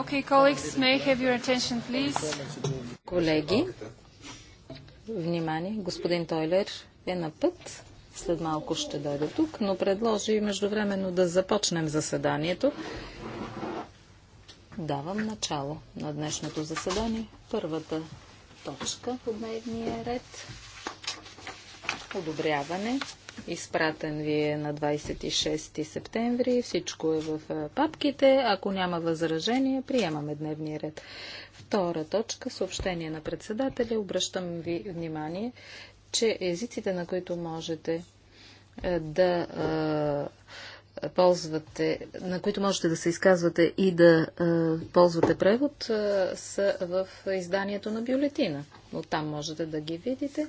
Okay, colleagues, may have your attention, please? Колеги, внимание, господин Тойлер е на път. След малко ще дойде тук, но предложи междувременно да започнем заседанието. Давам начало на днешното заседание. Първата точка по дневния ред. Одобряване Изпратен ви е на 26 септември. Всичко е в папките. Ако няма възражение, приемаме дневния ред. Втора точка. Съобщение на председателя. Обръщам ви внимание, че езиците, на които можете е, да ползвате, на които можете да се изказвате и да е, ползвате превод, е, са в изданието на бюлетина. Оттам можете да ги видите.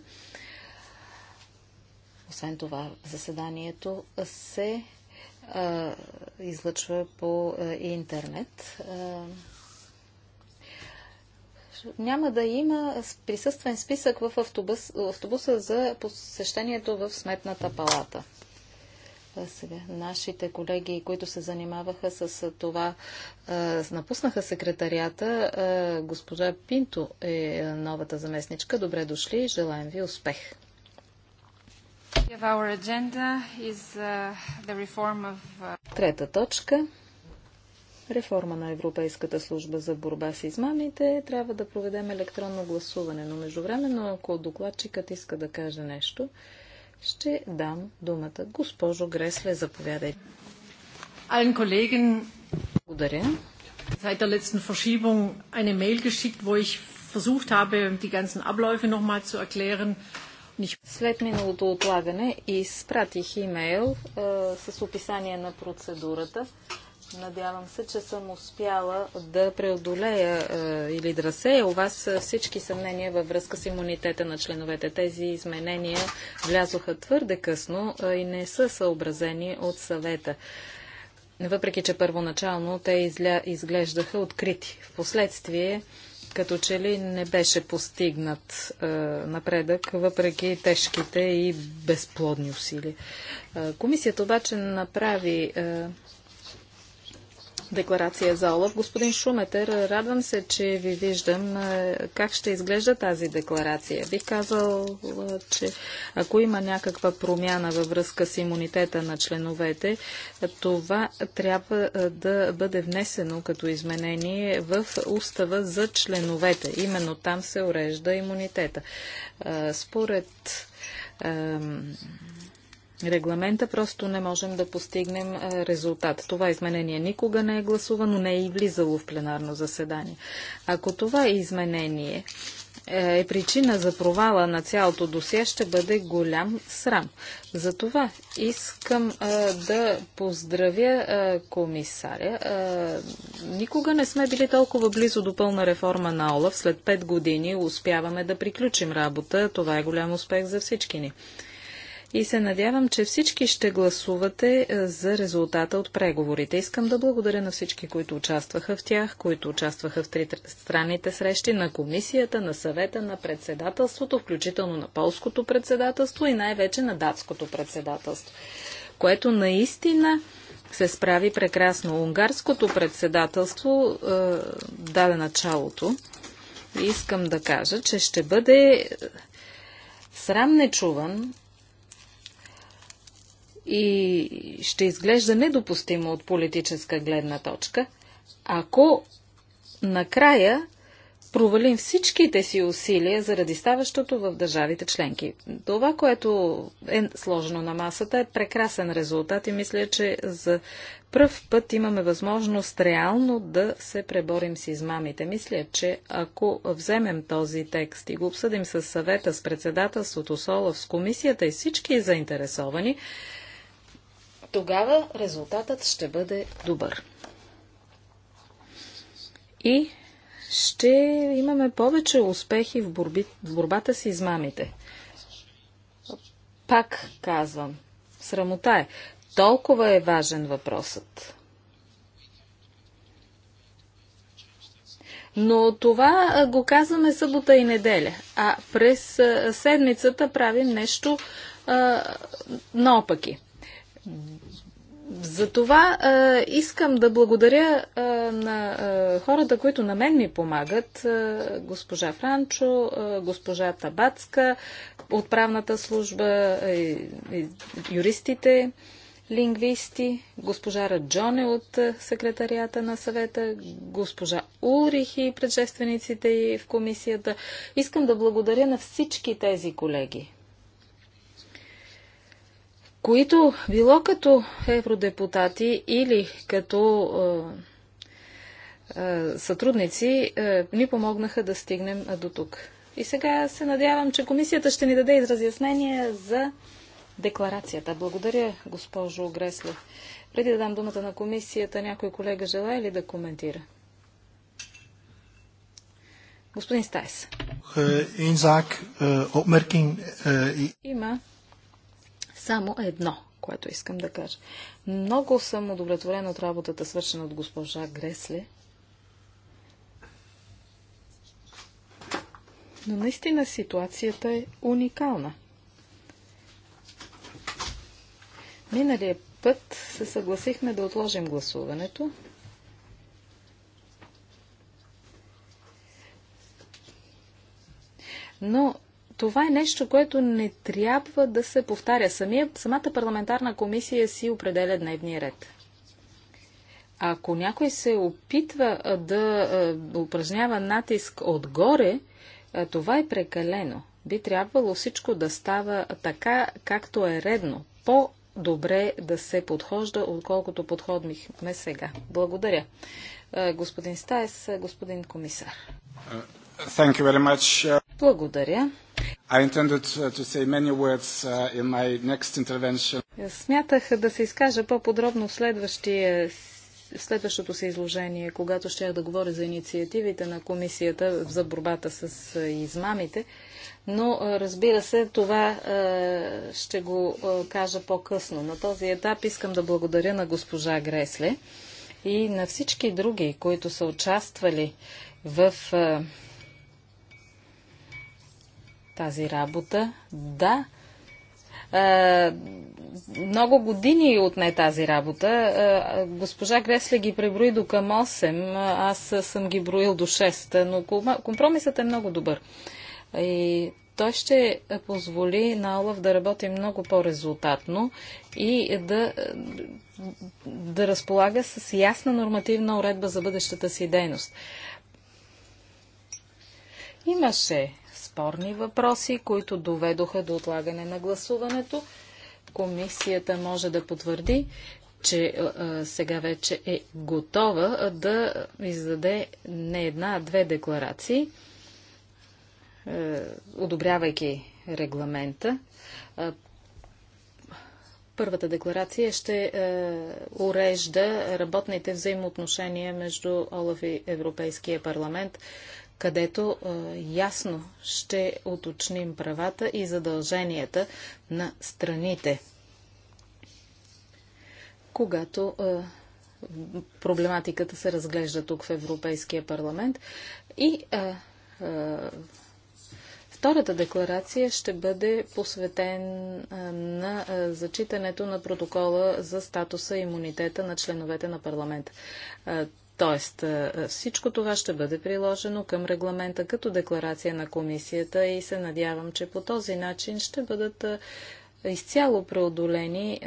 Освен това, заседанието се а, излъчва по а, интернет. А, няма да има присъствен списък в автобус, автобуса за посещението в Сметната палата. А сега, нашите колеги, които се занимаваха с това, а, напуснаха секретарията. А, госпожа Пинто е новата заместничка. Добре дошли и желаем ви успех! Uh, uh, Трета точка. Реформа на Европейската служба за борба с измамите. Трябва да проведем електронно гласуване, но междувременно, ако докладчикът иска да каже нещо, ще дам думата. Госпожо Гресле, заповядай. Allen Kollegen Благодаря. Seit der letzten Verschiebung eine Mail geschickt, wo ich versucht habe, die ganzen Abläufe nochmal zu erklären. След миналото отлагане изпратих имейл а, с описание на процедурата. Надявам се, че съм успяла да преодолея а, или да разсея у вас всички съмнения във връзка с имунитета на членовете. Тези изменения влязоха твърде късно а, и не са съобразени от съвета. Въпреки, че първоначално те изля... изглеждаха открити. Впоследствие последствие като че ли не беше постигнат е, напредък, въпреки тежките и безплодни усилия. Е, комисията обаче направи е, декларация за ОЛАФ. Господин Шуметер, радвам се, че ви виждам. Как ще изглежда тази декларация? Бих казал, че ако има някаква промяна във връзка с имунитета на членовете, това трябва да бъде внесено като изменение в устава за членовете. Именно там се урежда имунитета. Според регламента, просто не можем да постигнем е, резултат. Това изменение никога не е гласувано, не е и влизало в пленарно заседание. Ако това изменение е, е причина за провала на цялото досие, ще бъде голям срам. Затова искам а, е, да поздравя а, комисаря. А, никога не сме били толкова близо до пълна реформа на ОЛАВ. След 5 години успяваме да приключим работа. Това е голям успех за всички ни и се надявам, че всички ще гласувате е, за резултата от преговорите. Искам да благодаря на всички, които участваха в тях, които участваха в странните срещи на комисията, на съвета, на председателството, включително на полското председателство и най-вече на датското председателство, което наистина се справи прекрасно. Унгарското председателство е, даде началото. Искам да кажа, че ще бъде е, срам нечуван и ще изглежда недопустимо от политическа гледна точка, ако накрая провалим всичките си усилия заради ставащото в държавите членки. Това, което е сложено на масата, е прекрасен резултат и мисля, че за пръв път имаме възможност реално да се преборим с измамите. Мисля, че ако вземем този текст и го обсъдим с съвета, с председателството, с ОЛАВ, с комисията и всички заинтересовани, тогава резултатът ще бъде добър. И ще имаме повече успехи в, борби, в борбата с измамите. Пак казвам, срамота е. Толкова е важен въпросът. Но това го казваме събота и неделя. А през седмицата правим нещо а, наопаки това а, искам да благодаря а, на а, хората, които на мен ми помагат. А, госпожа Франчо, а, госпожа Табацка, отправната служба, а, и, и, юристите, лингвисти, госпожа Раджоне от секретарията на съвета, госпожа Улрих и предшествениците й в комисията. Искам да благодаря на всички тези колеги които било като евродепутати или като е, е, сътрудници е, ни помогнаха да стигнем до тук. И сега се надявам, че комисията ще ни даде изразяснение за декларацията. Благодаря, госпожо Гресле. Преди да дам думата на комисията, някой колега желая ли да коментира? Господин Стайс. Е, е, е, Има само едно, което искам да кажа. Много съм удовлетворена от работата, свършена от госпожа Гресле. Но наистина ситуацията е уникална. Миналия път се съгласихме да отложим гласуването, но това е нещо, което не трябва да се повтаря. Самия, самата парламентарна комисия си определя дневния ред. Ако някой се опитва да упражнява натиск отгоре, това е прекалено. Би трябвало всичко да става така, както е редно. По добре да се подхожда, отколкото подходихме сега. Благодаря. Господин Стаес, господин комисар. Благодаря. Uh, Смятах да се изкажа по-подробно в следващия в следващото си изложение, когато щях да говоря за инициативите на комисията за борбата с измамите, но разбира се, това ще го кажа по-късно. На този етап искам да благодаря на госпожа Гресле и на всички други, които са участвали в тази работа. Да, много години отне тази работа. Госпожа Гресле ги преброи до към 8, аз съм ги броил до 6, но компромисът е много добър. И той ще позволи на Олаф да работи много по-резултатно и да, да разполага с ясна нормативна уредба за бъдещата си дейност. Имаше спорни въпроси, които доведоха до отлагане на гласуването. Комисията може да потвърди, че а, сега вече е готова да издаде не една, а две декларации, а, одобрявайки регламента. А, първата декларация ще е, урежда работните взаимоотношения между ОЛАФ и Европейския парламент където а, ясно ще уточним правата и задълженията на страните, когато а, проблематиката се разглежда тук в Европейския парламент. И а, Втората декларация ще бъде посветен на зачитането на протокола за статуса и имунитета на членовете на парламента. Тоест, всичко това ще бъде приложено към регламента като декларация на комисията и се надявам, че по този начин ще бъдат изцяло преодолени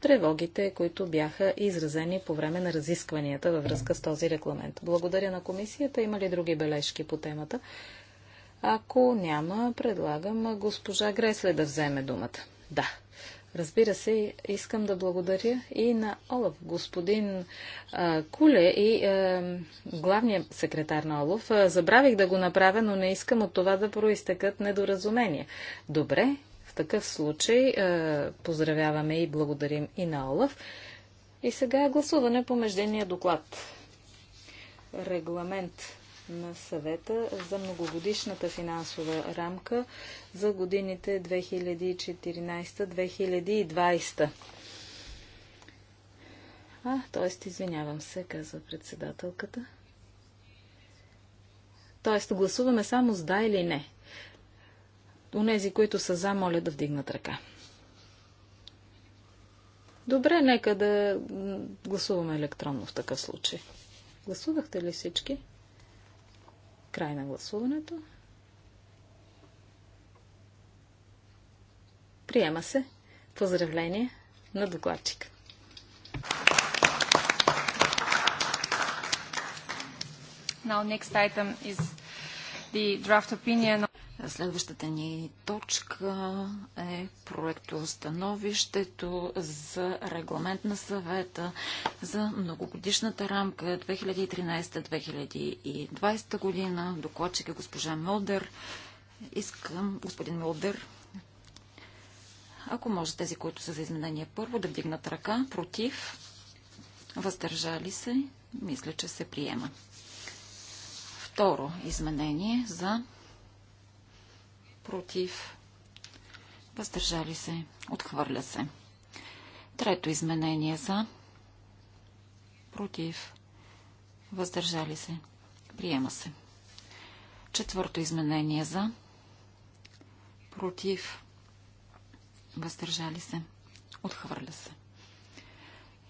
тревогите, които бяха изразени по време на разискванията във връзка с този регламент. Благодаря на комисията. Има ли други бележки по темата? Ако няма, предлагам госпожа Гресле да вземе думата. Да. Разбира се, искам да благодаря и на Олаф, господин а, Куле и главният секретар на Олаф. Забравих да го направя, но не искам от това да проистекат недоразумения. Добре, в такъв случай а, поздравяваме и благодарим и на Олаф. И сега е гласуване по междинния доклад. Регламент на съвета за многогодишната финансова рамка за годините 2014-2020. А, т.е. извинявам се, казва председателката. Т.е. гласуваме само с да или не. Унези, които са за, моля да вдигнат ръка. Добре, нека да гласуваме електронно в такъв случай. Гласувахте ли всички? Край на гласуването. Приема се. Поздравление на докладчика. Now next item is the draft opinion. of Следващата ни точка е проектостановището за регламент на съвета за многогодишната рамка 2013-2020 година. Докладчик е госпожа Мълдър. Искам, господин Мълдър, ако може тези, които са за изменение първо, да вдигнат ръка против, въздържали се, мисля, че се приема. Второ изменение за против, въздържали се, отхвърля се. Трето изменение за, против, въздържали се, приема се. Четвърто изменение за, против, въздържали се, отхвърля се.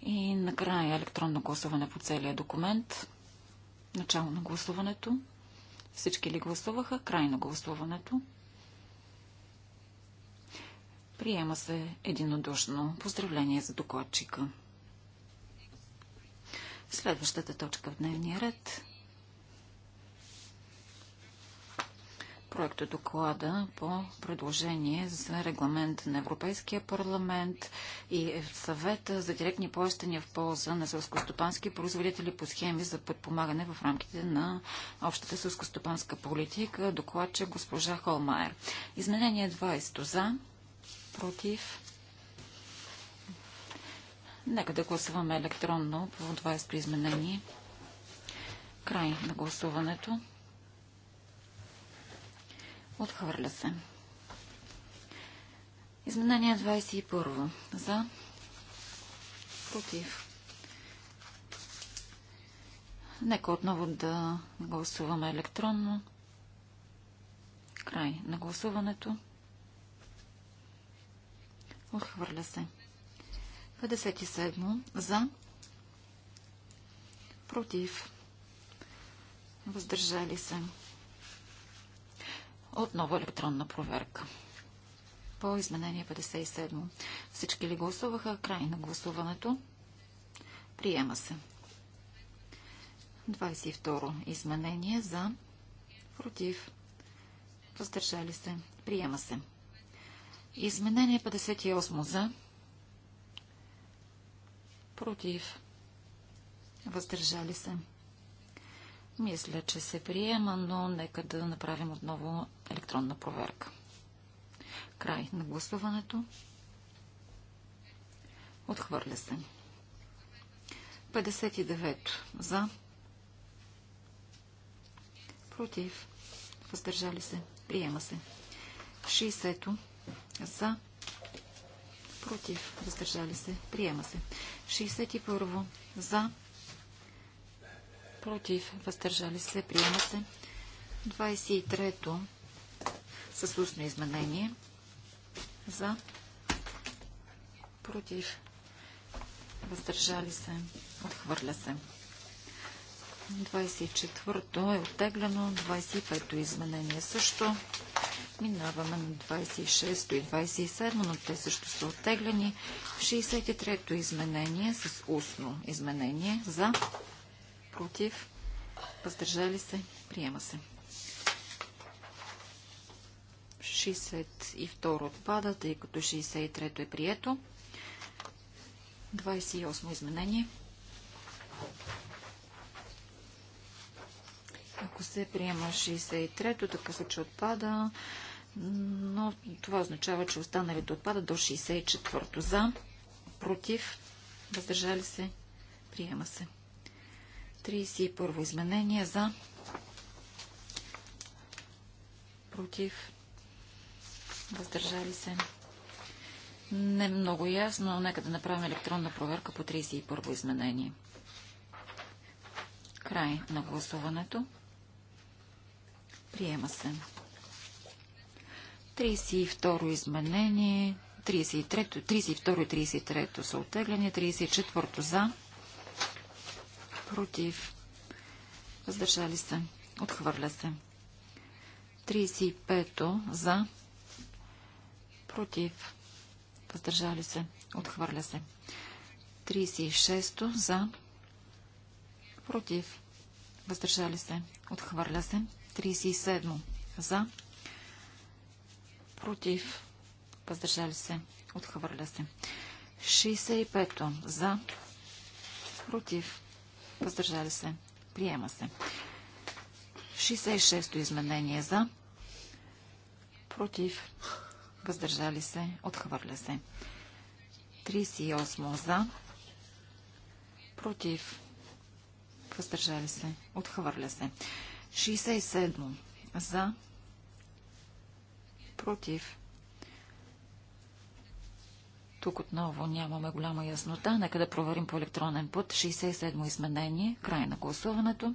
И накрая електронно гласуване по целия документ. Начало на гласуването. Всички ли гласуваха? Край на гласуването. Приема се единодушно. Поздравление за докладчика. Следващата точка в дневния ред. Проекто доклада по предложение за регламент на Европейския парламент и съвета за директни плащания в полза на селскостопански производители по схеми за подпомагане в рамките на общата селскостопанска политика. Докладче госпожа Холмайер. Изменение 20 за против. Нека да гласуваме електронно по 20 при изменение. Край на гласуването. Отхвърля се. Изменение 21. За. Против. Нека отново да гласуваме електронно. Край на гласуването. Отхвърля се. 57. За. Против. Въздържали се. Отново електронна проверка. По изменение 57. Всички ли гласуваха? Край на гласуването. Приема се. 22. Изменение за. Против. Въздържали се. Приема се. Изменение 58 за. Против. Въздържали се. Мисля, че се приема, но нека да направим отново електронна проверка. Край на гласуването. Отхвърля се. 59 за. Против. Въздържали се. Приема се. 60 -то. За. Против. Въздържали се. Приема се. 61. За. Против. Въздържали се. Приема се. 23-то. С устно изменение. За. Против. Въздържали се. Отхвърля се. 24-то е оттеглено. 25-то изменение също. Минаваме на 26 и 27, но те също са оттеглени. 63-то изменение с устно изменение за, против, въздържали се, приема се. 62 отпада, тъй като 63-то е прието. 28 изменение. Ако се приема 63-то, се, че отпада, но това означава, че останалите отпадат до 64-то. За, против, въздържали се, приема се. 31-во изменение за, против, въздържали се. Не много ясно, но нека да направим електронна проверка по 31-во изменение. Край на гласуването. Приема се. 32 изменение, 32 и 33 са оттеглени, 34 за, против, въздържали се, отхвърля се. 35 за, против, въздържали се, отхвърля се. 36 за, против, въздържали се, отхвърля се. 37 за, против, въздържали се, отхвърля се. 65 за, против, въздържали се, приема се. 66 изменение за, против, въздържали се, отхвърля се. 38 за, против, въздържали се, отхвърля се. 67 за, против. Тук отново нямаме голяма яснота. Нека да проверим по електронен път. 67 изменение. Край на гласуването.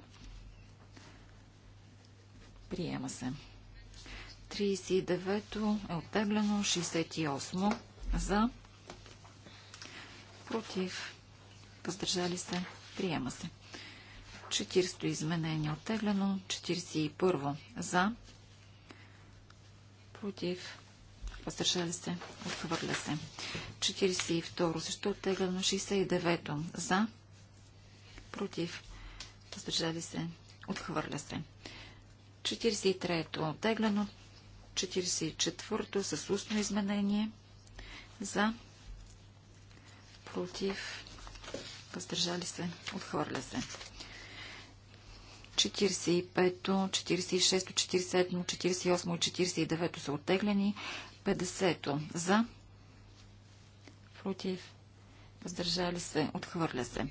Приема се. 39-то е оттеглено. 68 за. Против. Въздържали се. Приема се. 40 то изменение оттеглено, 41 за, против, въздържали се, отхвърля се. 42 също оттеглено, 69 за, против, въздържали се, отхвърля се. 43 оттеглено, 44 с устно изменение за, против, въздържали се, отхвърля се. 45-то, 46-то, 47-то, 48-то и 49-то са оттеглени. 50-то за, против, въздържали се, отхвърля се.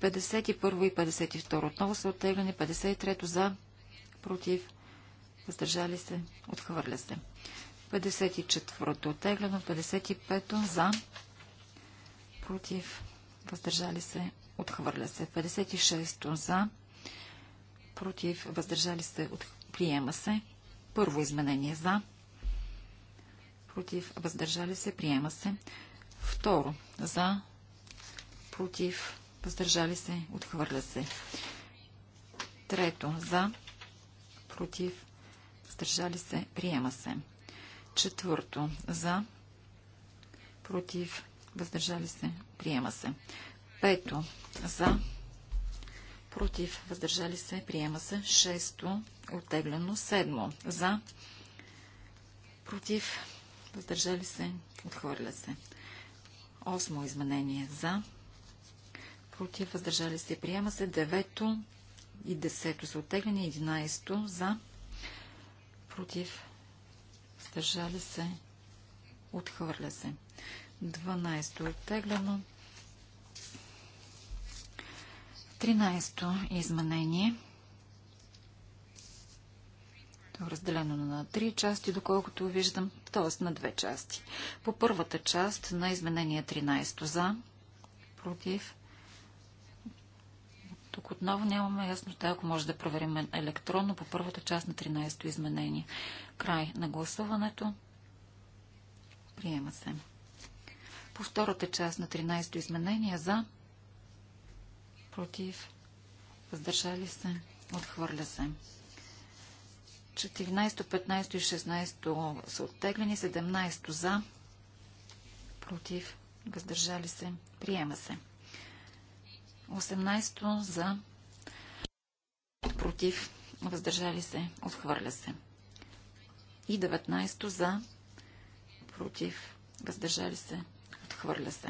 51-во и 52-то отново са оттеглени. 53-то за, против, въздържали се, отхвърля се. 54-то оттеглено, 55-то за, против, въздържали се, отхвърля се. 56-то за, против, против, въздържали се, приема се. Първо изменение за, против, въздържали се, приема се. Второ, за, против, въздържали се, отхвърля се. Трето, за, против, въздържали се, приема се. Четвърто, за, против, въздържали се, приема се. Пето, за, против, въздържали се, приема се. Шесто, оттеглено. Седмо, за, против, въздържали се, отхвърля се. Осмо изменение, за, против, въздържали се, приема се. Девето и десето са оттеглени. Единайсто, за, против, въздържали се, отхвърля се. Дванайсто, е оттеглено. Тринайсто изменение. То е Разделено на три части, доколкото виждам, т.е. на две части. По първата част на изменение 13 за, против. Тук отново нямаме яснота, ако може да проверим електронно по първата част на 13-то изменение. Край на гласуването. Приема се. По втората част на 13-то изменение за, против, въздържали се, отхвърля се. 14, 15 и 16 са оттеглени, 17 за, против, въздържали се, приема се. 18 за, против, въздържали се, отхвърля се. И 19 за, против, въздържали се, отхвърля се.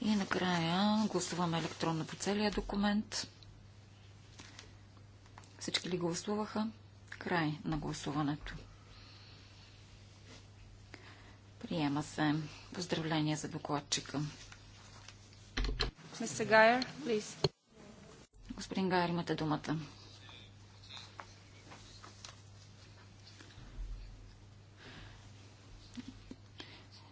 И накрая гласуваме електронно по целия документ. Всички ли гласуваха? Край на гласуването. Приема се. Поздравление за докладчика. Господин Гайер, имате думата.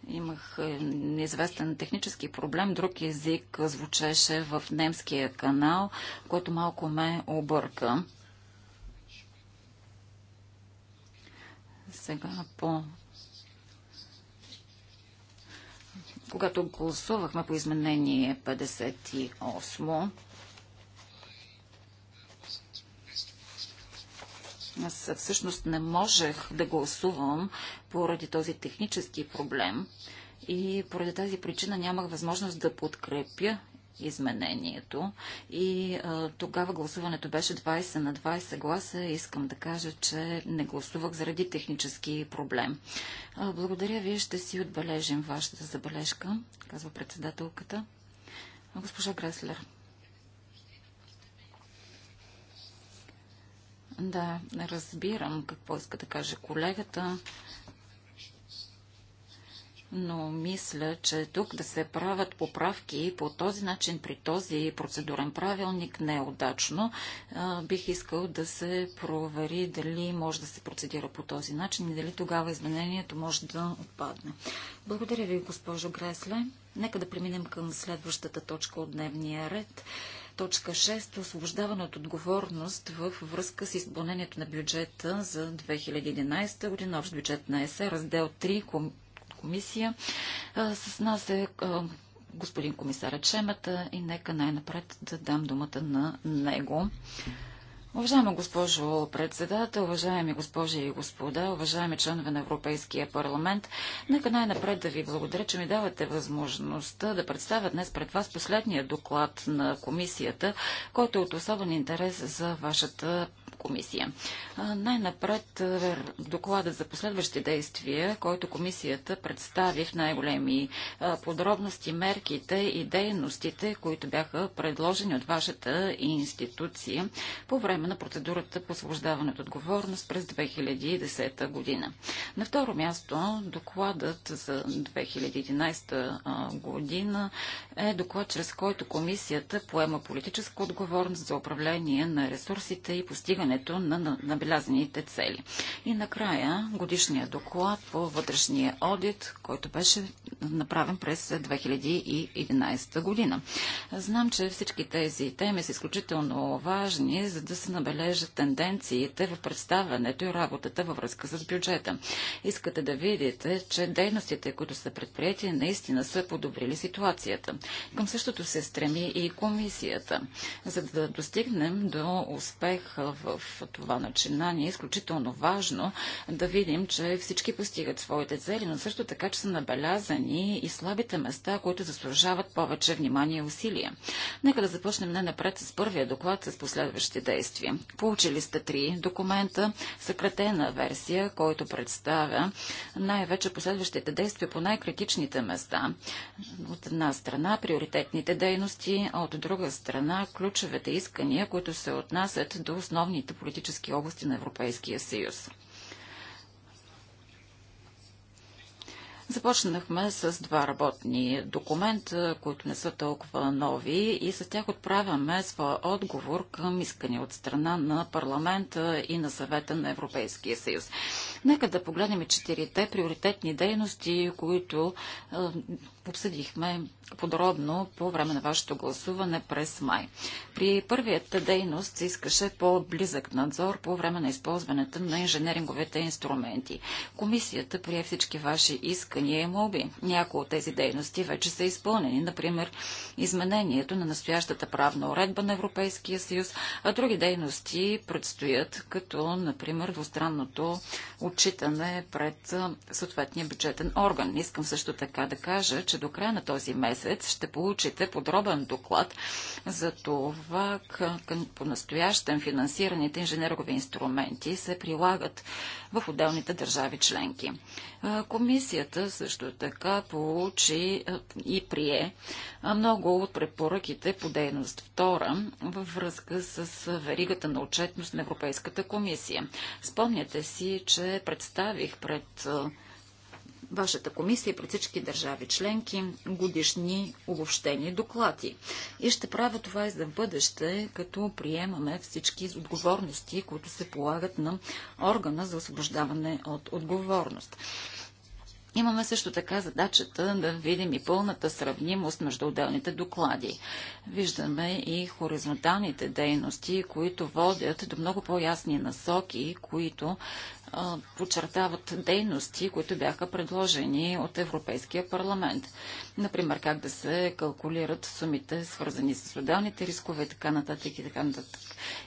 Имах е, неизвестен технически проблем. Друг език звучеше в немския канал, който малко ме обърка. Сега по когато гласувахме по изменение 58, аз всъщност не можех да гласувам поради този технически проблем и поради тази причина нямах възможност да подкрепя изменението. И а, тогава гласуването беше 20 на 20 гласа. Искам да кажа, че не гласувах заради технически проблем. А, благодаря ви. Ще си отбележим вашата забележка, казва председателката. А, госпожа Греслер. Да, разбирам какво иска да каже колегата но мисля, че тук да се правят поправки по този начин при този процедурен правилник не е удачно. Бих искал да се провери дали може да се процедира по този начин и дали тогава изменението може да отпадне. Благодаря ви, госпожо Гресле. Нека да преминем към следващата точка от дневния ред. Точка 6. Освобождаване от отговорност в връзка с изпълнението на бюджета за 2011 година, общ бюджет на ЕСЕ, раздел 3, комисия. С нас е господин комисарът Чемата, и нека най-напред да дам думата на него. Уважаема госпожо председател, уважаеми госпожи и господа, уважаеми членове на Европейския парламент, нека най-напред да ви благодаря, че ми давате възможността да представя днес пред вас последния доклад на комисията, който е от особен интерес за вашата комисия. Най-напред доклада за последващи действия, който комисията представи в най-големи подробности мерките и дейностите, които бяха предложени от вашата институция по време на процедурата по освобождаване от отговорност през 2010 година. На второ място, докладът за 2011 година е доклад, чрез който комисията поема политическа отговорност за управление на ресурсите и постигане изпълнението на набелязаните цели. И накрая годишния доклад по вътрешния одит, който беше направен през 2011 година. Знам, че всички тези теми са изключително важни, за да се набележат тенденциите в представянето и работата във връзка с бюджета. Искате да видите, че дейностите, които са предприяти, наистина са подобрили ситуацията. Към същото се стреми и комисията. За да достигнем до успех в в това начинание. Е изключително важно да видим, че всички постигат своите цели, но също така, че са набелязани и слабите места, които заслужават повече внимание и усилия. Нека да започнем не напред с първия доклад с последващи действия. Получили сте три документа, съкратена версия, който представя най-вече последващите действия по най-критичните места. От една страна приоритетните дейности, а от друга страна ключовете искания, които се отнасят до основните различните политически области на Европейския съюз. Започнахме с два работни документа, които не са толкова нови и с тях отправяме своя отговор към искане от страна на парламента и на съвета на Европейския съюз. Нека да погледнем четирите приоритетни дейности, които е, обсъдихме подробно по време на вашето гласуване през май. При първията дейност се искаше по-близък надзор по време на използването на инженеринговите инструменти. Комисията прие всички ваши искания и моби. Някои от тези дейности вече са изпълнени, например изменението на настоящата правна уредба на Европейския съюз, а други дейности предстоят, като например двустранното отчитане пред съответния бюджетен орган. Искам също така да кажа, че че до края на този месец ще получите подробен доклад за това как по-настоящен финансираните инженерови инструменти се прилагат в отделните държави членки. Комисията също така получи и прие много от препоръките по дейност втора във връзка с веригата на отчетност на Европейската комисия. Спомняте си, че представих пред вашата комисия и пред всички държави членки годишни обобщени доклади. И ще правя това и за бъдеще, като приемаме всички отговорности, които се полагат на органа за освобождаване от отговорност. Имаме също така задачата да видим и пълната сравнимост между отделните доклади. Виждаме и хоризонталните дейности, които водят до много по-ясни насоки, които а, подчертават дейности, които бяха предложени от Европейския парламент. Например, как да се калкулират сумите, свързани с отделните рискове и така нататък и така нататък.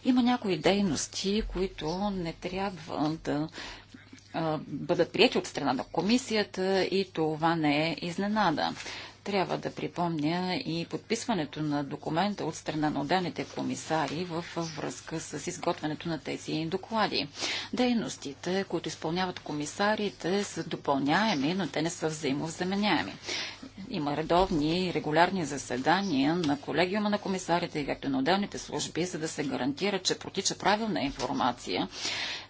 Има някои дейности, които не трябва да бъдат прияти от страна на комисията и това не е изненада. Трябва да припомня и подписването на документа от страна на отделните комисари в връзка с изготвянето на тези доклади. Дейностите, които изпълняват комисарите, са допълняеми, но те не са взаимовзаменяеми. Има редовни и регулярни заседания на колегиума на комисарите и както на отделните служби, за да се гарантира, че протича правилна информация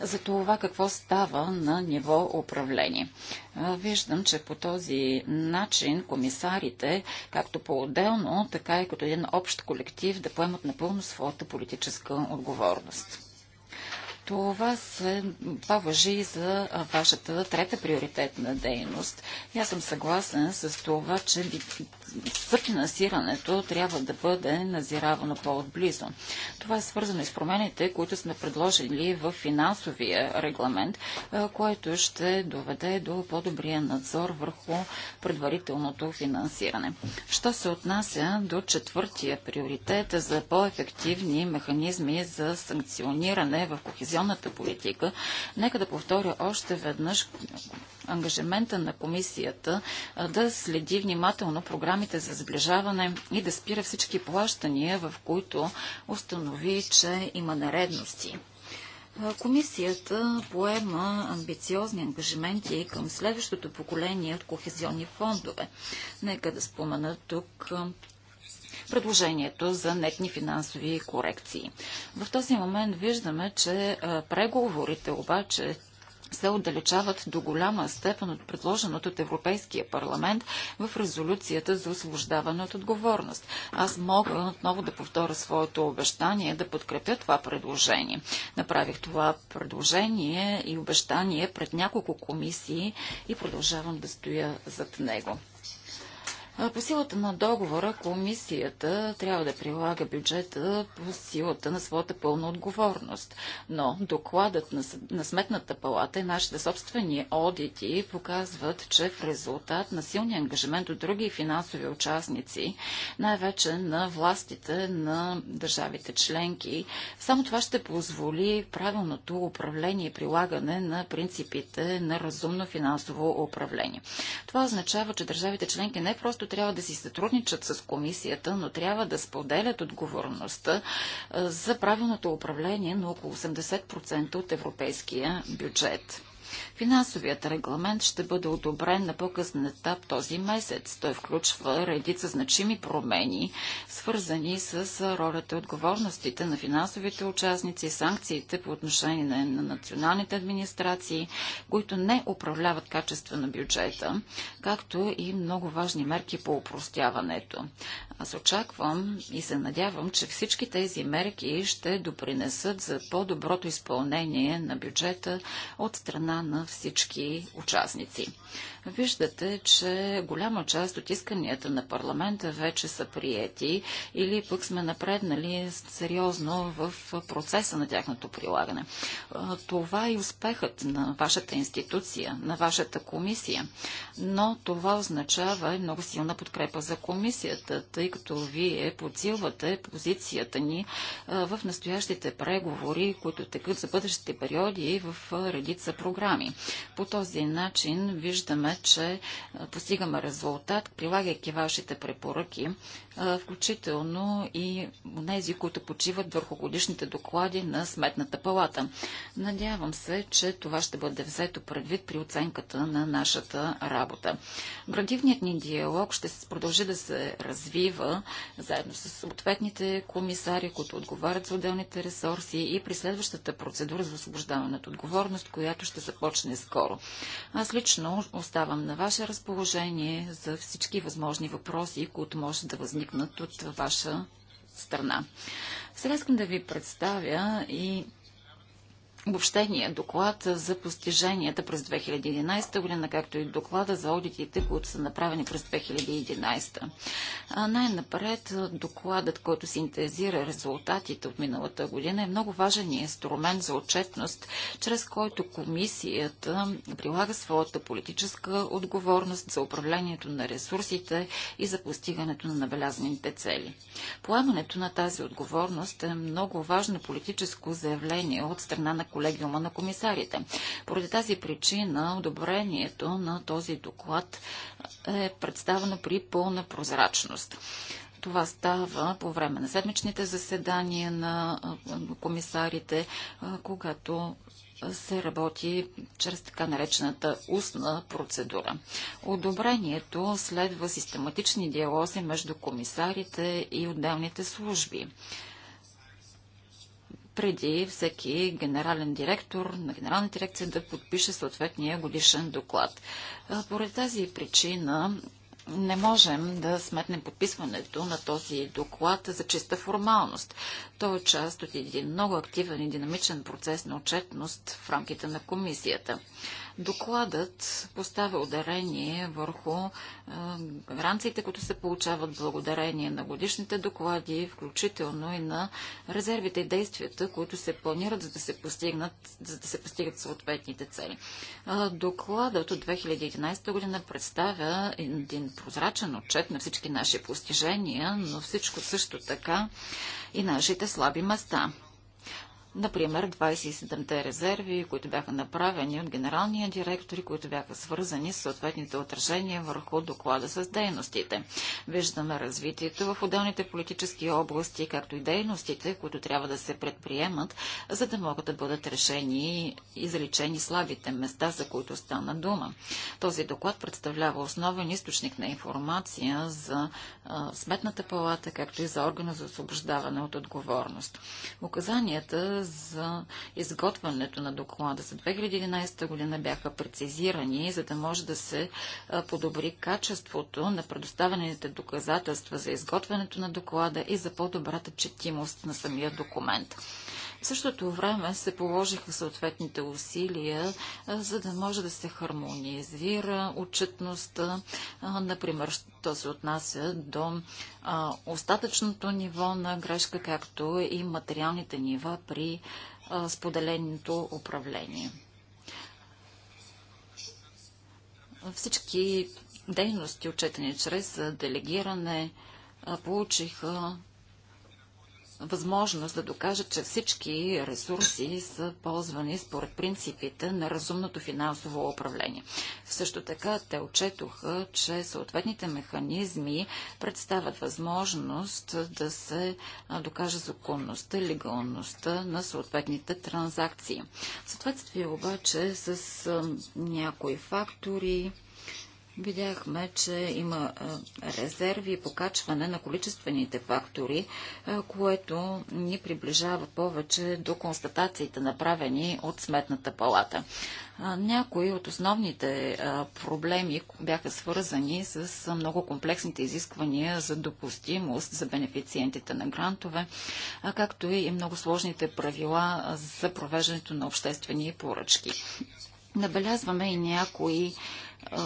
за това какво става на ниво управление. Виждам, че по този начин комисарите комисарите, както по-отделно, така и като един общ колектив, да поемат напълно своята политическа отговорност. Това, се, това въжи и за вашата трета приоритетна дейност. И аз съм съгласен с това, че съфинансирането трябва да бъде назиравано по-отблизо. Това е свързано и с промените, които сме предложили в финансовия регламент, което ще доведе до по-добрия надзор върху предварителното финансиране. Що се отнася до четвъртия приоритет за по-ефективни механизми за санкциониране в кохезионната политика, нека да повторя още веднъж ангажимента на комисията да следи внимателно програмите програмите за сближаване и да спира всички плащания, в които установи, че има наредности. Комисията поема амбициозни ангажименти към следващото поколение от кохезионни фондове. Нека да спомена тук предложението за нетни финансови корекции. В този момент виждаме, че преговорите обаче се отдалечават до голяма степен от предложеното от Европейския парламент в резолюцията за освобождаване от отговорност. Аз мога отново да повторя своето обещание да подкрепя това предложение. Направих това предложение и обещание пред няколко комисии и продължавам да стоя зад него. По силата на договора комисията трябва да прилага бюджета по силата на своята пълна отговорност. Но докладът на, на Сметната палата и нашите собствени одити показват, че в резултат на силния ангажимент от други финансови участници, най-вече на властите на държавите членки, само това ще позволи правилното управление и прилагане на принципите на разумно финансово управление. Това означава, че държавите членки не просто трябва да си сътрудничат с комисията, но трябва да споделят отговорността за правилното управление на около 80% от европейския бюджет. Финансовият регламент ще бъде одобрен на по-късен етап този месец. Той включва редица значими промени, свързани с ролята и отговорностите на финансовите участници, санкциите по отношение на националните администрации, които не управляват качество на бюджета, както и много важни мерки по упростяването. Аз очаквам и се надявам, че всички тези мерки ще допринесат за по-доброто изпълнение на бюджета от страна на всички участници. Виждате, че голяма част от исканията на парламента вече са приети или пък сме напреднали сериозно в процеса на тяхното прилагане. Това е успехът на вашата институция, на вашата комисия. Но това означава много силна подкрепа за комисията, тъй като вие подсилвате позицията ни в настоящите преговори, които текат за бъдещите периоди в редица програми. По този начин виждаме виждаме, че постигаме резултат, прилагайки вашите препоръки, включително и тези, които почиват върху годишните доклади на Сметната палата. Надявам се, че това ще бъде взето предвид при оценката на нашата работа. Градивният ни диалог ще продължи да се развива заедно с съответните комисари, които отговарят за отделните ресурси и при следващата процедура за освобождаване от отговорност, която ще започне скоро. Аз лично оставам оставам на ваше разположение за всички възможни въпроси, които може да възникнат от ваша страна. Сега искам да ви представя и обобщения доклад за постиженията през 2011 година, както и доклада за аудитите, които са направени през 2011. най-напред докладът, който синтезира резултатите от миналата година, е много важен инструмент за отчетност, чрез който комисията прилага своята политическа отговорност за управлението на ресурсите и за постигането на набелязаните цели. Поемането на тази отговорност е много важно политическо заявление от страна на колегиума на комисарите. Поради тази причина одобрението на този доклад е представено при пълна прозрачност. Това става по време на седмичните заседания на комисарите, когато се работи чрез така наречената устна процедура. Одобрението следва систематични диалози между комисарите и отделните служби преди всеки генерален директор на генерална дирекция да подпише съответния годишен доклад. Поради тази причина не можем да сметнем подписването на този доклад за чиста формалност. Той е част от един много активен и динамичен процес на отчетност в рамките на комисията. Докладът поставя ударение върху гаранциите, които се получават благодарение на годишните доклади, включително и на резервите и действията, които се планират, за да се постигнат, за да се постигат съответните цели. докладът от 2011 година представя един прозрачен отчет на всички наши постижения, но всичко също така и нашите слаби места. Например, 27-те резерви, които бяха направени от генералния директор и които бяха свързани с съответните отражения върху доклада с дейностите. Виждаме развитието в отделните политически области, както и дейностите, които трябва да се предприемат, за да могат да бъдат решени и изречени слабите места, за които стана дума. Този доклад представлява основен източник на информация за а, Сметната палата, както и за органа за освобождаване от отговорност. Указанията за изготвянето на доклада за 2011 година бяха прецизирани, за да може да се подобри качеството на предоставените доказателства за изготвянето на доклада и за по-добрата четимост на самия документ. В същото време се положиха съответните усилия, за да може да се хармонизира отчетността, например, то се отнася до а, остатъчното ниво на грешка, както и материалните нива при споделеното управление. Всички дейности, отчетени чрез делегиране, получиха възможност да докажат, че всички ресурси са ползвани според принципите на разумното финансово управление. Също така те отчетоха, че съответните механизми представят възможност да се докаже законността легалността на съответните транзакции. В съответствие обаче с някои фактори, Видяхме, че има резерви и покачване на количествените фактори, което ни приближава повече до констатациите, направени от Сметната палата. Някои от основните проблеми бяха свързани с много комплексните изисквания за допустимост за бенефициентите на грантове, както и много сложните правила за провеждането на обществени поръчки. Набелязваме и някои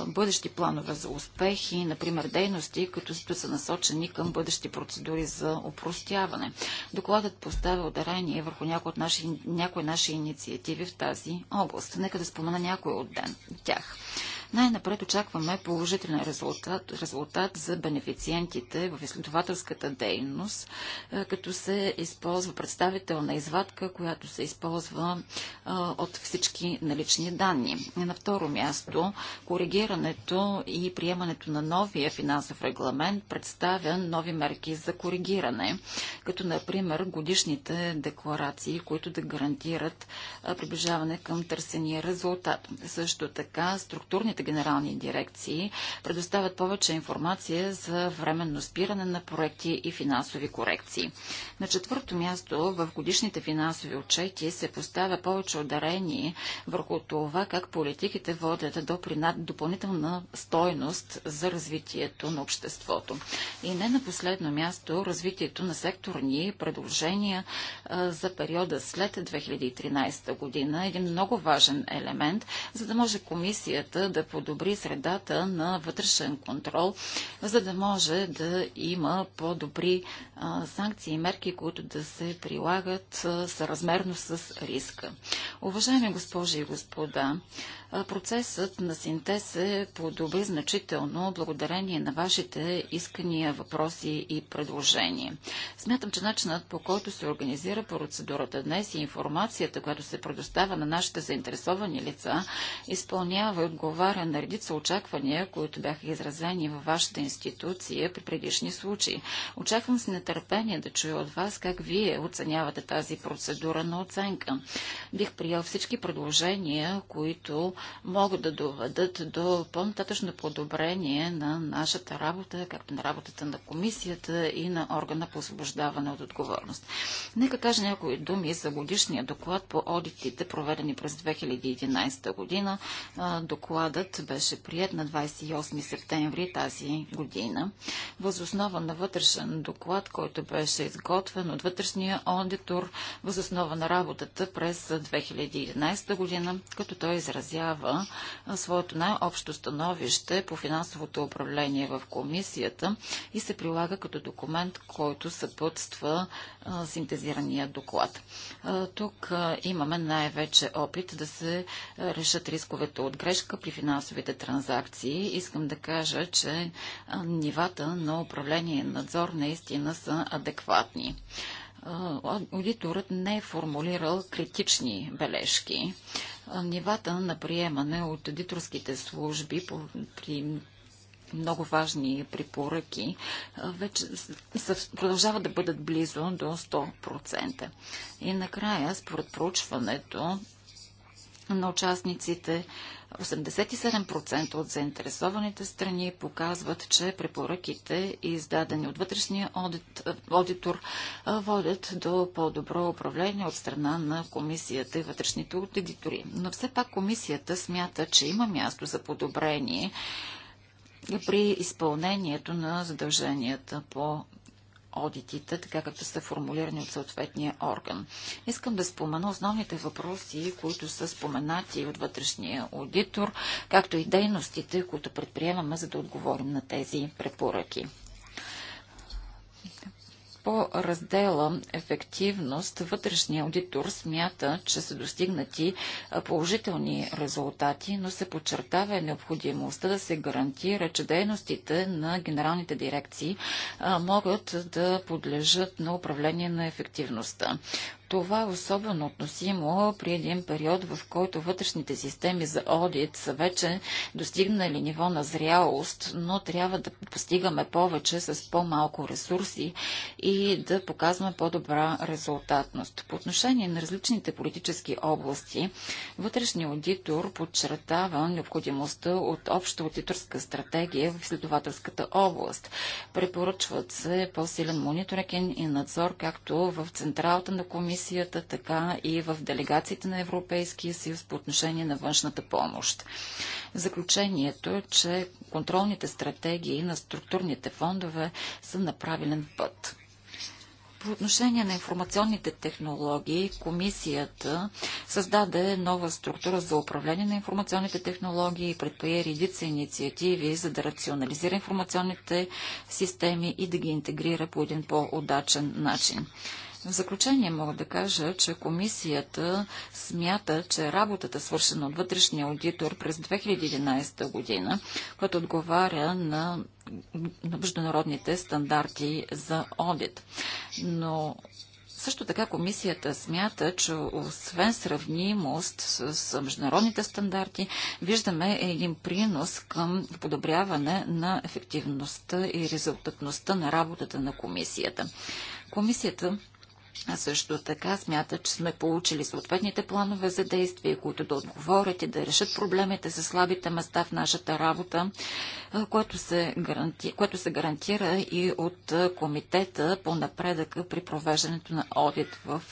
бъдещи планове за успехи, например дейности, които са насочени към бъдещи процедури за опростяване. Докладът поставя ударение върху някои, от наши, някои наши инициативи в тази област. Нека да спомена някои от тях. Най-напред очакваме положителен резултат, резултат за бенефициентите в изследователската дейност, е, като се използва представителна извадка, която се използва е, от всички налични данни. На второ място, коригирането и приемането на новия финансов регламент представя нови мерки за коригиране, като например годишните декларации, които да гарантират е, приближаване към търсения резултат. Също така, структурните генерални дирекции предоставят повече информация за временно спиране на проекти и финансови корекции. На четвърто място в годишните финансови отчети се поставя повече ударение върху това как политиките водят до допълнителна стойност за развитието на обществото. И не на последно място развитието на секторни предложения за периода след 2013 година. Е един много важен елемент, за да може комисията да подобри средата на вътрешен контрол, за да може да има по-добри санкции и мерки, които да се прилагат съразмерно с риска. Уважаеми госпожи и господа, процесът на синтез се подобри значително благодарение на вашите искания, въпроси и предложения. Смятам, че начинът по който се организира процедурата днес и информацията, която се предоставя на нашите заинтересовани лица, изпълнява и отговаря отговаря на редица очаквания, които бяха изразени във вашата институция при предишни случаи. Очаквам с нетърпение да чуя от вас как вие оценявате тази процедура на оценка. Бих приел всички предложения, които могат да доведат до по-нататъчно подобрение на нашата работа, както на работата на комисията и на органа по освобождаване от отговорност. Нека кажа някои думи за годишния доклад по одитите, проведени през 2011 година. Доклада Докладът беше прият на 28 септември тази година, възоснова на вътрешен доклад, който беше изготвен от вътрешния аудитор, възоснова на работата през 2011 година, като той изразява своето най-общо становище по финансовото управление в комисията и се прилага като документ, който съпътства синтезирания доклад. тук имаме най-вече опит да се решат рисковете от грешка при финансовото финансовите транзакции, искам да кажа, че нивата на управление и надзор наистина са адекватни. Аудиторът не е формулирал критични бележки. Нивата на приемане от аудиторските служби при много важни препоръки, вече продължават да бъдат близо до 100%. И накрая, според проучването, на участниците. 87% от заинтересованите страни показват, че препоръките, издадени от вътрешния одит, аудитор, водят до по-добро управление от страна на комисията и вътрешните аудитори. Но все пак комисията смята, че има място за подобрение при изпълнението на задълженията по одитите, така както са формулирани от съответния орган. Искам да спомена основните въпроси, които са споменати от вътрешния аудитор, както и дейностите, които предприемаме, за да отговорим на тези препоръки по раздела ефективност, вътрешния аудитор смята, че са достигнати положителни резултати, но се подчертава необходимостта да се гарантира, че дейностите на генералните дирекции могат да подлежат на управление на ефективността. Това е особено относимо при един период, в който вътрешните системи за одит са вече достигнали ниво на зрялост, но трябва да постигаме повече с по-малко ресурси и да показваме по-добра резултатност. По отношение на различните политически области, вътрешният аудитор подчертава необходимостта от обща аудиторска стратегия в изследователската област. Препоръчват се по-силен мониторинг и надзор, както в Централата на комисия, комисията, така и в делегациите на Европейския съюз по отношение на външната помощ. Заключението е, че контролните стратегии на структурните фондове са на правилен път. По отношение на информационните технологии, комисията създаде нова структура за управление на информационните технологии и предприе редица инициативи, за да рационализира информационните системи и да ги интегрира по един по-удачен начин. В заключение мога да кажа, че комисията смята, че работата, свършена от вътрешния аудитор през 2011 година, която отговаря на, на международните стандарти за одит. Но също така комисията смята, че освен сравнимост с международните стандарти, виждаме един принос към подобряване на ефективността и резултатността на работата на комисията. Комисията а също така смята, че сме получили съответните планове за действие, които да отговорят и да решат проблемите за слабите места в нашата работа, което се, гаранти... което се гарантира и от комитета по напредъка при провеждането на одит в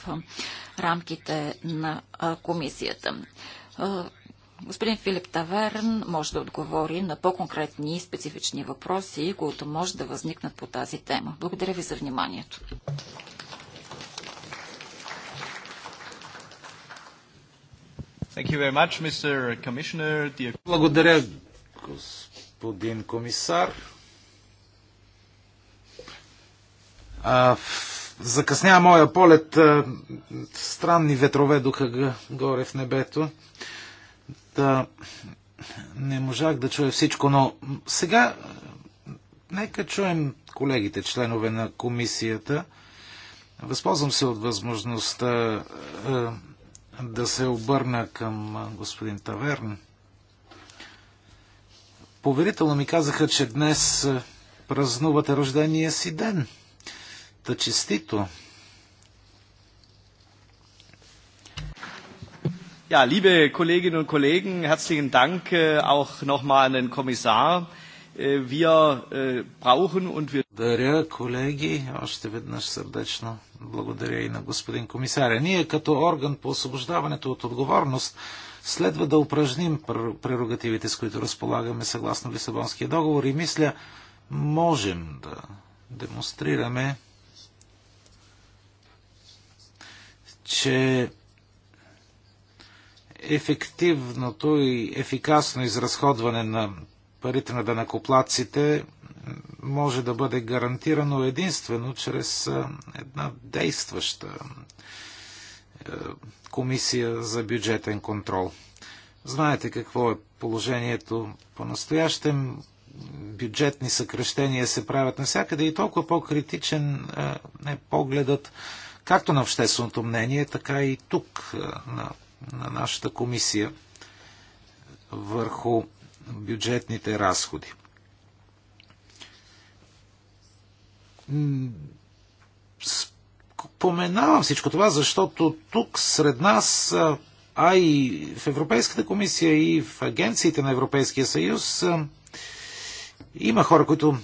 рамките на комисията. Господин Филип Таверн може да отговори на по-конкретни и специфични въпроси, които може да възникнат по тази тема. Благодаря ви за вниманието. Благодаря, господин комисар. А, моя полет. А, странни ветрове духа горе в небето. Да, не можах да чуя всичко, но сега нека чуем колегите, членове на комисията. Възползвам се от възможността а, да се обърна към господин Таверн. Поверително ми казаха, че днес празнувате рождения си ден. Та честито! Ja, liebe Kolleginnen und Kollegen, herzlichen Dank äh, auch nochmal an den Kommissar. Wir brauchen und wir... Благодаря, колеги. Още веднъж сърдечно благодаря и на господин комисаря. Ние като орган по освобождаването от отговорност следва да упражним прерогативите, с които разполагаме съгласно Лисабонския договор и мисля, можем да демонстрираме, че ефективното и ефикасно изразходване на парите на данакоплаците може да бъде гарантирано единствено чрез една действаща комисия за бюджетен контрол. Знаете какво е положението по-настоящем. Бюджетни съкрещения се правят навсякъде и толкова по-критичен е погледът както на общественото мнение, така и тук на, на нашата комисия върху бюджетните разходи. Споменавам всичко това, защото тук сред нас, а и в Европейската комисия, и в агенциите на Европейския съюз, има хора, които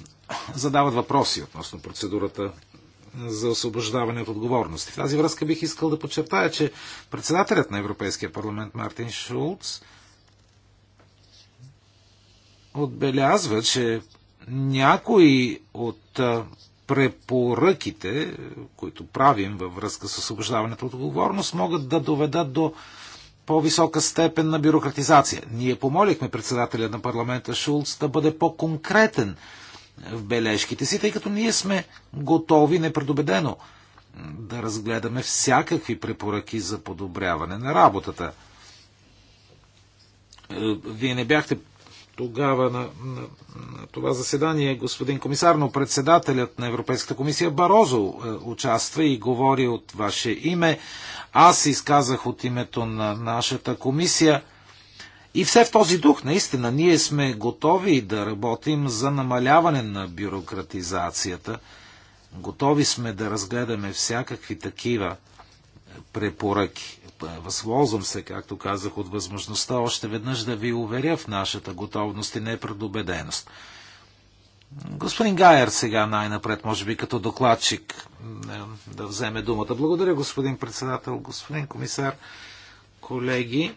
задават въпроси относно процедурата за освобождаване от отговорности. В тази връзка бих искал да подчертая, че председателят на Европейския парламент Мартин Шулц отбелязва, че някои от препоръките, които правим във връзка с освобождаването от отговорност, могат да доведат до по-висока степен на бюрократизация. Ние помолихме председателя на парламента Шулц да бъде по-конкретен в бележките си, тъй като ние сме готови непредобедено да разгледаме всякакви препоръки за подобряване на работата. Е, вие не бяхте тогава на, на, на това заседание господин комисар, но председателят на Европейската комисия Барозо е, участва и говори от ваше име. Аз изказах от името на нашата комисия. И все в този дух, наистина, ние сме готови да работим за намаляване на бюрократизацията. Готови сме да разгледаме всякакви такива препоръки възползвам се, както казах, от възможността още веднъж да ви уверя в нашата готовност и непредобеденост. Господин Гайер сега най-напред, може би като докладчик, е, да вземе думата. Благодаря, господин председател, господин комисар, колеги.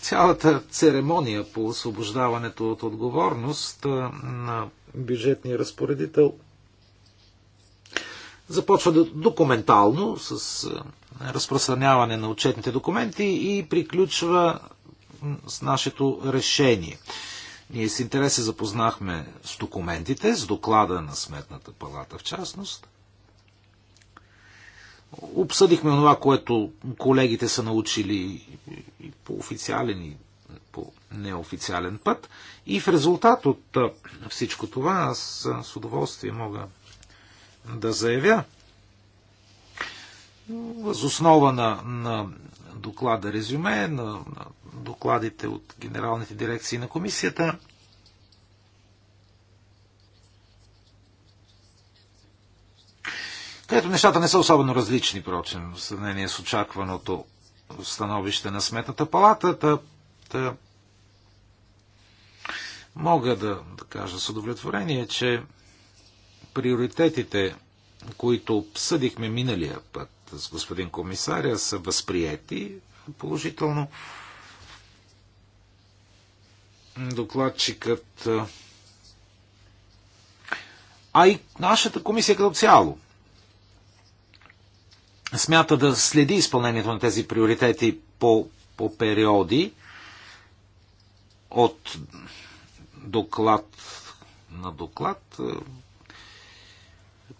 Цялата церемония по освобождаването от отговорност е, на бюджетния разпоредител, започва документално с е, разпространяване на отчетните документи и приключва с нашето решение. Ние с интерес се запознахме с документите, с доклада на Сметната палата в частност. Обсъдихме това, което колегите са научили и по официален и по неофициален път. И в резултат от всичко това аз с удоволствие мога да заявя, възоснова на, на доклада резюме, на, на докладите от генералните дирекции на комисията, където нещата не са особено различни, прочим, в сравнение с очакваното становище на Сметната палата. Та, та, Мога да, да кажа с удовлетворение, че приоритетите, които обсъдихме миналия път с господин комисаря, са възприяти положително. Докладчикът а и нашата комисия като цяло смята да следи изпълнението на тези приоритети по, по периоди от доклад на доклад е,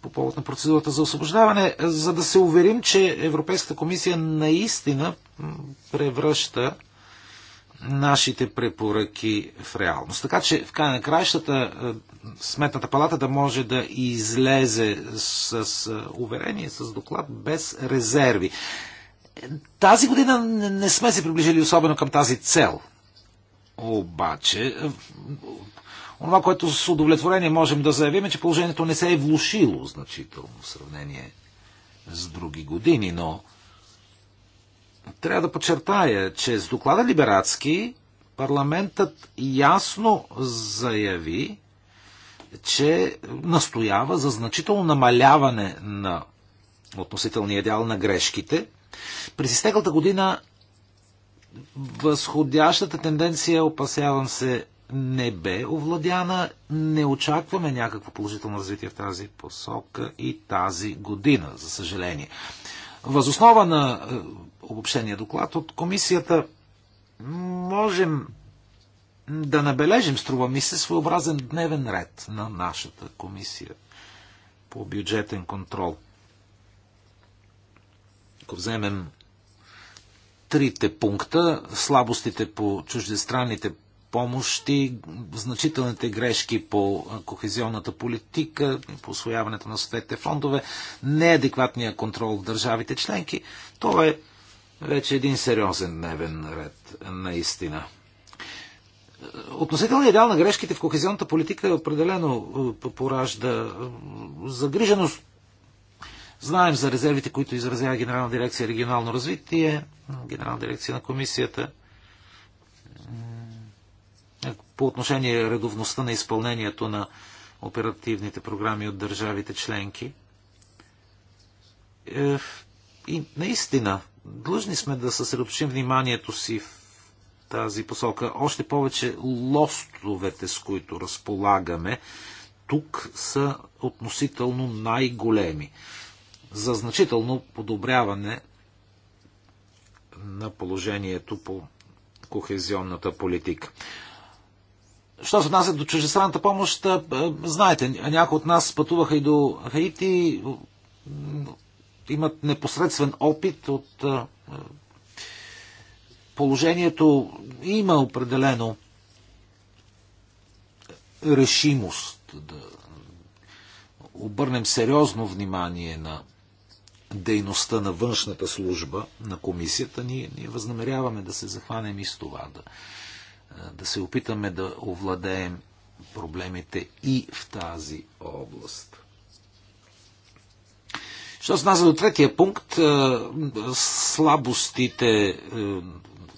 по повод на процедурата за освобождаване, за да се уверим, че Европейската комисия наистина превръща нашите препоръки в реалност. Така че в край на краищата е, Сметната палата да може да излезе с е, уверение, с доклад без резерви. Тази година не сме се приближили особено към тази цел обаче, това, е, което с удовлетворение можем да заявим е, че положението не се е влушило значително в сравнение с други години, но трябва да подчертая, че с доклада либератски парламентът ясно заяви, че настоява за значително намаляване на относителния дял на грешките. През изтеклата година възходящата тенденция, опасявам се, не бе овладяна. Не очакваме някакво положително развитие в тази посока и тази година, за съжаление. Възоснова на е, обобщения доклад от комисията можем да набележим, струва ми се, своеобразен дневен ред на нашата комисия по бюджетен контрол. Ако вземем трите пункта слабостите по чуждестранните помощи, значителните грешки по кохезионната политика, по освояването на съответните фондове, неадекватния контрол в държавите членки. То е вече един сериозен дневен ред, наистина. Относителният дял на грешките в кохезионната политика е определено поражда загриженост, Знаем за резервите, които изразява Генерална дирекция регионално развитие, Генерална дирекция на комисията по отношение редовността на изпълнението на оперативните програми от държавите членки. Е, и наистина, длъжни сме да съсредоточим вниманието си в тази посока. Още повече лостовете, с които разполагаме, тук са относително най-големи за значително подобряване на положението по кохезионната политика. Що се отнася до чужестранната помощ, знаете, някои от нас пътуваха и до Хаити, имат непосредствен опит от положението. Има определено решимост да обърнем сериозно внимание на дейността на външната служба на комисията, ние, ние възнамеряваме да се захванем и с това, да, да се опитаме да овладеем проблемите и в тази област. Що се нас до третия пункт, слабостите е,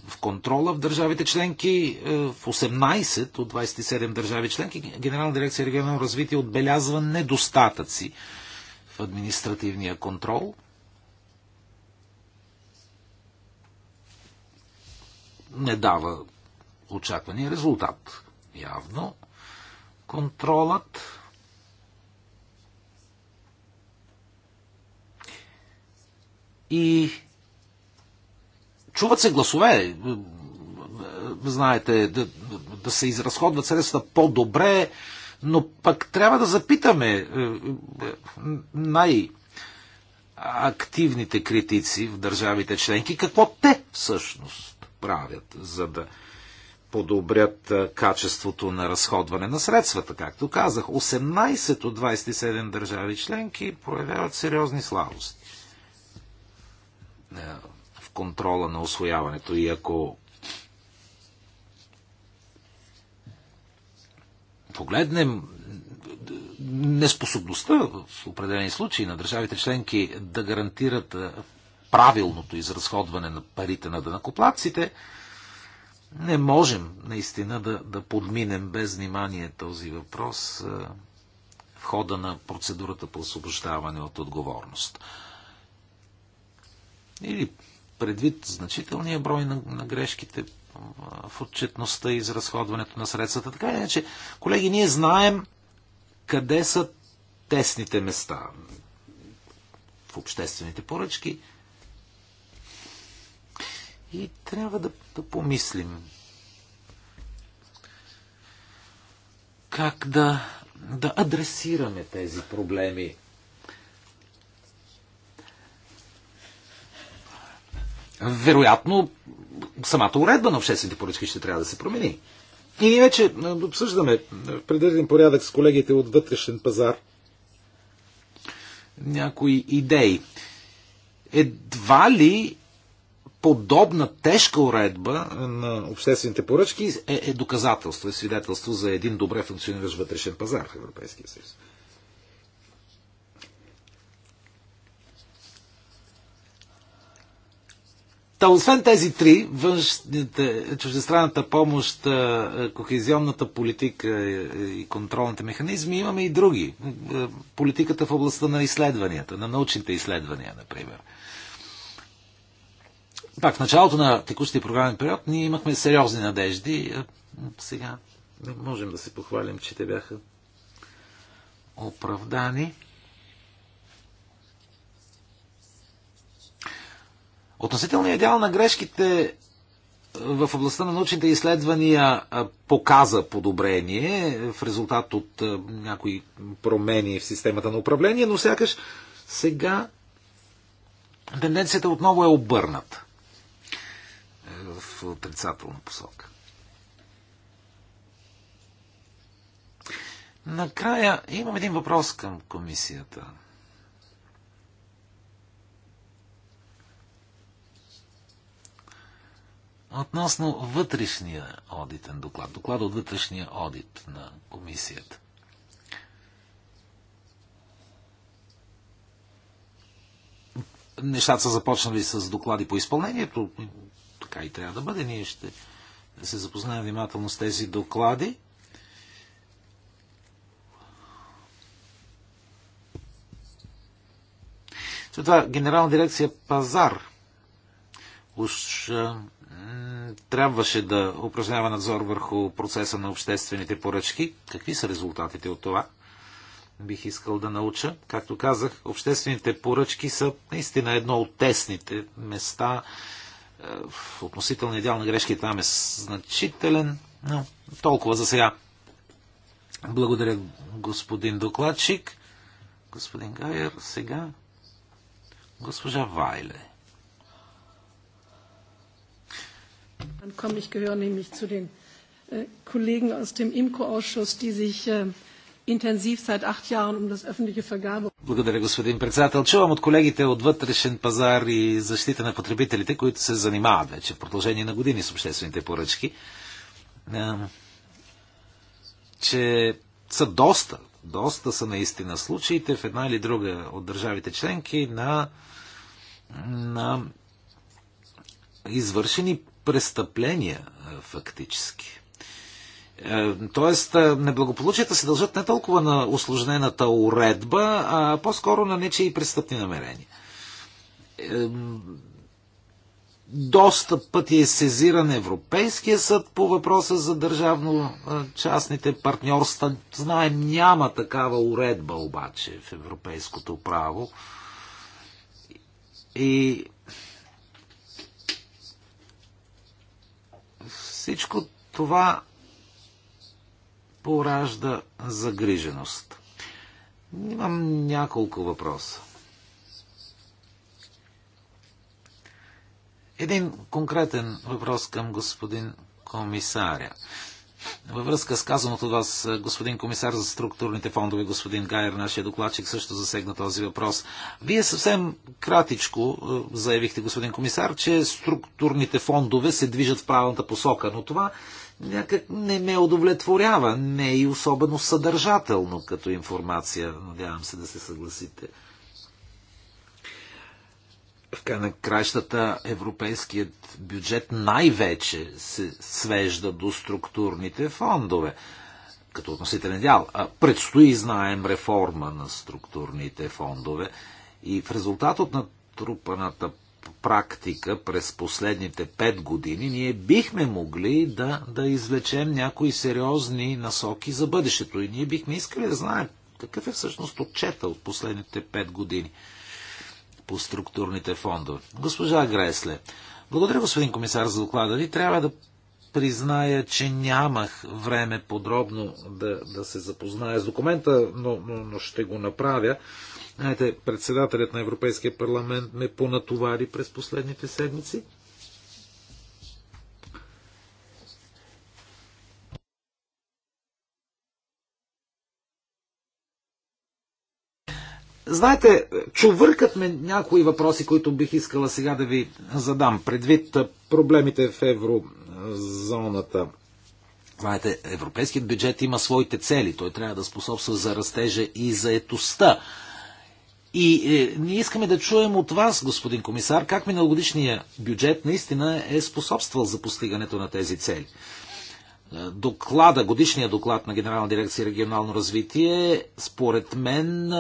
в контрола в държавите членки, е, в 18 от 27 държави членки, Генерална дирекция регионално развитие отбелязва недостатъци в административния контрол. Не дава очаквания резултат. Явно контролът и чуват се гласове, знаете, да, да се изразходват средства по-добре, но пък трябва да запитаме е, е, най- активните критици в държавите членки, какво те всъщност правят, за да подобрят е, качеството на разходване на средствата. Както казах, 18 от 27 държави членки проявяват сериозни слабости в контрола на освояването. И ако погледнем неспособността в определени случаи на държавите членки да гарантират правилното изразходване на парите на дънакоплаците, не можем наистина да, да подминем без внимание този въпрос в хода на процедурата по освобождаване от отговорност. Или предвид значителния брой на, на грешките в отчетността и изразходването на средствата. Така или иначе, колеги, ние знаем къде са тесните места в обществените поръчки и трябва да, да помислим как да, да адресираме тези проблеми вероятно самата уредба на обществените поръчки ще трябва да се промени. И ние вече обсъждаме в предвиден порядък с колегите от вътрешен пазар някои идеи. Едва ли подобна тежка уредба на обществените поръчки е, е доказателство, е свидетелство за един добре функциониращ вътрешен пазар в Европейския съюз. Та, освен тези три, външните, чуждестранната помощ, кохезионната политика и контролните механизми, имаме и други. Политиката в областта на изследванията, на научните изследвания, например. Пак в началото на текущия програмен период ние имахме сериозни надежди. Сега не можем да се похвалим, че те бяха оправдани. Относителният дял на грешките е, в областта на научните изследвания е, показа подобрение в резултат от е, някои промени в системата на управление, но сякаш сега тенденцията отново е обърната в отрицателна посока. Накрая имам един въпрос към комисията. Относно вътрешния одитен доклад, доклад от вътрешния одит на комисията. Нещата са започнали с доклади по изпълнението, така и трябва да бъде. Ние ще се запознаем внимателно с тези доклади. След това Генерална дирекция Пазар уж трябваше да упражнява надзор върху процеса на обществените поръчки. Какви са резултатите от това? Бих искал да науча. Както казах, обществените поръчки са наистина едно от тесните места. Е, Относителният дял на грешки там е значителен, но толкова за сега. Благодаря, господин докладчик. Господин Гайер, сега госпожа Вайле. Dann komme ich gehöre nämlich zu den äh, Kollegen aus dem IMCO-Ausschuss, die sich интензив äh, seit 8 Jahren um das öffentliche Vergabe. Благодаря, господин председател. Чувам от колегите от вътрешен пазар и защита на потребителите, които се занимават вече в продължение на години с обществените поръчки, че са доста, доста са наистина случаите в една или друга от държавите членки на, на извършени престъпления фактически. Е, тоест, е, неблагополучията се дължат не толкова на осложнената уредба, а по-скоро на нечи и престъпни намерения. Доста пъти е сезиран Европейския съд по въпроса за държавно-частните е, партньорства. Знаем, няма такава уредба обаче в европейското право. И Всичко това поражда загриженост. Имам няколко въпроса. Един конкретен въпрос към господин комисаря. Във връзка с казаното от вас, е, господин комисар за структурните фондове, господин Гайер, нашия докладчик, също засегна този въпрос. Вие съвсем кратичко е, заявихте, господин комисар, че структурните фондове се движат в правилната посока, но това някак не ме удовлетворява, не е и особено съдържателно като информация. Надявам се да се съгласите в край на краищата европейският бюджет най-вече се свежда до структурните фондове като относителен дял. А предстои, знаем, реформа на структурните фондове и в резултат от натрупаната практика през последните пет години ние бихме могли да, да извлечем някои сериозни насоки за бъдещето и ние бихме искали да знаем какъв е всъщност отчета от последните пет години по структурните фондове. Госпожа Гресле, благодаря господин комисар за доклада ви. Трябва да призная, че нямах време подробно да, да се запозная с документа, но, но, но ще го направя. Знаете, председателят на Европейския парламент ме понатовари през последните седмици Знаете, чувъркат ме някои въпроси, които бих искала сега да ви задам, предвид проблемите в еврозоната. Знаете, европейският бюджет има своите цели. Той трябва да способства за растежа и за етостта. И е, ние искаме да чуем от вас, господин комисар, как миналогодишният бюджет наистина е способствал за постигането на тези цели. Доклада, годишния доклад на Генерална дирекция регионално развитие, според мен,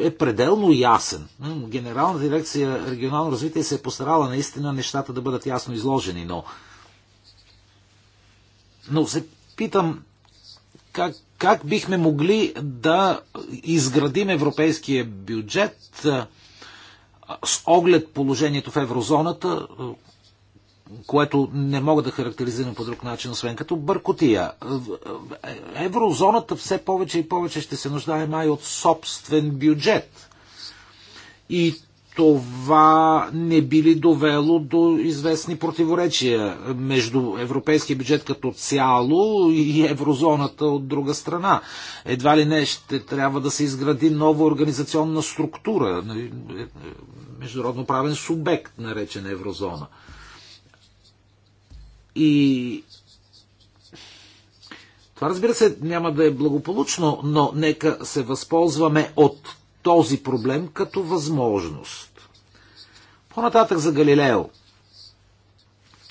е пределно ясен. Генерална дирекция регионално развитие се е постарала наистина нещата да бъдат ясно изложени, но, но се питам как, как бихме могли да изградим европейския бюджет с оглед положението в еврозоната, което не мога да характеризирам по друг начин, освен като бъркотия. Еврозоната все повече и повече ще се нуждае май от собствен бюджет. И това не би ли довело до известни противоречия между европейския бюджет като цяло и еврозоната от друга страна? Едва ли не ще трябва да се изгради нова организационна структура, нали, международно правен субект, наречен еврозона. И това разбира се няма да е благополучно, но нека се възползваме от този проблем като възможност. По-нататък за Галилео.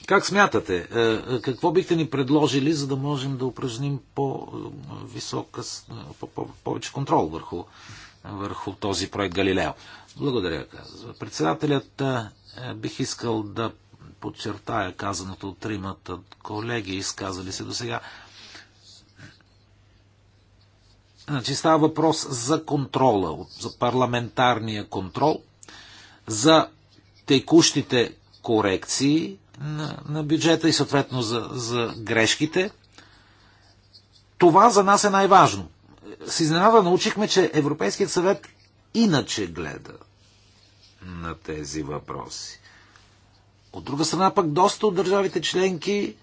Как смятате? Е, е, какво бихте ни предложили, за да можем да упражним по-висока, е, повече контрол върху, върху този проект Галилео? Благодаря. Председателят бих искал да подчертая казаното от тримата колеги, изказали се до сега. Значи става въпрос за контрола, за парламентарния контрол, за текущите корекции на, на бюджета и съответно за, за грешките. Това за нас е най-важно. С изненада научихме, че Европейският съвет иначе гледа на тези въпроси. От друга страна пък доста от държавите членки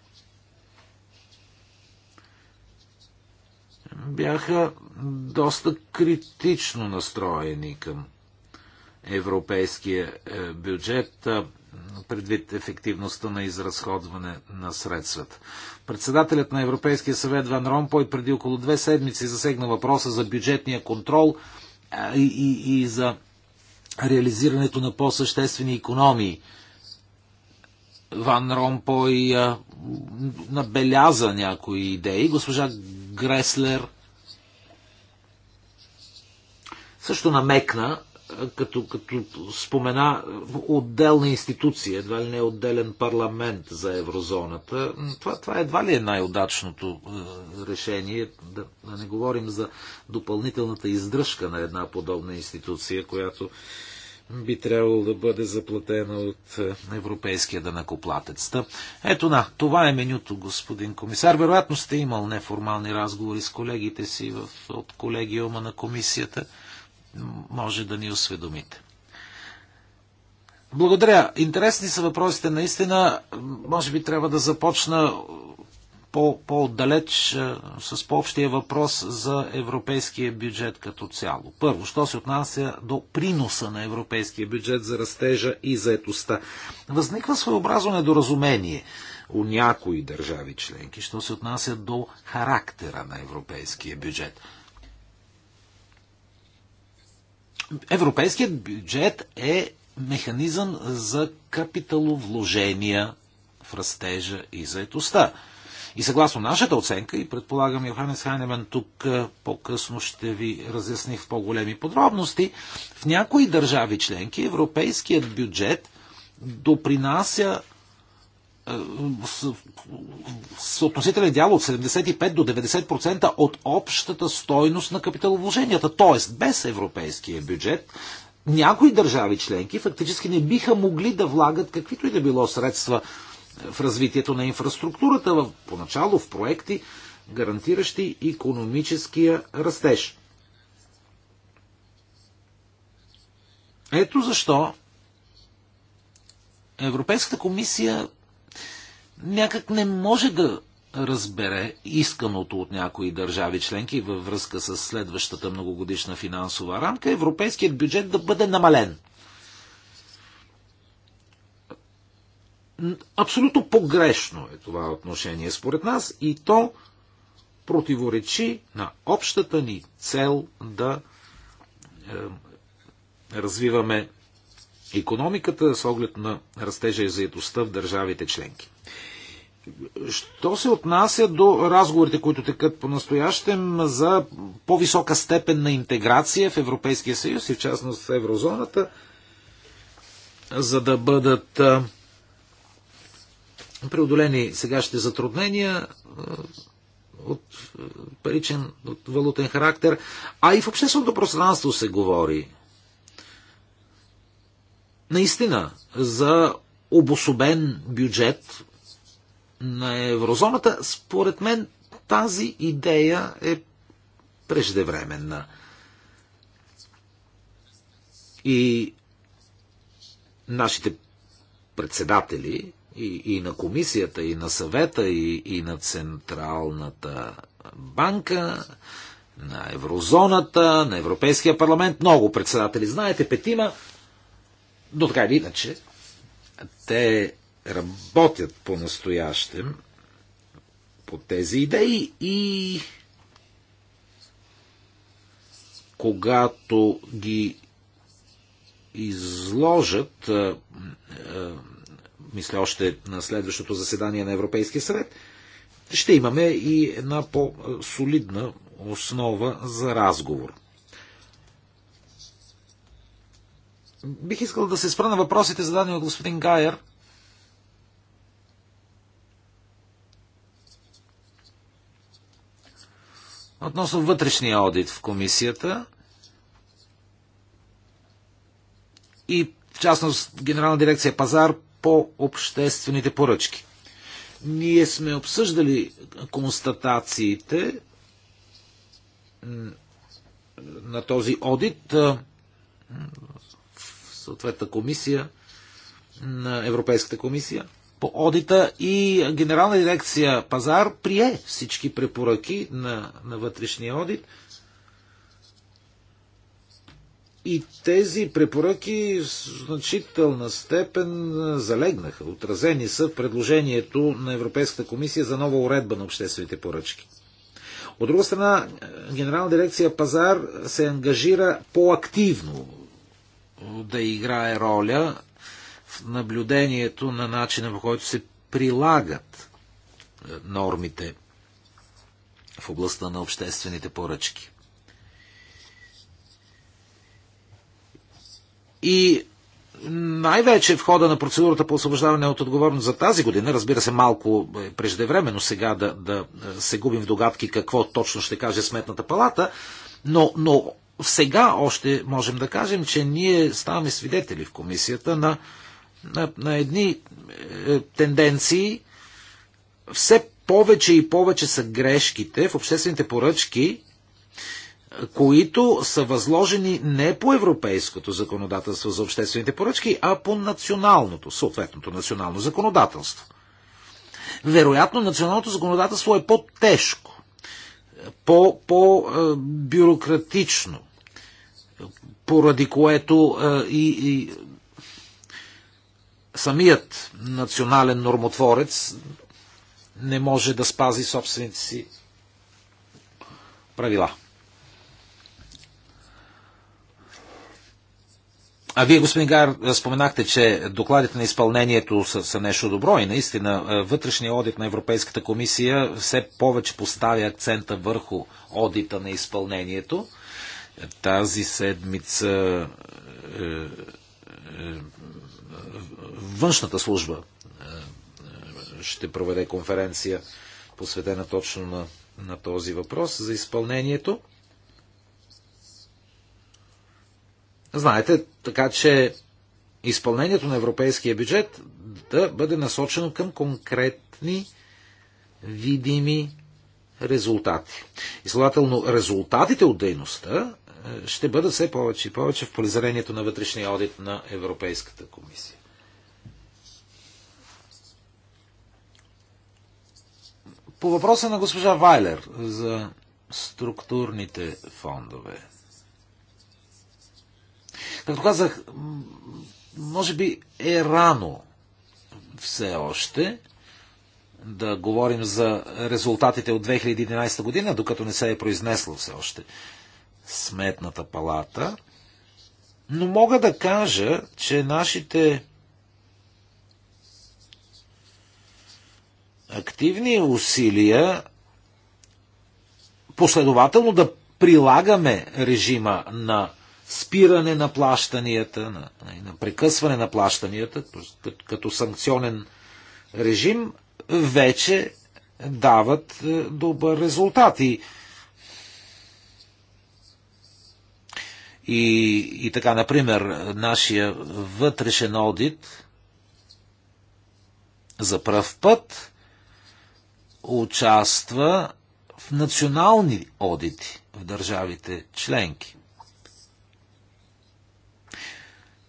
бяха доста критично настроени към европейския е, бюджет е, предвид ефективността на изразходване на средствата. Председателят на Европейския съвет Ван Ромпой преди около две седмици засегна въпроса за бюджетния контрол е, и, и, и за реализирането на по-съществени економии – Ван Ромпой набеляза някои идеи. Госпожа Греслер също намекна, като, като спомена отделна институция, едва ли не е отделен парламент за еврозоната. Това, това едва ли е най-удачното решение, да, да не говорим за допълнителната издръжка на една подобна институция, която би трябвало да бъде заплатена от е, европейския данакоплатец. Ето на, това е менюто, господин комисар. Вероятно сте имал неформални разговори с колегите си в, от колегиума на комисията. Може да ни осведомите. Благодаря. Интересни са въпросите. Наистина, може би трябва да започна по-отдалеч по е, с по-общия въпрос за европейския бюджет като цяло. Първо, що се отнася до приноса на европейския бюджет за растежа и заетостта. Възниква своеобразно недоразумение у някои държави членки, що се отнася до характера на европейския бюджет. Европейският бюджет е механизъм за капиталовложения в растежа и заетостта. И съгласно нашата оценка, и предполагам Йоханес Хайнеман тук по-късно ще ви разясни в по-големи подробности, в някои държави членки европейският бюджет допринася с относителен дял от 75 до 90% от общата стойност на капиталовложенията. Тоест, без европейския бюджет, някои държави членки фактически не биха могли да влагат каквито и да било средства в развитието на инфраструктурата, в, поначало в проекти, гарантиращи економическия растеж. Ето защо Европейската комисия някак не може да разбере исканото от някои държави членки във връзка с следващата многогодишна финансова рамка, европейският бюджет да бъде намален – Абсолютно погрешно е това отношение според нас и то противоречи на общата ни цел да е, развиваме економиката с оглед на растежа и заедостта в държавите членки. Що се отнася до разговорите, които текат по-настоящем за по-висока степен на интеграция в Европейския съюз и в частност в еврозоната, за да бъдат е, преодолени сегашните затруднения от паричен, от валутен характер, а и в общественото пространство се говори наистина за обособен бюджет на еврозоната. Според мен тази идея е преждевременна. И нашите председатели, и, и на комисията, и на съвета, и, и на Централната банка, на еврозоната, на Европейския парламент. Много председатели, знаете, петима, но така или иначе, те работят по-настоящем по тези идеи и когато ги изложат мисля още на следващото заседание на Европейския съвет, ще имаме и една по-солидна основа за разговор. Бих искал да се спра на въпросите зададени от господин Гайер. Относно вътрешния одит в комисията и в частност Генерална дирекция Пазар по обществените поръчки. Ние сме обсъждали констатациите на този одит в съответната комисия на Европейската комисия по одита и Генерална дирекция Пазар прие всички препоръки на, на вътрешния одит – и тези препоръки в значителна степен залегнаха, отразени са в предложението на Европейската комисия за нова уредба на обществените поръчки. От друга страна, Генерална дирекция Пазар се ангажира по-активно да играе роля в наблюдението на начина по който се прилагат нормите в областта на обществените поръчки. И най-вече в хода на процедурата по освобождаване от отговорност за тази година, разбира се, малко е преждевременно сега да, да се губим в догадки какво точно ще каже Сметната палата, но, но сега още можем да кажем, че ние ставаме свидетели в комисията на, на, на едни е, тенденции. Все повече и повече са грешките в обществените поръчки, които са възложени не по европейското законодателство за обществените поръчки, а по националното, съответното национално законодателство. Вероятно, националното законодателство е по-тежко, по-бюрократично, -по поради което е, и, и самият национален нормотворец не може да спази собствените си правила. А вие, господин Гар, споменахте, че докладите на изпълнението са, са нещо добро и наистина е, вътрешния одит на Европейската комисия все повече поставя акцента върху одита на изпълнението. Тази седмица е, е, външната служба е, ще проведе конференция, посветена точно на, на този въпрос за изпълнението. Знаете, така че изпълнението на европейския бюджет да бъде насочено към конкретни видими резултати. И следователно, резултатите от дейността е, ще бъдат все повече и повече в полезрението на вътрешния одит на Европейската комисия. По въпроса на госпожа Вайлер за структурните фондове. Както казах, може би е рано все още да говорим за резултатите от 2011 година, докато не се е произнесла все още Сметната палата. Но мога да кажа, че нашите активни усилия последователно да прилагаме режима на спиране на плащанията, на, на прекъсване на плащанията, като, като санкционен режим, вече дават е, добър резултат. И, и, и така, например, нашия вътрешен одит за пръв път участва в национални одити в държавите членки.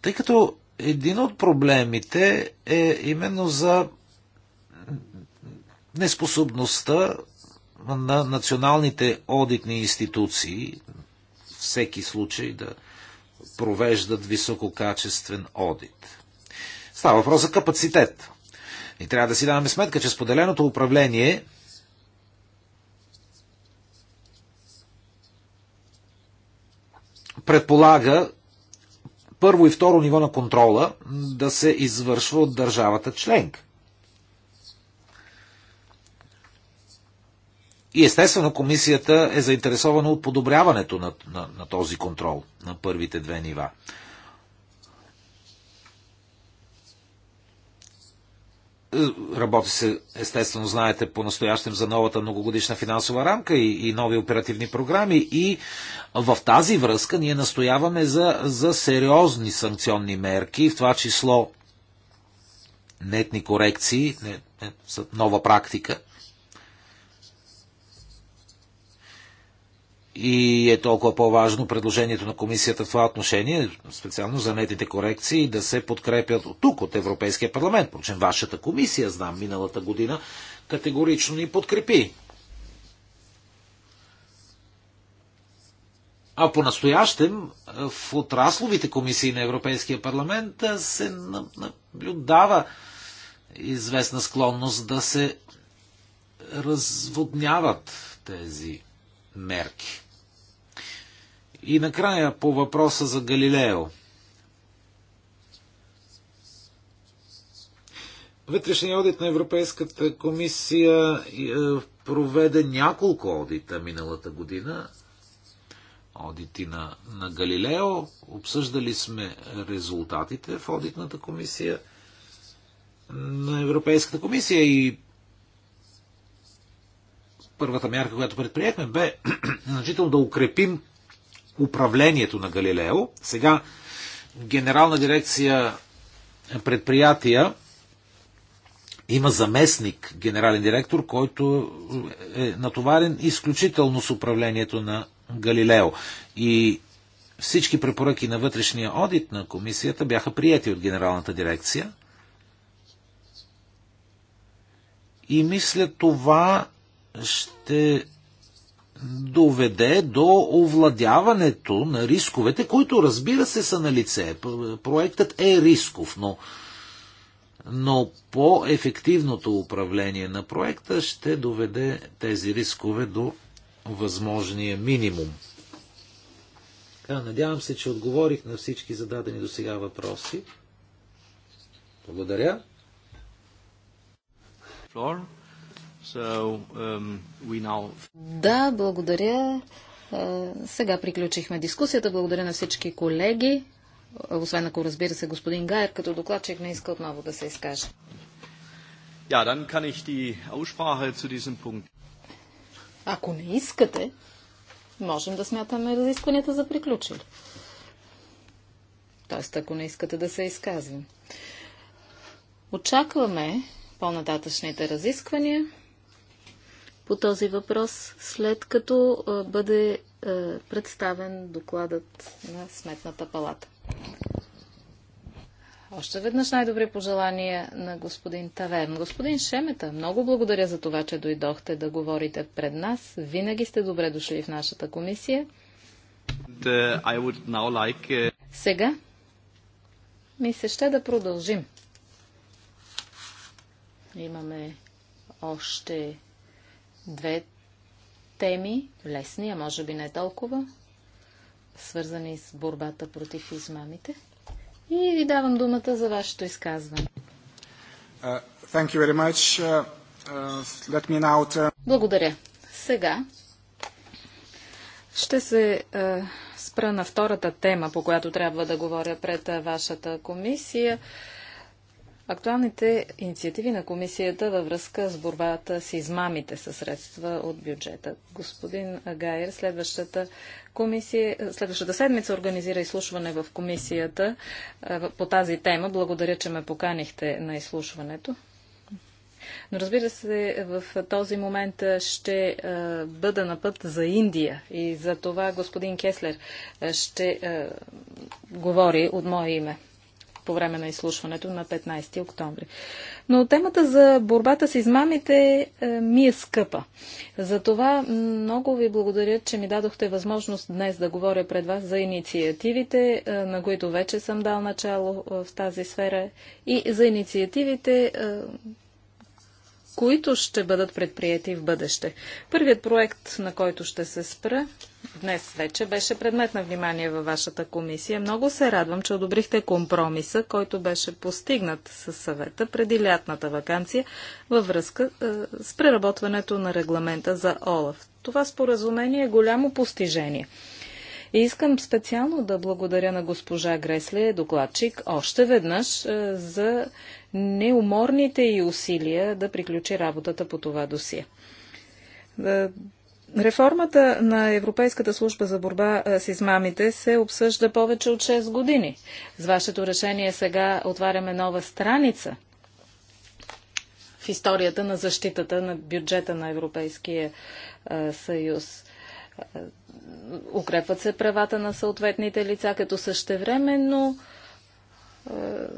Тъй като един от проблемите е именно за неспособността на националните одитни институции, всеки случай да провеждат висококачествен одит. Става въпрос за капацитет. И трябва да си даваме сметка, че споделеното управление предполага първо и второ ниво на контрола да се извършва от държавата членка. И естествено комисията е заинтересована от подобряването на, на, на този контрол на първите две нива. Работи се, естествено, знаете, по-настоящем за новата многогодишна финансова рамка и, и нови оперативни програми. И в тази връзка ние настояваме за, за сериозни санкционни мерки, в това число нетни корекции, не, не, нова практика – и е толкова по-важно предложението на комисията в това отношение, специално за нетите корекции, да се подкрепят от тук, от Европейския парламент. Впрочем, вашата комисия, знам, миналата година категорично ни подкрепи. А по-настоящем в отрасловите комисии на Европейския парламент се наблюдава известна склонност да се разводняват тези мерки. И накрая по въпроса за Галилео. Вътрешния одит на Европейската комисия е, проведе няколко одита миналата година. Одити на, на Галилео. Обсъждали сме резултатите в одитната комисия на Европейската комисия и първата мярка, която предприехме, бе значително да укрепим управлението на Галилео. Сега Генерална дирекция предприятия има заместник генерален директор, който е натоварен изключително с управлението на Галилео. И всички препоръки на вътрешния одит на комисията бяха прияти от генералната дирекция. И мисля това ще доведе до овладяването на рисковете, които разбира се са на лице. Проектът е рисков, но, но по-ефективното управление на проекта ще доведе тези рискове до възможния минимум. Така, надявам се, че отговорих на всички зададени до сега въпроси. Благодаря. Флор. Um, да, благодаря. Сега приключихме дискусията. Благодаря на всички колеги. Освен ако разбира се господин Гайер, като докладчик не иска отново да се изкаже. Ja, dann kann ich die Aussprache zu diesem Punkt. Ако не искате, можем да смятаме разискванията за приключили. Тоест, ако не искате да се изказвам. Очакваме по-нататъчните разисквания по този въпрос, след като бъде представен докладът на Сметната палата. Още веднъж най-добри пожелания на господин Таверн. Господин Шемета, много благодаря за това, че дойдохте да говорите пред нас. Винаги сте добре дошли в нашата комисия. Uh, like... Uh, Сега ми се ще да продължим. Имаме още Две теми, лесни, а може би не толкова, свързани с борбата против измамите. И ви давам думата за вашето изказване. Uh, uh, uh, Благодаря. Сега ще се е, спра на втората тема, по която трябва да говоря пред е, вашата комисия актуалните инициативи на комисията във връзка с борбата с измамите със средства от бюджета. Господин Гайер, следващата, комисия, следващата седмица организира изслушване в комисията по тази тема. Благодаря, че ме поканихте на изслушването. Но разбира се, в този момент ще бъда на път за Индия и за това господин Кеслер ще говори от мое име по време на изслушването на 15 октомври. Но темата за борбата с измамите е, ми е скъпа. Затова много ви благодаря, че ми дадохте възможност днес да говоря пред вас за инициативите, е, на които вече съм дал начало е, в тази сфера и за инициативите, които ще бъдат предприяти в бъдеще. Първият проект, на който ще се спра, днес вече беше предмет на внимание във вашата комисия. Много се радвам, че одобрихте компромиса, който беше постигнат със съвета преди лятната вакансия във връзка е, с преработването на регламента за ОЛАФ. Това споразумение е голямо постижение. И искам специално да благодаря на госпожа Гресле, докладчик, още веднъж е, за неуморните и усилия да приключи работата по това досие. Е, реформата на Европейската служба за борба е, с измамите се обсъжда повече от 6 години. С вашето решение сега отваряме нова страница в историята на защитата на бюджета на Европейския съюз укрепват се правата на съответните лица, като същевременно е,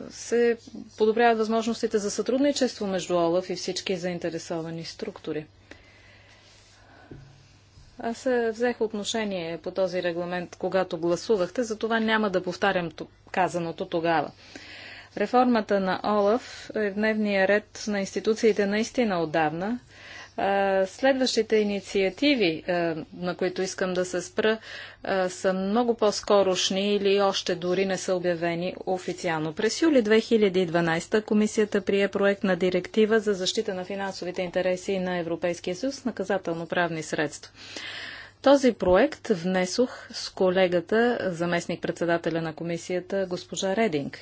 се подобряват възможностите за сътрудничество между ОЛАФ и всички заинтересовани структури. Аз е, взех отношение по този регламент, когато гласувахте, затова няма да повтарям казаното тогава. Реформата на ОЛАФ е в дневния ред на институциите наистина отдавна – Следващите инициативи, на които искам да се спра, са много по-скорошни или още дори не са обявени официално. През юли 2012 комисията прие проект на директива за защита на финансовите интереси на Европейския съюз с наказателно-правни средства. Този проект внесох с колегата, заместник-председателя на комисията, госпожа Рединг.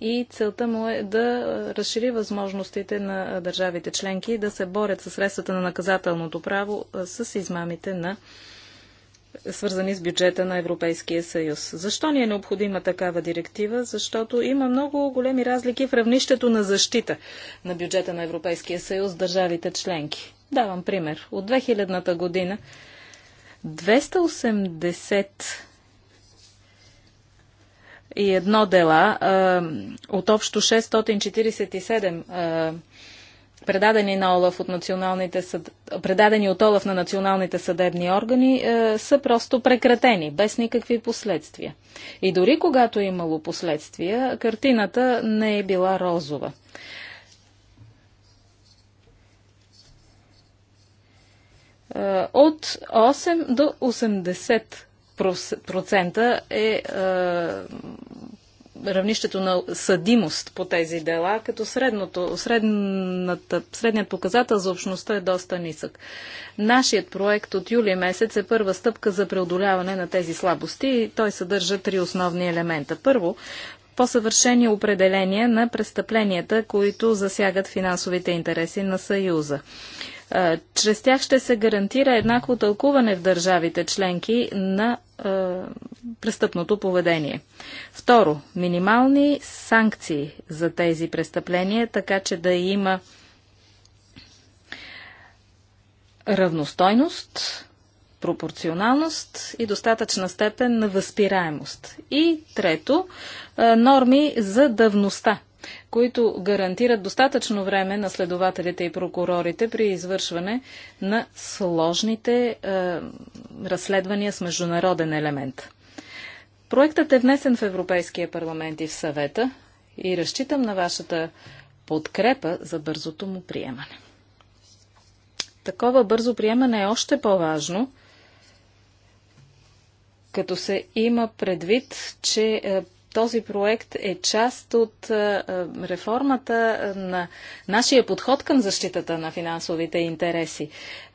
И целта му е да разшири възможностите на държавите членки да се борят с средствата на наказателното право с измамите на свързани с бюджета на Европейския съюз. Защо ни е необходима такава директива? Защото има много големи разлики в равнището на защита на бюджета на Европейския съюз държавите членки. Давам пример. От 2000-та година 280 и едно дела а, от общо 647 а, предадени на Олаф от националните съд... предадени от Олаф на националните съдебни органи е, са просто прекратени, без никакви последствия. И дори когато е имало последствия, картината не е била розова. от 8 до 80 е, е равнището на съдимост по тези дела, като средното, средната, средният показател за общността е доста нисък. Нашият проект от юли месец е първа стъпка за преодоляване на тези слабости и той съдържа три основни елемента. Първо, по-съвършени определения на престъпленията, които засягат финансовите интереси на Съюза. Е, чрез тях ще се гарантира еднакво тълкуване в държавите членки на е, престъпното поведение. Второ, минимални санкции за тези престъпления, така че да има равностойност, пропорционалност и достатъчна степен на възпираемост. И трето, е, норми за давността които гарантират достатъчно време на следователите и прокурорите при извършване на сложните е, разследвания с международен елемент. Проектът е внесен в Европейския парламент и в съвета и разчитам на вашата подкрепа за бързото му приемане. Такова бързо приемане е още по-важно, като се има предвид, че е, този проект е част от е, е, реформата е, на нашия подход към защитата на финансовите интереси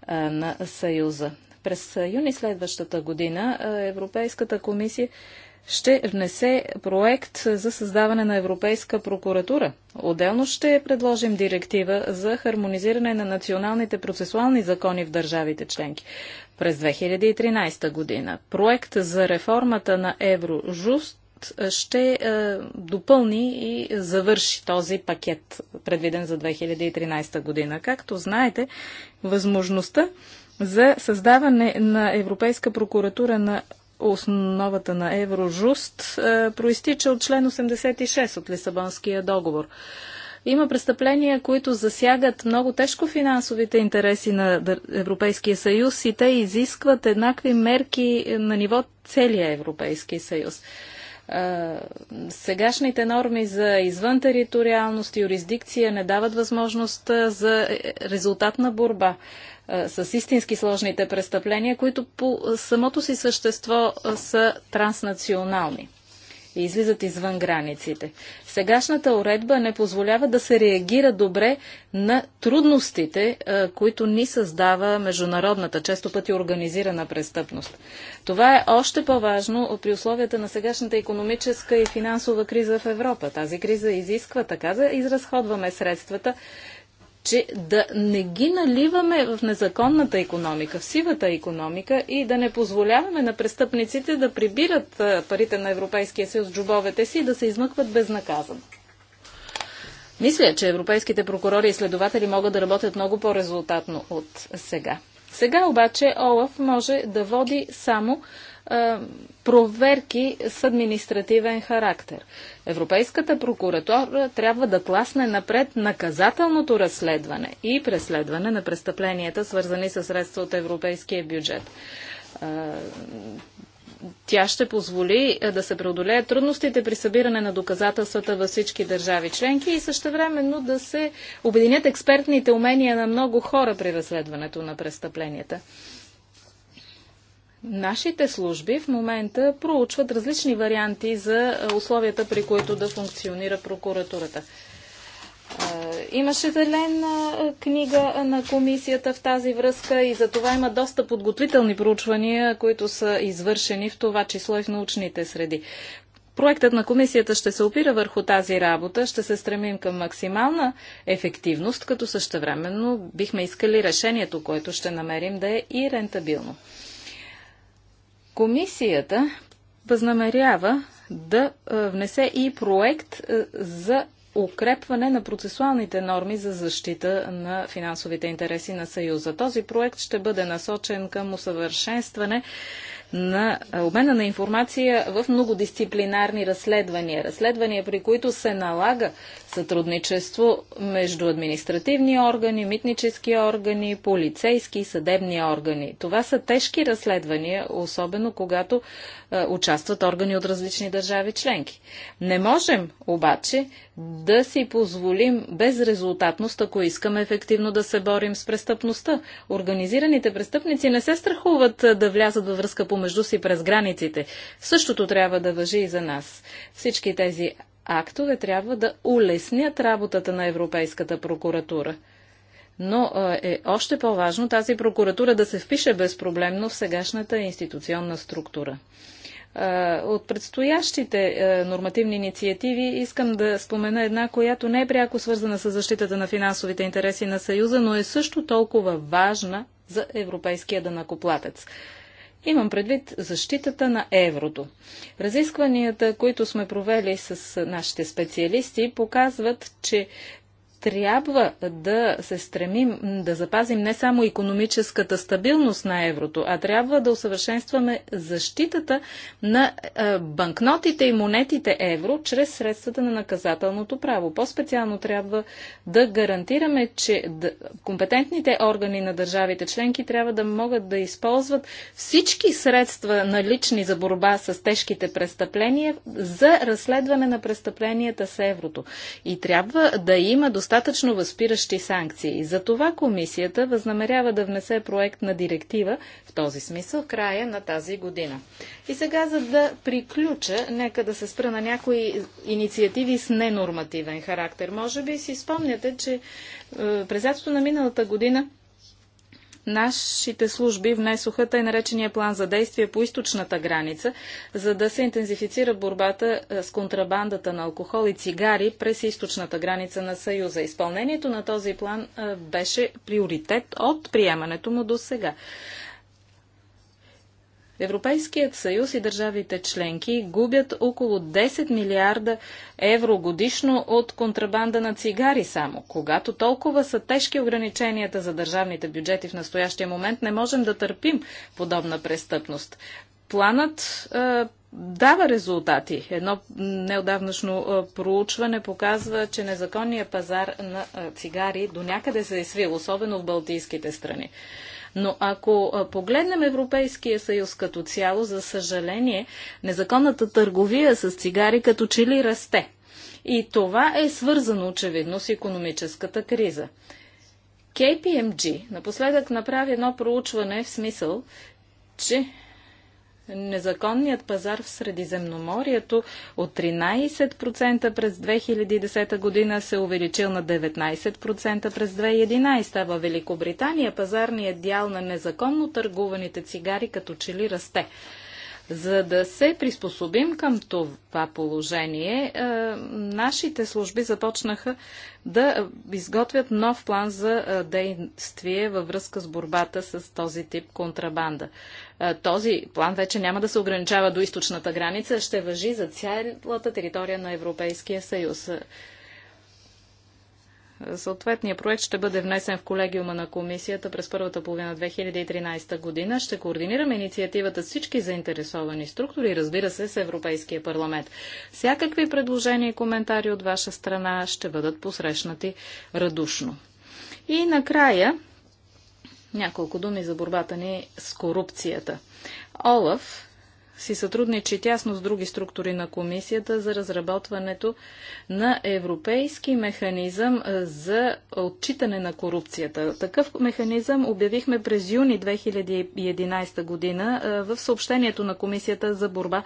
на Съюза. През юни следващата година Европейската комисия ще внесе проект за създаване на Европейска прокуратура. Отделно ще предложим директива за хармонизиране на националните процесуални закони в държавите членки. През 2013 година проект за реформата на Еврожуст ще е, допълни и завърши този пакет, предвиден за 2013 година. Както знаете, възможността за създаване на Европейска прокуратура на основата на Еврожуст е, проистича от член 86 от Лисабонския договор. Има престъпления, които засягат много тежко финансовите интереси на Европейския съюз и те изискват еднакви мерки на ниво целия Европейски съюз сегашните норми за извън териториалност, юрисдикция не дават възможност за е, е, резултатна борба с истински сложните престъпления, които по самото си същество са транснационални и излизат извън границите. Сегашната уредба не позволява да се реагира добре на трудностите, е, които ни създава международната, често пъти организирана престъпност. Това е още по-важно при условията на сегашната економическа и финансова криза в Европа. Тази криза изисква така да изразходваме средствата, че да не ги наливаме в незаконната економика, в сивата економика и да не позволяваме на престъпниците да прибират парите на Европейския съюз джобовете си и да се измъкват безнаказано. Мисля, че европейските прокурори и следователи могат да работят много по-резултатно от сега. Сега обаче Олаф може да води само е, проверки с административен характер. Европейската прокуратура трябва да класне напред наказателното разследване и преследване на престъпленията, свързани с средства от европейския бюджет е, тя ще позволи е, да се преодолеят трудностите при събиране на доказателствата във всички държави членки и същевременно да се обединят експертните умения на много хора при разследването на престъпленията. Нашите служби в момента проучват различни варианти за е, условията, при които да функционира прокуратурата. Е, имаше зелена е, книга на комисията в тази връзка и за това има доста подготвителни проучвания, които са извършени в това число и в научните среди. Проектът на комисията ще се опира върху тази работа, ще се стремим към максимална ефективност, като същевременно бихме искали решението, което ще намерим да е и рентабилно. Комисията възнамерява да е, внесе и проект е, за укрепване на процесуалните норми за защита на финансовите интереси на Съюза. Този проект ще бъде насочен към усъвършенстване на е, обмена на информация в многодисциплинарни разследвания. Разследвания, при които се налага сътрудничество между административни органи, митнически органи, полицейски и съдебни органи. Това са тежки разследвания, особено когато а, е, участват органи от различни държави членки. Не можем обаче да си позволим безрезултатност, ако искаме ефективно да се борим с престъпността. Организираните престъпници не се страхуват е, да влязат във връзка по помежду си през границите. Същото трябва да въжи и за нас. Всички тези актове трябва да улеснят работата на Европейската прокуратура. Но е, е още по-важно тази прокуратура да се впише безпроблемно в сегашната институционна структура. От предстоящите е, нормативни инициативи искам да спомена една, която не е пряко свързана с защитата на финансовите интереси на Съюза, но е също толкова важна за европейския данакоплатец. Имам предвид защитата на еврото. Разискванията, които сме провели с нашите специалисти, показват, че трябва да се стремим да запазим не само економическата стабилност на еврото, а трябва да усъвършенстваме защитата на е, банкнотите и монетите евро чрез средствата на наказателното право. По-специално трябва да гарантираме, че компетентните органи на държавите членки трябва да могат да използват всички средства налични за борба с тежките престъпления за разследване на престъпленията с еврото. И трябва да има достатъчно достатъчно възпиращи санкции. За това комисията възнамерява да внесе проект на директива в този смисъл в края на тази година. И сега, за да приключа, нека да се спра на някои инициативи с ненормативен характер. Може би си спомняте, че е, през лятото на миналата година Нашите служби внесоха тъй наречения план за действие по източната граница, за да се интензифицира борбата е, с контрабандата на алкохол и цигари през източната граница на Съюза. Изпълнението на този план е, беше приоритет от приемането му до сега. Европейският съюз и държавите членки губят около 10 милиарда евро годишно от контрабанда на цигари само. Когато толкова са тежки ограниченията за държавните бюджети в настоящия момент, не можем да търпим подобна престъпност. Планът е, дава резултати. Едно неодавнашно проучване показва, че незаконният пазар на цигари до някъде се е свил, особено в балтийските страни. Но ако погледнем Европейския съюз като цяло, за съжаление, незаконната търговия с цигари като че ли расте. И това е свързано очевидно с економическата криза. KPMG напоследък направи едно проучване в смисъл, че Незаконният пазар в Средиземноморието от 13% през 2010 година се увеличил на 19% през 2011. Във Великобритания пазарният дял на незаконно търгуваните цигари като чели расте. За да се приспособим към това положение, е, нашите служби започнаха да изготвят нов план за е, действие във връзка с борбата с този тип контрабанда. Е, този план вече няма да се ограничава до източната граница, ще въжи за цялата територия на Европейския съюз. Съответният проект ще бъде внесен в колегиума на комисията през първата половина 2013 година. Ще координираме инициативата с всички заинтересовани структури, разбира се, с Европейския парламент. Всякакви предложения и коментари от ваша страна ще бъдат посрещнати радушно. И накрая няколко думи за борбата ни с корупцията. Олаф си сътрудничи тясно с други структури на комисията за разработването на европейски механизъм за отчитане на корупцията. Такъв механизъм обявихме през юни 2011 година в съобщението на комисията за борба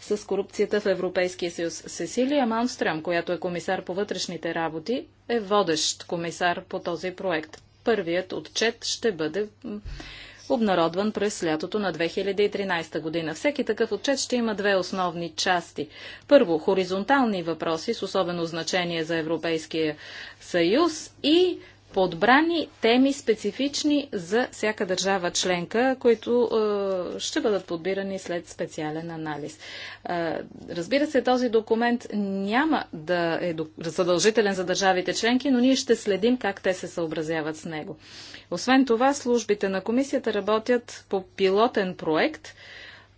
с корупцията в Европейския съюз. Сесилия Манстрам, която е комисар по вътрешните работи, е водещ комисар по този проект. Първият отчет ще бъде обнародван през лятото на 2013 година. Всеки такъв отчет ще има две основни части. Първо, хоризонтални въпроси с особено значение за Европейския съюз и подбрани теми специфични за всяка държава членка, които е, ще бъдат подбирани след специален анализ. Е, разбира се, този документ няма да е задължителен за държавите членки, но ние ще следим как те се съобразяват с него. Освен това, службите на комисията работят по пилотен проект –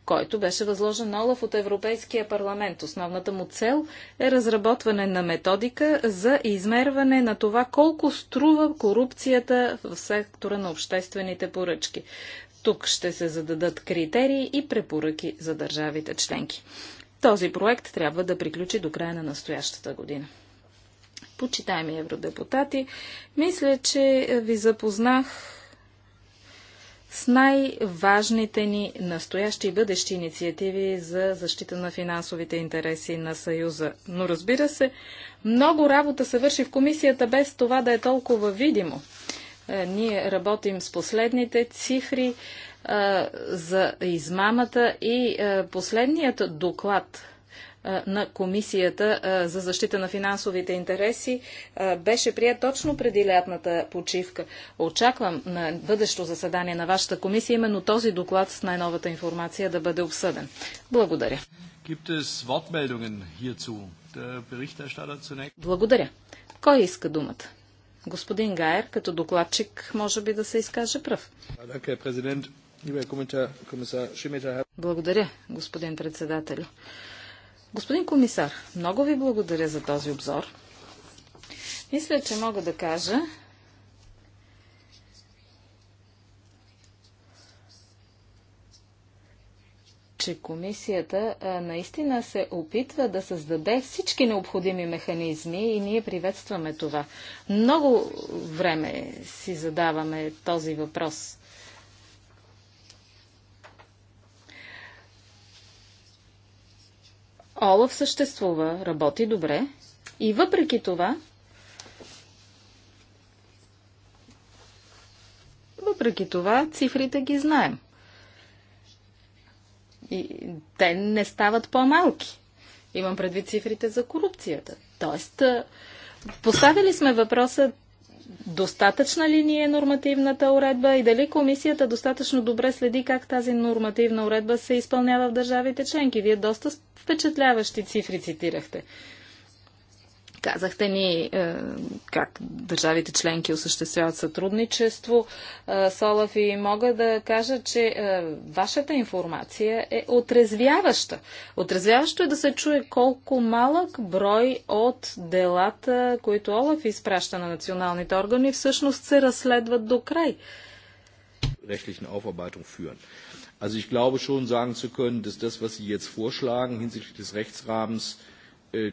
който беше възложен на Олаф от Европейския парламент. Основната му цел е разработване на методика за измерване на това колко струва корупцията в сектора на обществените поръчки. Тук ще се зададат критерии и препоръки за държавите членки. Този проект трябва да приключи до края на настоящата година. Почитаеми евродепутати, мисля, че ви запознах с най-важните ни настоящи и бъдещи инициативи за защита на финансовите интереси на Съюза. Но разбира се, много работа се върши в комисията без това да е толкова видимо. Е, ние работим с последните цифри е, за измамата и е, последният доклад на Комисията за защита на финансовите интереси беше прият точно преди лятната почивка. Очаквам на бъдещо заседание на вашата комисия именно този доклад с най-новата информация да бъде обсъден. Благодаря. Благодаря. Кой иска думата? Господин Гайер, като докладчик, може би да се изкаже пръв. Благодаря, господин председател. Господин комисар, много ви благодаря за този обзор. Мисля, че мога да кажа, че комисията наистина се опитва да създаде всички необходими механизми и ние приветстваме това. Много време си задаваме този въпрос. Олаф съществува, работи добре и въпреки това, въпреки това цифрите ги знаем. И те не стават по-малки. Имам предвид цифрите за корупцията. Тоест, поставили сме въпроса достатъчна ли ни е нормативната уредба и дали комисията достатъчно добре следи как тази нормативна уредба се изпълнява в държавите членки? Вие доста впечатляващи цифри цитирахте. Казахте ни е, как държавите членки осъществяват сътрудничество е, с Олаф и мога да кажа, че е, вашата информация е отрезвяваща. Отрезвяващо е да се чуе колко малък брой от делата, които Олаф изпраща на националните органи, всъщност се разследват до край. Rechtlichen Aufarbeitung führen. Also ich glaube schon sagen zu können, dass das, was Sie jetzt vorschlagen hinsichtlich des Rechtsrahmens, äh,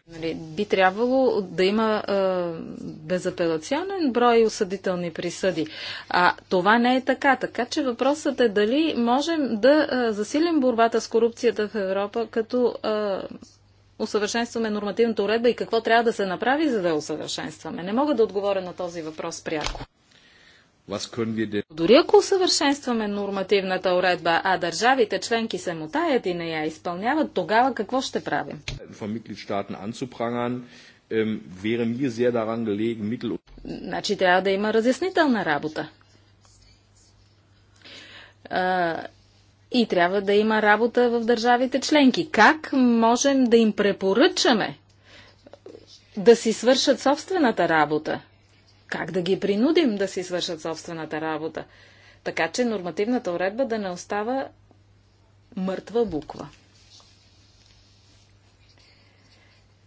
Нали, би трябвало да има а, безапелационен брой осъдителни присъди. А това не е така. Така че въпросът е дали можем да а, засилим борбата с корупцията в Европа, като а, усъвършенстваме нормативната уредба и какво трябва да се направи, за да я усъвършенстваме. Не мога да отговоря на този въпрос пряко. Дори ако усъвършенстваме нормативната уредба, а държавите членки се мутаят и не я изпълняват, тогава какво ще правим? Ähm, значи трябва да има разяснителна работа. И трябва да има работа в държавите членки. Как можем да им препоръчаме да си свършат собствената работа? Как да ги принудим да си свършат собствената работа? Така че нормативната уредба да не остава мъртва буква.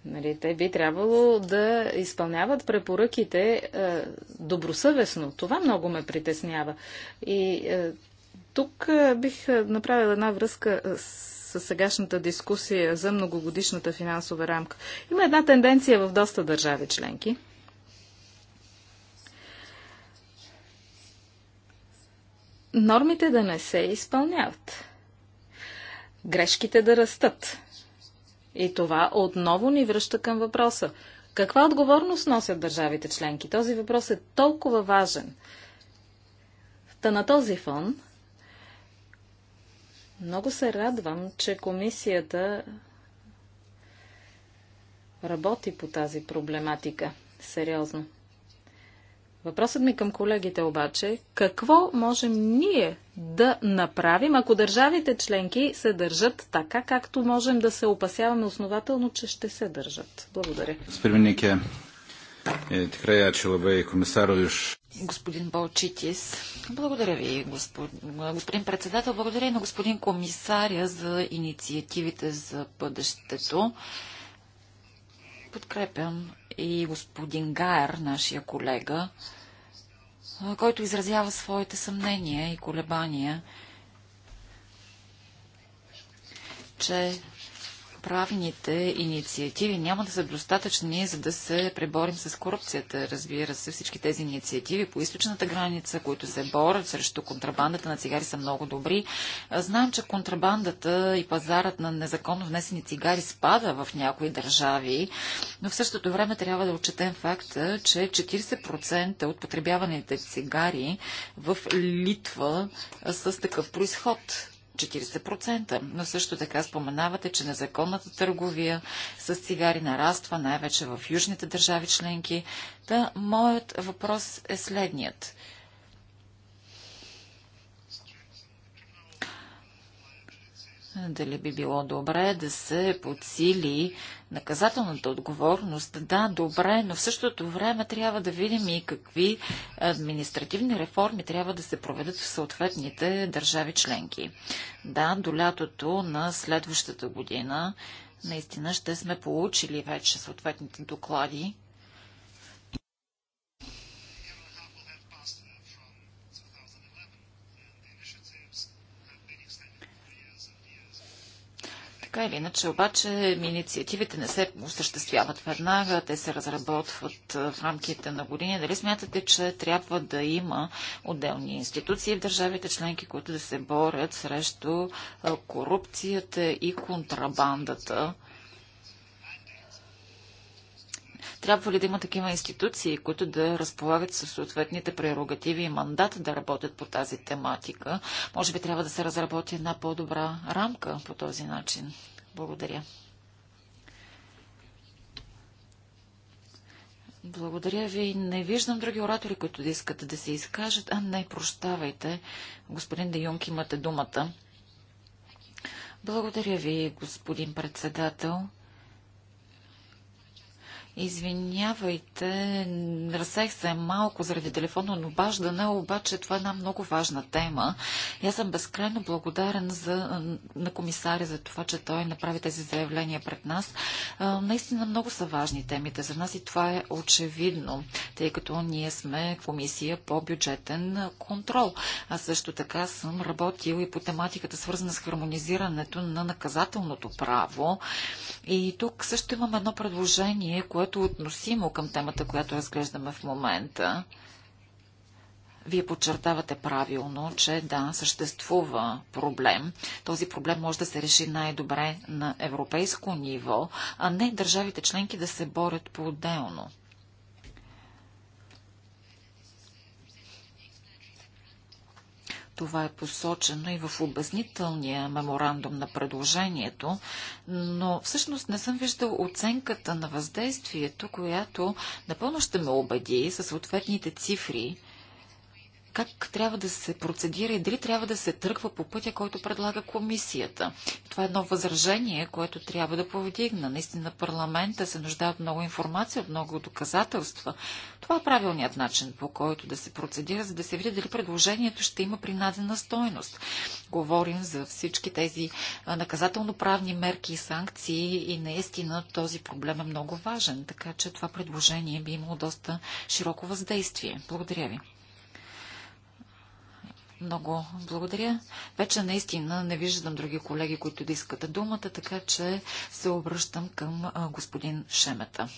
Нали, те би трябвало да изпълняват препоръките е, добросъвестно. Това много ме притеснява. И е, тук е, бих е, направила една връзка е, с, с сегашната дискусия за многогодишната финансова рамка. Има една тенденция в доста държави членки – нормите да не се изпълняват, грешките да растат. И това отново ни връща към въпроса. Каква отговорност носят държавите членки? Този въпрос е толкова важен. Та на този фон много се радвам, че комисията работи по тази проблематика сериозно. Въпросът ми към колегите обаче е, какво можем ние да направим, ако държавите членки се държат така, както можем да се опасяваме основателно, че ще се държат? Благодаря. Е, господин Балчитис, благодаря ви, господин, господин председател. Благодаря и на господин комисаря за инициативите за бъдещето. Подкрепям и господин Гайер, нашия колега, който изразява своите съмнения и колебания, че правените инициативи няма да са достатъчни, за да се преборим с корупцията. Разбира се, всички тези инициативи по източната граница, които се борят срещу контрабандата на цигари, са много добри. Знаем, че контрабандата и пазарът на незаконно внесени цигари спада в някои държави, но в същото време трябва да отчетем факта, че 40% от потребяваните цигари в Литва са с такъв происход. 40%. Но също така споменавате, че незаконната търговия с цигари нараства най-вече в южните държави членки. Та моят въпрос е следният. дали би било добре да се подсили наказателната отговорност. Да, добре, но в същото време трябва да видим и какви административни реформи трябва да се проведат в съответните държави членки. Да, до лятото на следващата година наистина ще сме получили вече съответните доклади Така или иначе, обаче, инициативите не се осъществяват веднага, те се разработват в рамките на години. Дали смятате, че трябва да има отделни институции в държавите членки, които да се борят срещу корупцията и контрабандата? Трябва ли да има такива институции, които да разполагат със съответните прерогативи и мандат да работят по тази тематика? Може би трябва да се разработи една по-добра рамка по този начин. Благодаря. Благодаря ви. Не виждам други оратори, които да искат да се изкажат. А, не, прощавайте. Господин Де Юнг, имате думата. Благодаря ви, господин председател. Извинявайте, разсех се малко заради телефонно обаждане, обаче това е една много важна тема. И аз съм безкрайно благодарен за, на комисаря за това, че той направи тези заявления пред нас. А, наистина много са важни темите за нас и това е очевидно, тъй като ние сме комисия по бюджетен контрол. Аз също така съм работил и по тематиката свързана с хармонизирането на наказателното право. И тук също имам едно предложение, което което е относимо към темата, която разглеждаме в момента. Вие подчертавате правилно, че да, съществува проблем. Този проблем може да се реши най-добре на европейско ниво, а не държавите членки да се борят по-отделно. Това е посочено и в обяснителния меморандум на предложението, но всъщност не съм виждал оценката на въздействието, която напълно ще ме убеди със съответните цифри как трябва да се процедира и дали трябва да се тръгва по пътя, който предлага комисията. Това е едно възражение, което трябва да повдигна. Наистина парламента се нуждае от много информация, от много доказателства. Това е правилният начин, по който да се процедира, за да се види дали предложението ще има принадена стойност. Говорим за всички тези наказателно-правни мерки и санкции и наистина този проблем е много важен, така че това предложение би имало доста широко въздействие. Благодаря ви. Много благодаря. Вече наистина не виждам други колеги, които да искат думата, така че се обръщам към господин Шемета.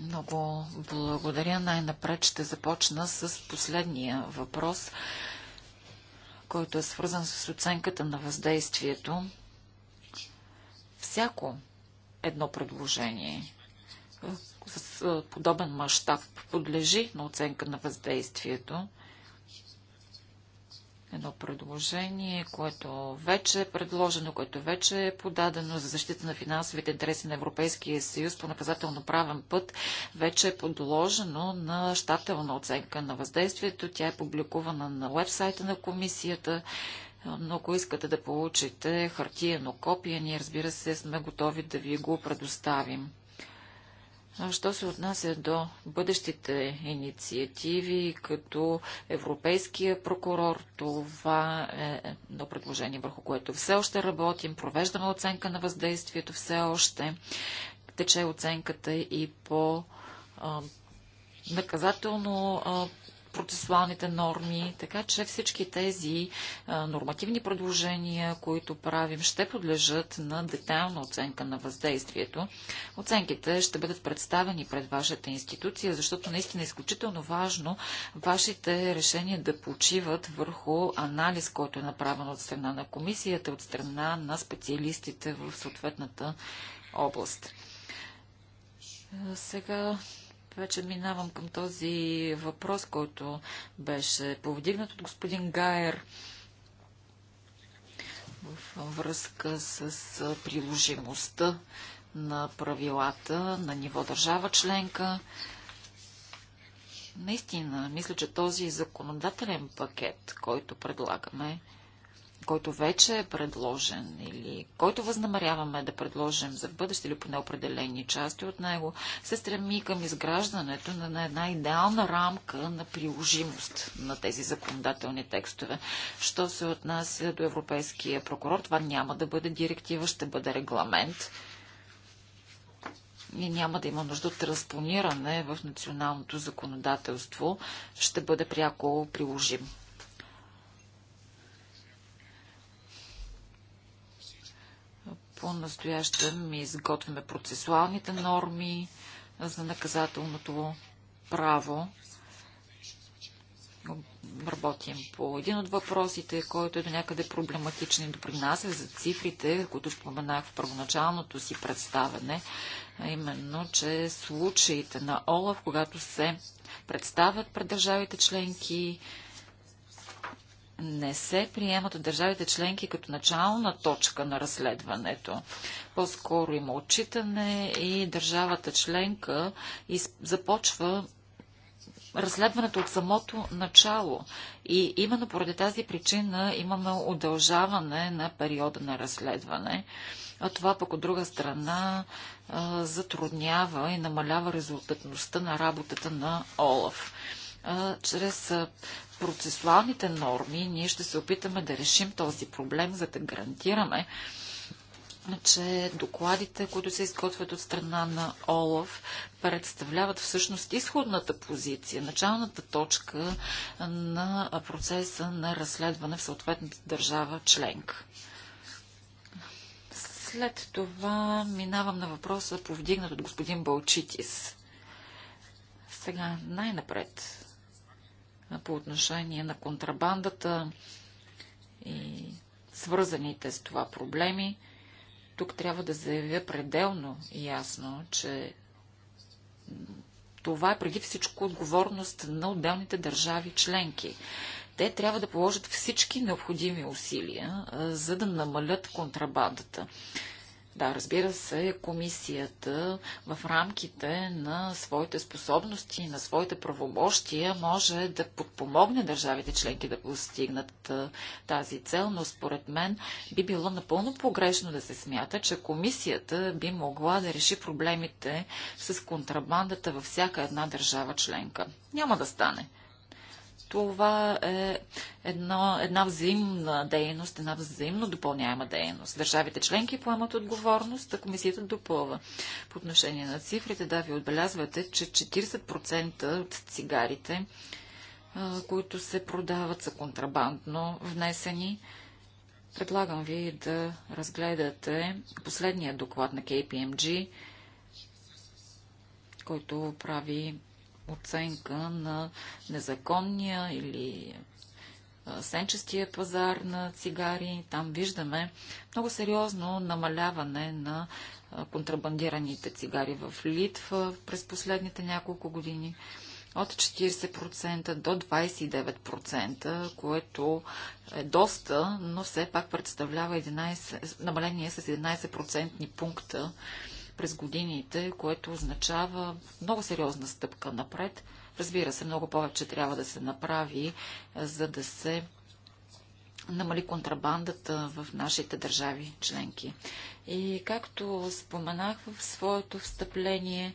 Много благодаря. Най-напред ще започна с последния въпрос, който е свързан с оценката на въздействието. Всяко едно предложение, с подобен мащаб подлежи на оценка на въздействието. Едно предложение, което вече е предложено, което вече е подадено за защита на финансовите интереси на Европейския съюз по наказателно-правен път, вече е подложено на щателна оценка на въздействието. Тя е публикувана на вебсайта на комисията но ако искате да получите хартиено копие, ние разбира се сме готови да ви го предоставим. Що се отнася до бъдещите инициативи, като Европейския прокурор, това е едно предложение, върху което все още работим, провеждаме оценка на въздействието все още, тече оценката и по наказателно процесуалните норми, така че всички тези нормативни предложения, които правим, ще подлежат на детайлна оценка на въздействието. Оценките ще бъдат представени пред вашата институция, защото наистина е изключително важно вашите решения да почиват върху анализ, който е направен от страна на комисията, от страна на специалистите в съответната област. Сега вече минавам към този въпрос, който беше повдигнат от господин Гайер във връзка с приложимостта на правилата на ниво държава членка. Наистина, мисля, че този законодателен пакет, който предлагаме, който вече е предложен или който възнамеряваме да предложим за бъдеще или поне определени части от него, се стреми към изграждането на една идеална рамка на приложимост на тези законодателни текстове. Що се отнася до Европейския прокурор, това няма да бъде директива, ще бъде регламент и няма да има нужда от транспониране в националното законодателство, ще бъде пряко приложим. По-настоящем изготвяме процесуалните норми за наказателното право. Работим по един от въпросите, който е до някъде проблематичен и допринася за цифрите, които споменах в първоначалното си представене, а именно, че случаите на ОЛАВ, когато се представят пред държавите членки, не се приемат от държавите членки като начална точка на разследването. По-скоро има отчитане и държавата членка започва разследването от самото начало. И именно поради тази причина имаме удължаване на периода на разследване. А това пък от друга страна затруднява и намалява резултатността на работата на ОЛАФ а, чрез а, процесуалните норми ние ще се опитаме да решим този проблем, за да гарантираме, че докладите, които се изготвят от страна на ОЛАФ, представляват всъщност изходната позиция, началната точка на процеса на разследване в съответната държава членка. След това минавам на въпроса, повдигнат от господин Балчитис. Сега най-напред по отношение на контрабандата и свързаните с това проблеми. Тук трябва да заявя пределно ясно, че това е преди всичко отговорност на отделните държави членки. Те трябва да положат всички необходими усилия, за да намалят контрабандата. Да, разбира се, комисията в рамките на своите способности, на своите правомощия може да подпомогне държавите членки да постигнат тази цел, но според мен би било напълно погрешно да се смята, че комисията би могла да реши проблемите с контрабандата във всяка една държава членка. Няма да стане. Това е едно, една взаимна дейност, една взаимно допълняема дейност. Държавите членки поемат отговорност, а комисията допълва. По отношение на цифрите, да, ви отбелязвате, че 40% от цигарите, които се продават, са контрабандно внесени. Предлагам ви да разгледате последния доклад на KPMG, който прави оценка на незаконния или сенчестия пазар на цигари. Там виждаме много сериозно намаляване на контрабандираните цигари в Литва през последните няколко години от 40% до 29%, което е доста, но все пак представлява 11, намаление с 11% пункта през годините, което означава много сериозна стъпка напред. Разбира се, много повече трябва да се направи, е, за да се намали контрабандата в нашите държави членки. И както споменах в своето встъпление,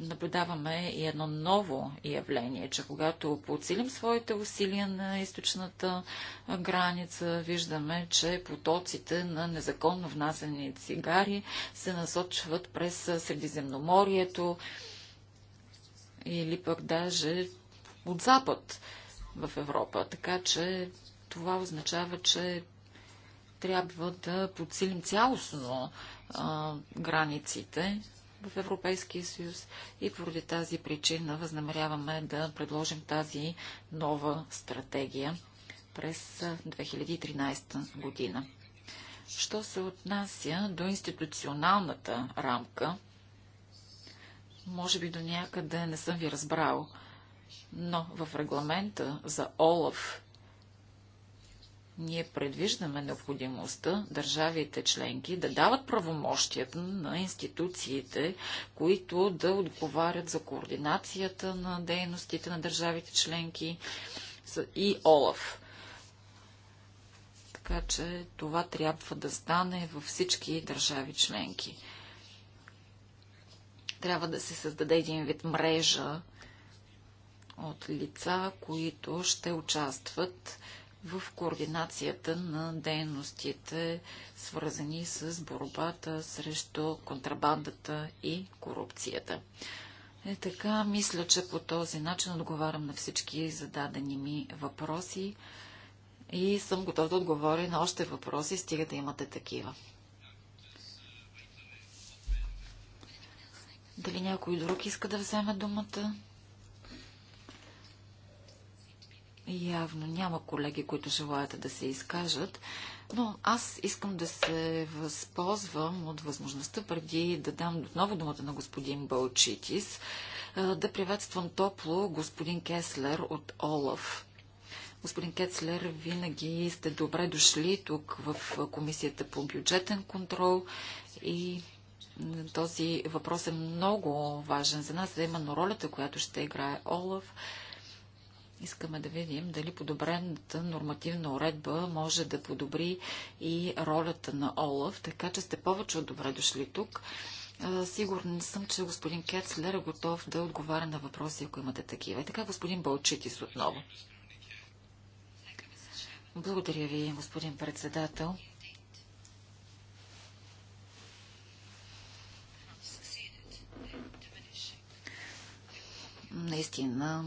наблюдаваме и едно ново явление, че когато подсилим своите усилия на източната граница, виждаме, че потоците на незаконно внасени цигари се насочват през Средиземноморието или пък даже от запад в Европа. Така че това означава, че трябва да подсилим цялостно а, границите в Европейския съюз и поради тази причина възнамеряваме да предложим тази нова стратегия през 2013 година. Що се отнася до институционалната рамка, може би до някъде не съм ви разбрал, но в регламента за ОЛАВ. Ние предвиждаме необходимостта държавите членки да дават правомощията на институциите, които да отговарят за координацията на дейностите на държавите членки и ОЛАФ. Така че това трябва да стане във всички държави членки. Трябва да се създаде един вид мрежа от лица, които ще участват в координацията на дейностите, свързани с борбата срещу контрабандата и корупцията. Е така, мисля, че по този начин отговарям на всички зададени ми въпроси и съм готов да отговоря на още въпроси, стига да имате такива. Дали някой друг иска да вземе думата? Явно няма колеги, които желаят да се изкажат, но аз искам да се възползвам от възможността, преди да дам отново думата на господин Балчитис, да приветствам топло господин Кеслер от Олаф. Господин Кецлер, винаги сте добре дошли тук в Комисията по бюджетен контрол и този въпрос е много важен за нас, да именно ролята, която ще играе Олаф Искаме да видим дали подобрената нормативна уредба може да подобри и ролята на ОЛАВ, така че сте повече от добре дошли тук. Сигурен съм, че господин Кецлер е готов да отговаря на въпроси, ако имате такива. И така, господин Балчитис отново. Благодаря ви, господин председател. Наистина,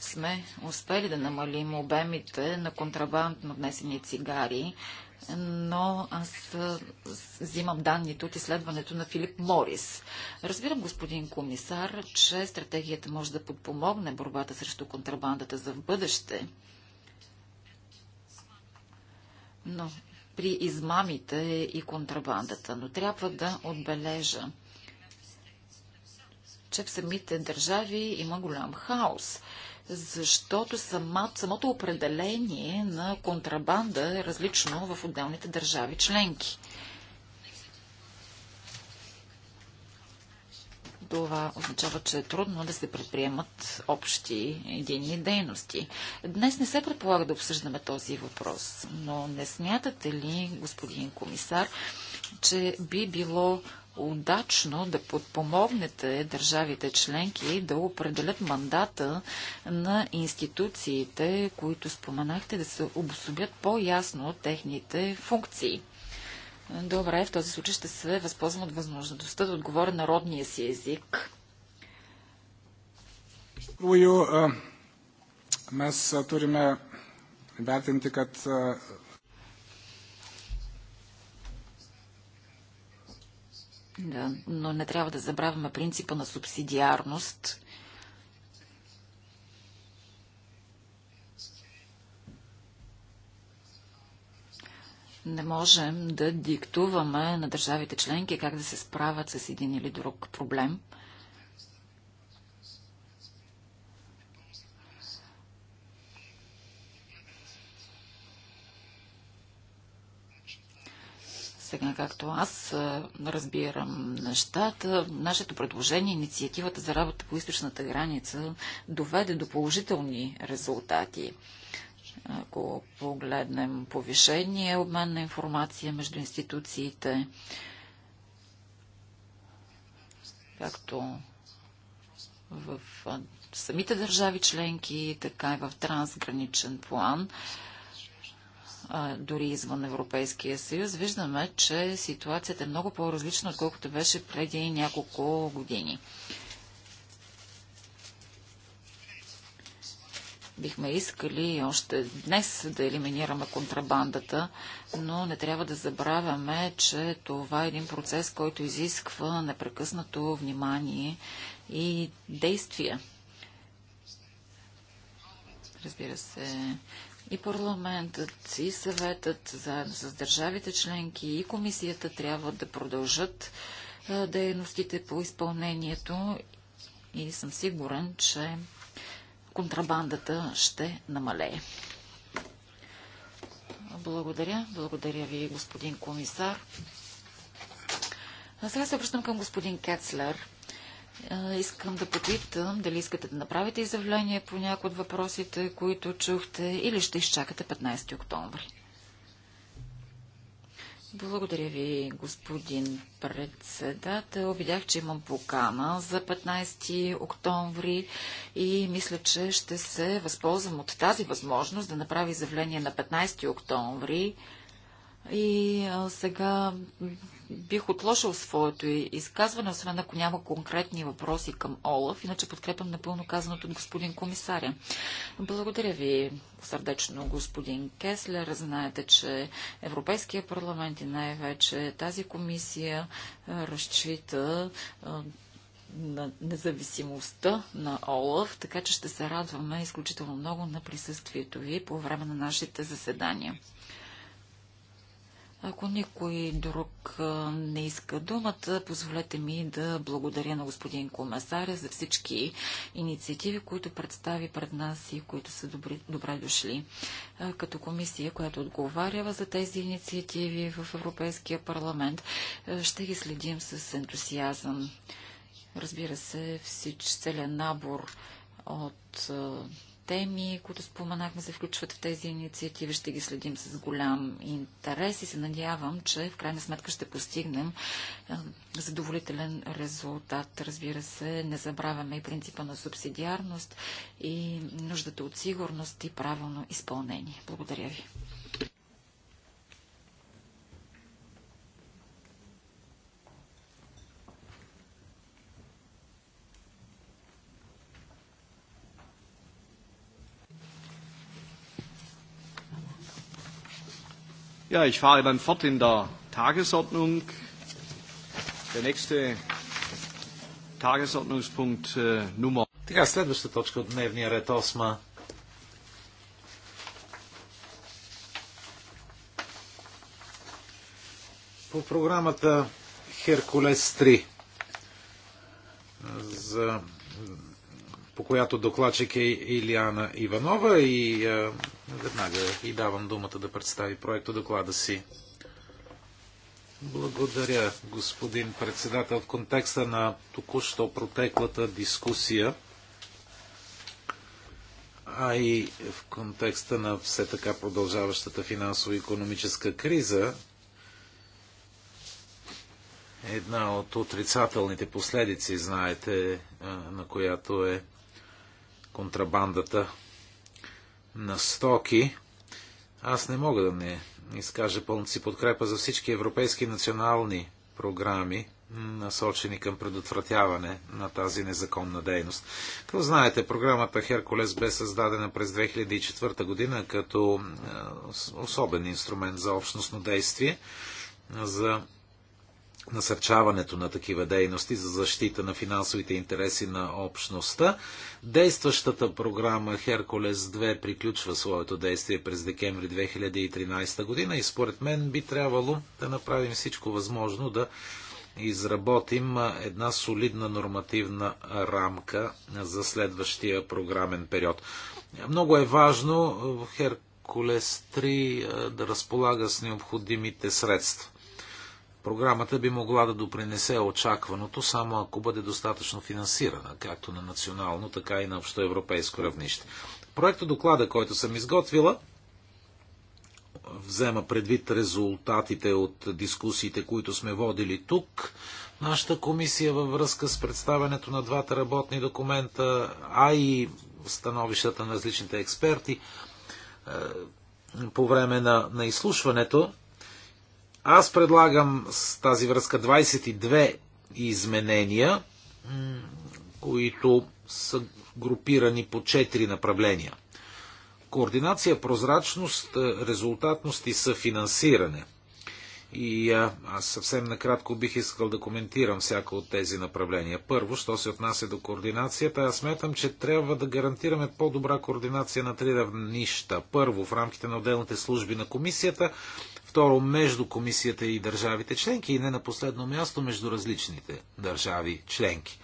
сме успели да намалим обемите на контрабандно внесени цигари, но аз взимам данните от изследването на Филип Морис. Разбирам, господин комисар, че стратегията може да подпомогне борбата срещу контрабандата за в бъдеще, но при измамите и контрабандата. Но трябва да отбележа, че в самите държави има голям хаос защото само, самото определение на контрабанда е различно в отделните държави членки. Това означава, че е трудно да се предприемат общи едини дейности. Днес не се предполага да обсъждаме този въпрос, но не смятате ли, господин комисар, че би било удачно да подпомогнете държавите членки да определят мандата на институциите, които споменахте, да се обособят по-ясно техните функции. Добре, в този случай ще се възползвам от възможността да отговоря на родния си език. Mes turime vertinti, kad Да, но не трябва да забравяме принципа на субсидиарност. Не можем да диктуваме на държавите членки как да се справят с един или друг проблем – Сега, както аз разбирам нещата, нашето предложение, инициативата за работа по източната граница доведе до положителни резултати. Ако погледнем повишение, обмен на информация между институциите, както в самите държави членки, така и в трансграничен план, дори извън Европейския съюз, виждаме, че ситуацията е много по-различна, отколкото беше преди няколко години. Бихме искали още днес да елиминираме контрабандата, но не трябва да забравяме, че това е един процес, който изисква непрекъснато внимание и действия. Разбира се, и парламентът, и съветът, заедно с държавите членки, и комисията трябва да продължат дейностите по изпълнението и съм сигурен, че контрабандата ще намалее. Благодаря. Благодаря ви, господин комисар. А сега се обръщам към господин Кецлер. Искам да попитам дали искате да направите изявление по някои от въпросите, които чухте, или ще изчакате 15 октомври. Благодаря ви, господин председател. Видях, че имам покана за 15 октомври и мисля, че ще се възползвам от тази възможност да направя изявление на 15 октомври. И а, сега бих отложил своето изказване, освен ако няма конкретни въпроси към Олаф, иначе подкрепям напълно казаното от господин комисаря. Благодаря ви сърдечно, господин Кеслер. Знаете, че Европейския парламент и най-вече тази комисия разчита на независимостта на ОЛАФ, така че ще се радваме изключително много на присъствието ви по време на нашите заседания. Ако никой друг не иска думата, позволете ми да благодаря на господин Комасаря за всички инициативи, които представи пред нас и които са добри, добре дошли. Като комисия, която отговарява за тези инициативи в Европейския парламент, ще ги следим с ентусиазъм. Разбира се, всич целият набор от теми, които споменахме, се включват в тези инициативи. Ще ги следим с голям интерес и се надявам, че в крайна сметка ще постигнем задоволителен резултат. Разбира се, не забравяме и принципа на субсидиарност и нуждата от сигурност и правилно изпълнение. Благодаря ви. Ja, ich fahre dann fort in der Tagesordnung. Der nächste Tagesordnungspunkt äh, Nummer. Така, следваща точка от дневния ред 8. По програмата Херкулес 3, за, по която докладчик е Илиана Иванова и е, Веднага и давам думата да представи проекто доклада си. Благодаря, господин председател. В контекста на току-що протеклата дискусия, а и в контекста на все така продължаващата финансово-економическа криза, една от отрицателните последици, знаете, на която е контрабандата на стоки, аз не мога да не изкажа пълната си подкрепа за всички европейски национални програми, насочени към предотвратяване на тази незаконна дейност. Като знаете, програмата Херкулес бе създадена през 2004 година като е, особен инструмент за общностно действие за насърчаването на такива дейности за защита на финансовите интереси на общността. Действащата програма Херкулес 2 приключва своето действие през декември 2013 година и според мен би трябвало да направим всичко възможно да изработим една солидна нормативна рамка за следващия програмен период. Много е важно Херкулес 3 да разполага с необходимите средства. Програмата би могла да допринесе очакваното, само ако бъде достатъчно финансирана, както на национално, така и на общоевропейско равнище. Проекта доклада, който съм изготвила, взема предвид резултатите от дискусиите, които сме водили тук. Нашата комисия във връзка с представенето на двата работни документа, а и становищата на различните експерти е, по време на, на изслушването, аз предлагам с тази връзка 22 изменения, които са групирани по 4 направления. Координация, прозрачност, резултатност и съфинансиране – и а, аз съвсем накратко бих искал да коментирам всяко от тези направления. Първо, що се отнася до координацията, аз смятам, че трябва да гарантираме по-добра координация на три равнища. Първо, в рамките на отделните служби на комисията, второ, между комисията и държавите членки и не на последно място между различните държави членки.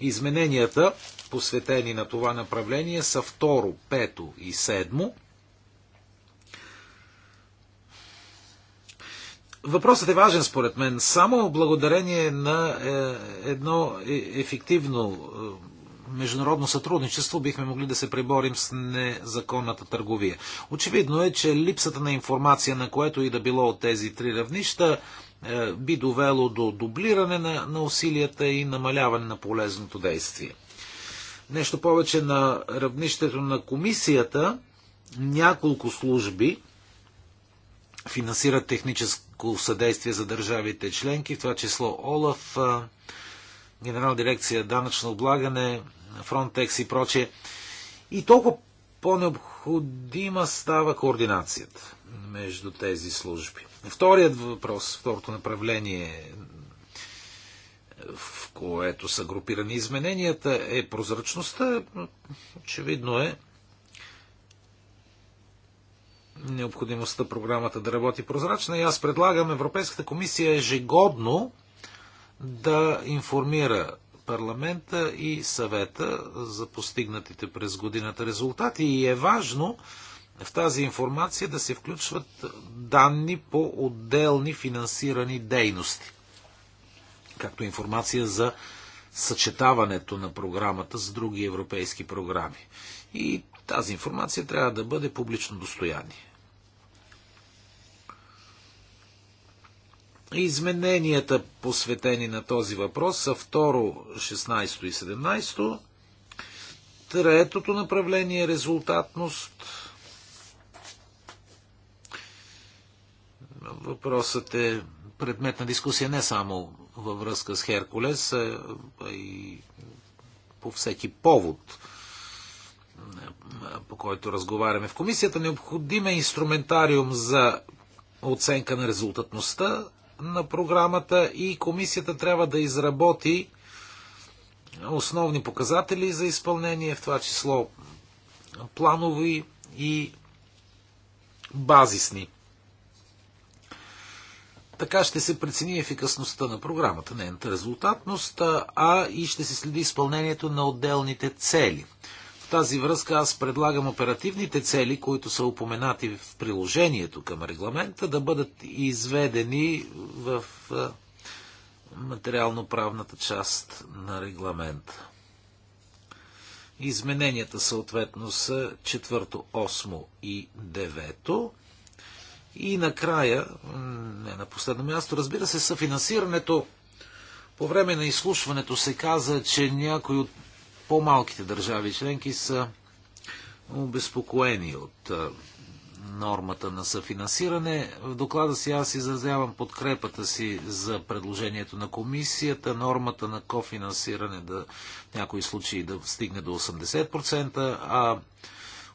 Измененията, посветени на това направление, са второ, пето и седмо – Въпросът е важен според мен. Само благодарение на е, едно е, ефективно е, международно сътрудничество бихме могли да се преборим с незаконната търговия. Очевидно е, че липсата на информация, на което и да било от тези три равнища, би довело до дублиране на, на усилията и намаляване на полезното действие. Нещо повече на равнището на комисията, няколко служби финансират техническо съдействие за държавите членки, в това число ОЛАФ, Генерална дирекция данъчно облагане, Фронтекс и прочее. И толкова по-необходима става координацията между тези служби. Вторият въпрос, второто направление, в което са групирани измененията, е прозрачността. Очевидно е, необходимостта програмата да работи прозрачна и аз предлагам Европейската комисия ежегодно да информира парламента и съвета за постигнатите през годината резултати и е важно в тази информация да се включват данни по отделни финансирани дейности, както информация за съчетаването на програмата с други европейски програми. И тази информация трябва да бъде публично достояние. Измененията, посветени на този въпрос, са второ, 16 и 17. Третото направление е резултатност. Въпросът е предмет на дискусия не само във връзка с Херкулес, а и по всеки повод, по който разговаряме в комисията. Необходим е инструментариум за оценка на резултатността на програмата и комисията трябва да изработи основни показатели за изпълнение, в това число планови и базисни. Така ще се прецени ефикасността на програмата, нейната резултатност, а и ще се следи изпълнението на отделните цели тази връзка аз предлагам оперативните цели, които са упоменати в приложението към регламента, да бъдат изведени в материално-правната част на регламента. Измененията съответно са четвърто, осмо и девето. И накрая, не на последно място, разбира се, съфинансирането. По време на изслушването се каза, че някои от по-малките държави членки са обезпокоени от нормата на съфинансиране. В доклада си аз изразявам подкрепата си за предложението на комисията, нормата на кофинансиране да в някои случаи да стигне до 80%, а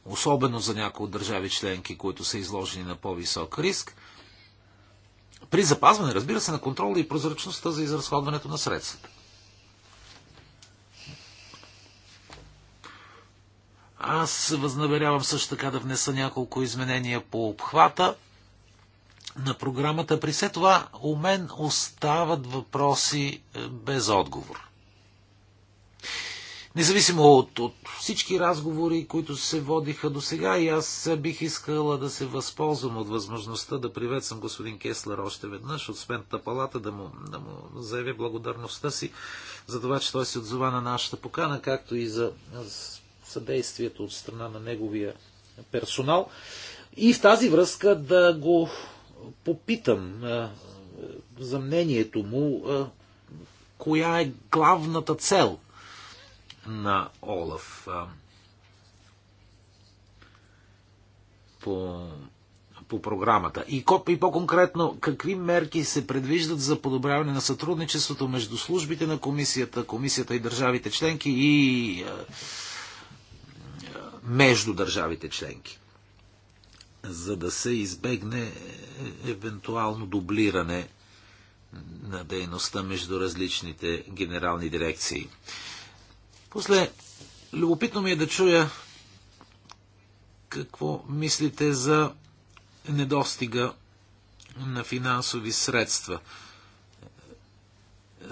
особено за някои от държави членки, които са изложени на по-висок риск, при запазване, разбира се, на контрола и прозрачността за изразходването на средствата. Аз възнаверявам също така да внеса няколко изменения по обхвата на програмата. При все това у мен остават въпроси е, без отговор. Независимо от, от всички разговори, които се водиха до сега, и аз бих искала да се възползвам от възможността да приветствам господин Кеслер още веднъж от Сметната палата, да му, да му заявя благодарността си за това, че той се отзова на нашата покана, както и за съдействието от страна на неговия персонал. И в тази връзка да го попитам за мнението му, коя е главната цел на Олаф. По, по програмата. И, и по-конкретно, какви мерки се предвиждат за подобряване на сътрудничеството между службите на комисията, комисията и държавите членки и между държавите членки, за да се избегне е, евентуално дублиране на дейността между различните генерални дирекции. После, любопитно ми е да чуя какво мислите за недостига на финансови средства.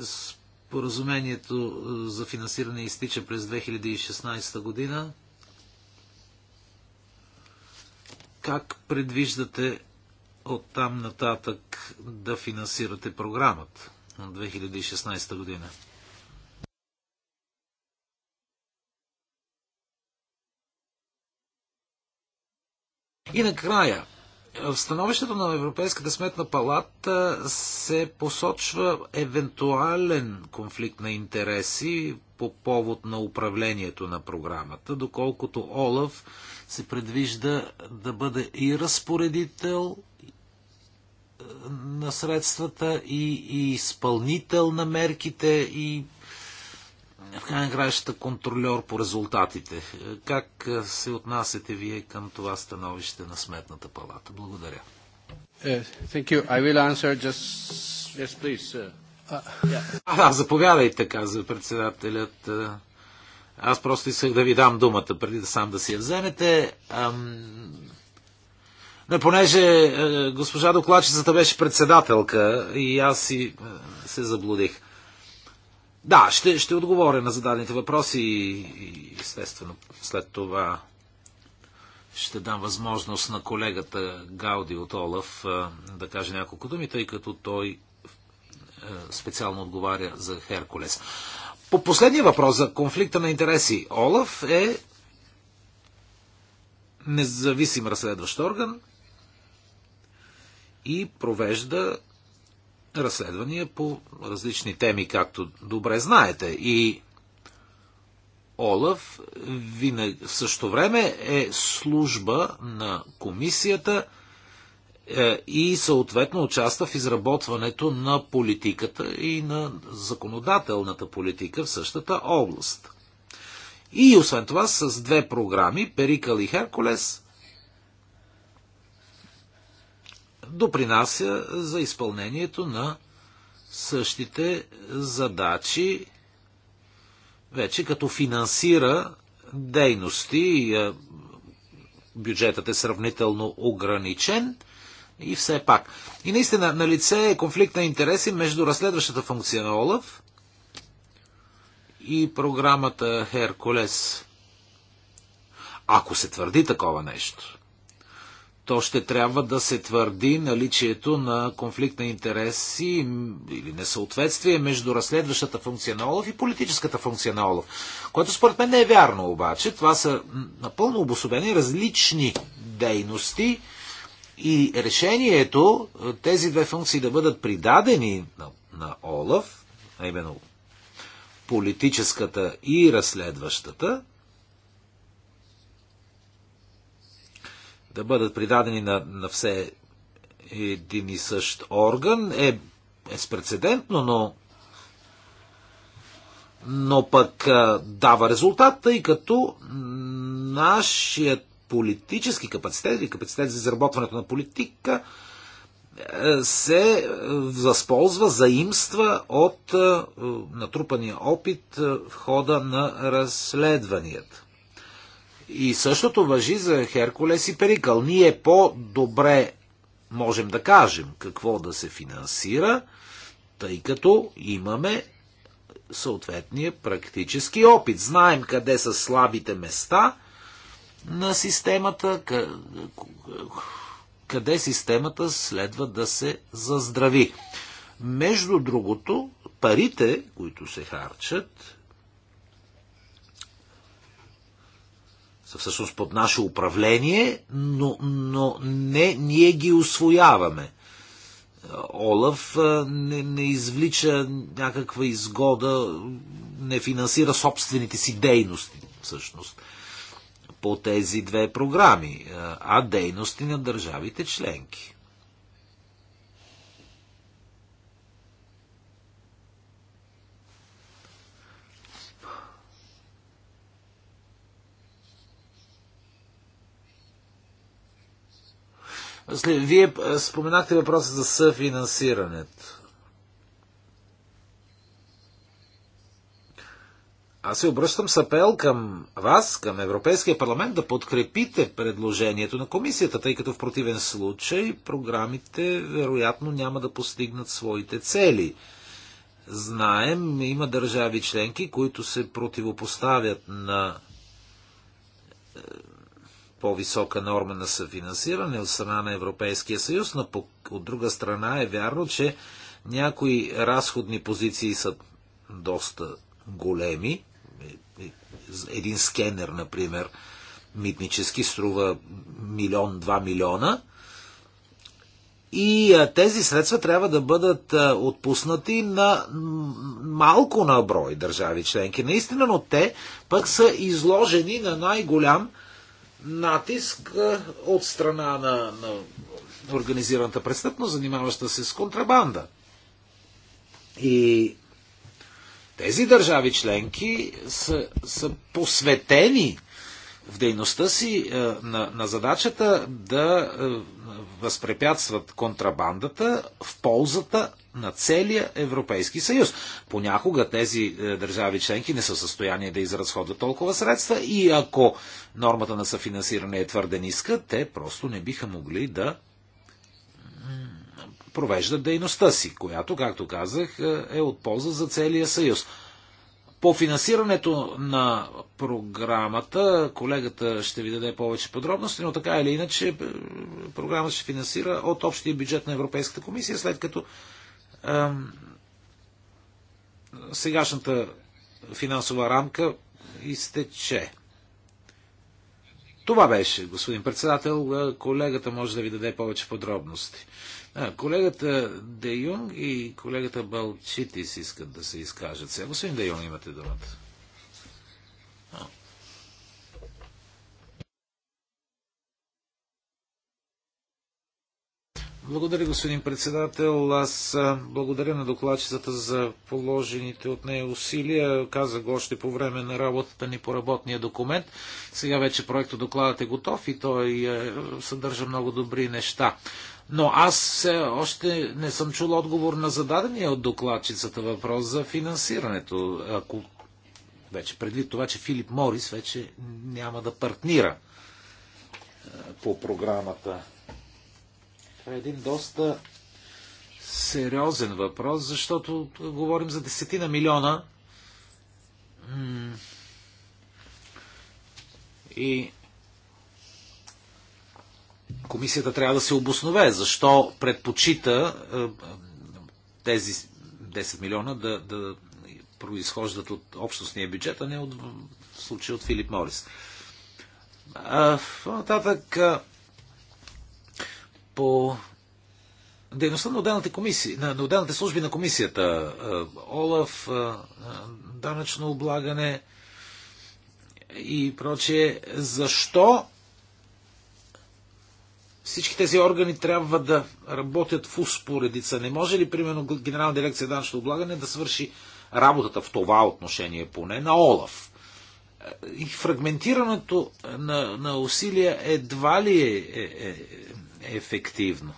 Споразумението за финансиране изтича през 2016 година. Как предвиждате от там нататък да финансирате програмата на 2016 година? И накрая, в становището на Европейската сметна палата се посочва евентуален конфликт на интереси по повод на управлението на програмата, доколкото Олаф се предвижда да бъде и разпоредител е, на средствата и, и изпълнител на мерките и в крайна краща контролер по резултатите. Е, как е, се отнасяте вие към това становище на Сметната палата? Благодаря. Uh, thank you. I will answer just... Yes, please, sir. А, а, заповядайте, казва председателят. Аз просто исках да ви дам думата, преди да сам да си я вземете. Ам... Не, понеже а, госпожа докладчицата беше председателка и аз си а, се заблудих. Да, ще, ще отговоря на зададените въпроси и, и естествено след това ще дам възможност на колегата Гауди от Олаф да каже няколко думи, тъй като той е, специално отговаря за Херкулес. По последния въпрос за конфликта на интереси, Олаф е независим разследващ орган и провежда разследвания по различни теми, както добре знаете. И Олаф винаги в същото време е служба на комисията – е, и съответно участва в изработването на политиката и на законодателната политика в същата област. И освен това с две програми, Перикъл и Херкулес, допринася за изпълнението на същите задачи, вече като финансира дейности. Е, бюджетът е сравнително ограничен – и все пак. И наистина, на лице е конфликт на интереси между разследващата функция на Олаф и програмата Херкулес. Ако се твърди такова нещо, то ще трябва да се твърди наличието на конфликт на интереси или несъответствие между разследващата функция на Олаф и политическата функция на Олаф. Което според мен не е вярно обаче. Това са напълно обособени различни дейности и решението е, тези две функции да бъдат придадени на, на Олаф, а именно политическата и разследващата, да бъдат придадени на, на все един и същ орган е безпредседентно, но но пък а, дава резултат, тъй като нашият политически капацитет или капацитет за изработването на политика е, се е, възползва, заимства от е, натрупания опит в хода на разследванията. И същото въжи за Херкулес и Перикъл. Ние по-добре можем да кажем какво да се финансира, тъй като имаме съответния практически опит. Знаем къде са слабите места на системата, къде системата следва да се заздрави. Между другото, парите, които се харчат, са всъщност под наше управление, но, но не ние ги освояваме. Олаф не, не извлича някаква изгода, не финансира собствените си дейности, всъщност по тези две програми, а дейности на държавите членки. Вие споменахте въпроса за съфинансирането. аз се обръщам с апел към вас, към Европейския парламент, да подкрепите предложението на комисията, тъй като в противен случай програмите вероятно няма да постигнат своите цели. Знаем, има държави членки, които се противопоставят на е, по-висока норма на съфинансиране от страна на Европейския съюз, но от друга страна е вярно, че някои разходни позиции са доста големи е, е, един скенер, например, митнически струва милион, два милиона. И тези средства трябва да бъдат отпуснати на малко на брой държави членки. Наистина, но те пък са изложени на най-голям натиск от страна на, на организираната престъпност, занимаваща се с контрабанда. И тези държави членки са, са посветени в дейността си е, на, на задачата да е, възпрепятстват контрабандата в ползата на целия Европейски съюз. Понякога тези е, държави членки не са в състояние да изразходват толкова средства и ако нормата на съфинансиране е твърде ниска, те просто не биха могли да провеждат дейността си, която, както казах, е, е от полза за целия съюз. По финансирането на програмата, колегата ще ви даде повече подробности, но така или иначе е, програмата ще финансира от общия бюджет на Европейската комисия, след като ем, сегашната финансова рамка изтече. Това беше, господин председател. Колегата може да ви даде повече подробности. А, колегата Де Юнг и колегата Балчитис искат да се изкажат. Сега, господин Де Юнг, имате думата. Благодаря, господин председател. Аз благодаря на докладчицата за положените от нея усилия. Каза го още по време на работата ни по работния документ. Сега вече проекто докладът е готов и той съдържа много добри неща. Но аз все още не съм чул отговор на зададения от докладчицата въпрос за финансирането. Ако вече предвид това, че Филип Морис вече няма да партнира е, по програмата. Това е един доста сериозен въпрос, защото говорим за десетина милиона. И комисията трябва да се обоснове. Защо предпочита е, е, тези 10 милиона да, да произхождат от общностния бюджет, а не от, в случая от Филип Морис. А, нататък а, е, по дейността на отделните, комисии, на, на отделните служби на комисията, а, ОЛАФ, а, данъчно облагане и прочее, защо всички тези органи трябва да работят в успоредица. Не може ли, примерно, Генерална дирекция данъчно облагане да свърши работата в това отношение поне на Олаф? И фрагментирането на, на усилия едва ли е, е, е, е ефективно.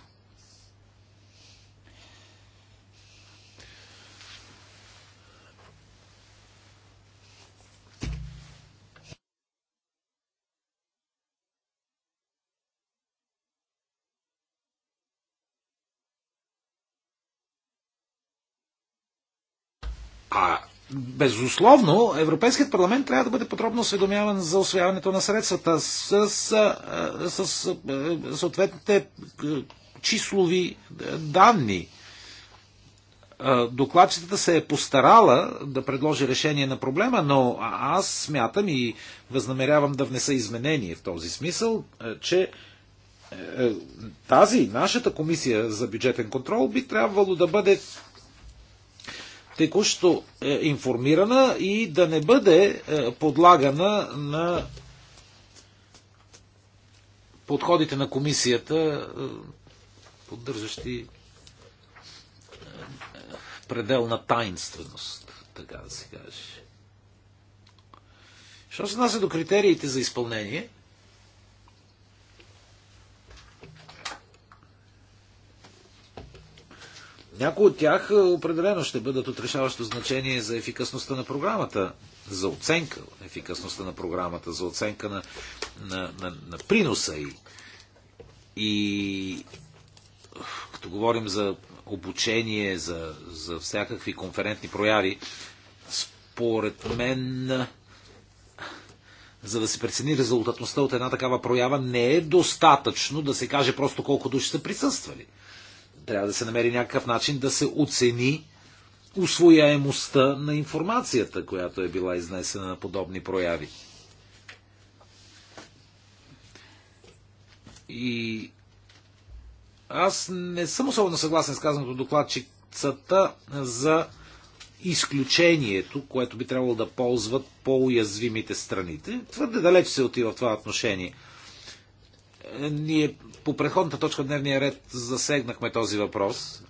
Безусловно, Европейският парламент трябва да бъде подробно осведомяван за освояването на средствата с, с, с съответните числови данни. Докладчетата се е постарала да предложи решение на проблема, но аз смятам и възнамерявам да внеса изменение в този смисъл, че е, тази, нашата комисия за бюджетен контрол би трябвало да бъде текущо е, информирана и да не бъде е, подлагана на подходите на комисията, е, поддържащи предел на тайнственост, така да се каже. Що се нася до критериите за изпълнение, Някои от тях е, определено ще бъдат отрешаващо значение за ефикасността на програмата, за оценка ефикасността на програмата, за оценка на, на, на, на приноса и, и като говорим за обучение, за, за всякакви конферентни прояви, според мен, за да се прецени резултатността от една такава проява, не е достатъчно да се каже просто колко души са присъствали – трябва да се намери някакъв начин да се оцени усвояемостта на информацията, която е била изнесена на подобни прояви. И аз не съм особено съгласен с казаното докладчицата за изключението, което би трябвало да ползват по-уязвимите страните. Твърде далеч се отива в това отношение – ние по предходната точка в дневния ред засегнахме този въпрос.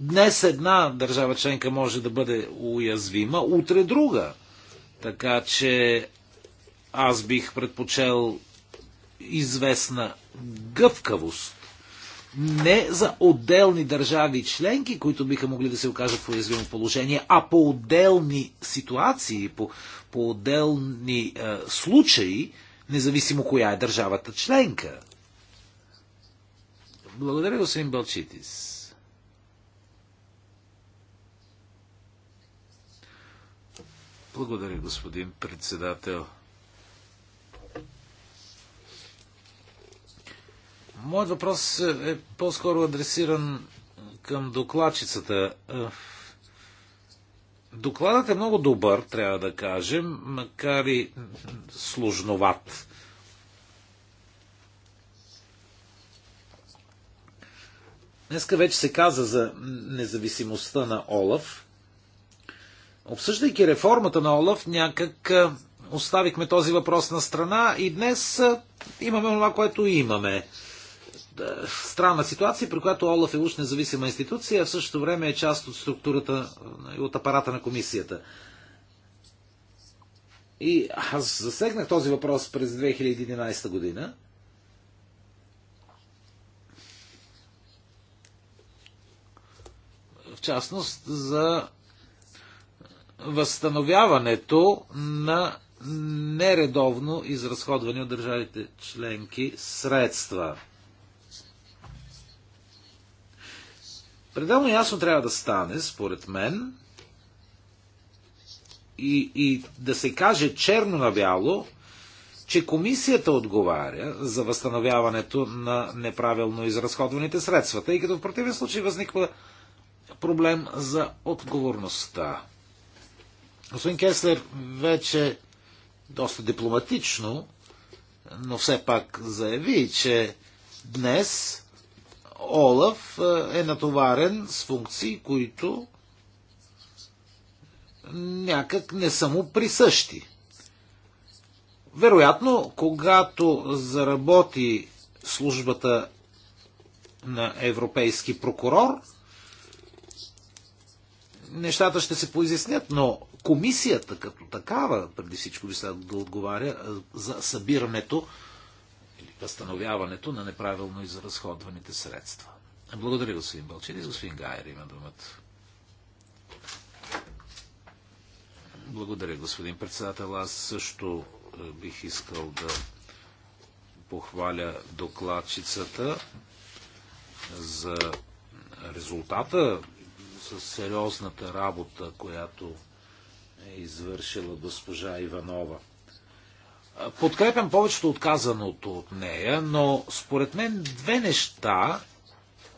Днес една държава членка може да бъде уязвима, утре друга. Така че аз бих предпочел известна гъвкавост. Не за отделни държави членки, които биха могли да се окажат в уязвимо положение, а по отделни ситуации, по, по отделни е, случаи, независимо коя е държавата членка. Благодаря, господин Балчитис. Благодаря, господин председател. Моят въпрос е по-скоро адресиран към докладчицата. Докладът е много добър, трябва да кажем, макар и сложноват. Днеска вече се каза за независимостта на Олаф. Обсъждайки реформата на Олаф, някак оставихме този въпрос на страна и днес имаме това, което имаме. Е, странна ситуация, при която Олаф е уж независима институция, а в същото време е част от структурата и е, от апарата на комисията. И аз засегнах този въпрос през 2011 година. В частност за възстановяването на нередовно изразходване от държавите членки средства. Пределно ясно трябва да стане, според мен, и, и да се каже черно на бяло, че комисията отговаря за възстановяването на неправилно изразходваните средствата и като в противен случай възниква проблем за отговорността. Господин Кеслер вече доста дипломатично, но все пак заяви, че днес Олаф е, е натоварен с функции, които някак не са му присъщи. Вероятно, когато заработи службата на европейски прокурор, нещата ще се поизяснят, но комисията като такава, преди всичко би следва да отговаря е, за събирането възстановяването на неправилно изразходваните средства. Благодаря, господин Балчидис. Господин Гайер има думата. Благодаря, господин председател. Аз също е, бих искал да похваля докладчицата за резултата, с сериозната работа, която е извършила госпожа Иванова. Подкрепям повечето отказаното от нея, но според мен две неща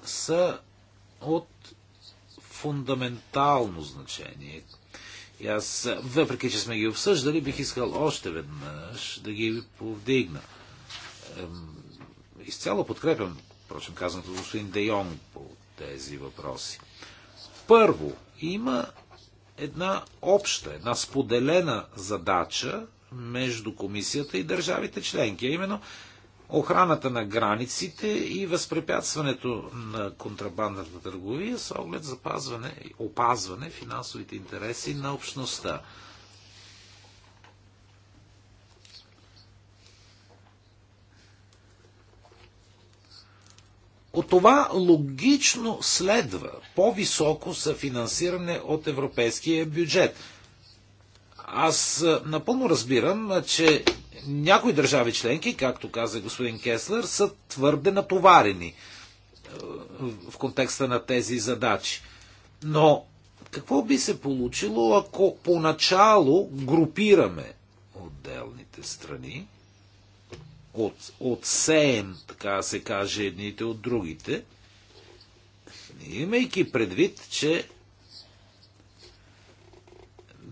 са от фундаментално значение. И аз, въпреки че сме ги обсъждали, бих искал още веднъж да ги повдигна. Изцяло подкрепям, впрочем казаното господин Де Йонг по тези въпроси. Първо, има една обща, една споделена задача между комисията и държавите членки, а именно охраната на границите и възпрепятстването на контрабандната търговия с оглед запазване, опазване финансовите интереси на общността. От това логично следва по-високо съфинансиране от европейския бюджет – аз напълно разбирам, че някои държави членки, както каза господин Кеслер, са твърде натоварени в контекста на тези задачи. Но какво би се получило, ако поначало групираме отделните страни, от, отсеем, така се каже, едните от другите, имайки предвид, че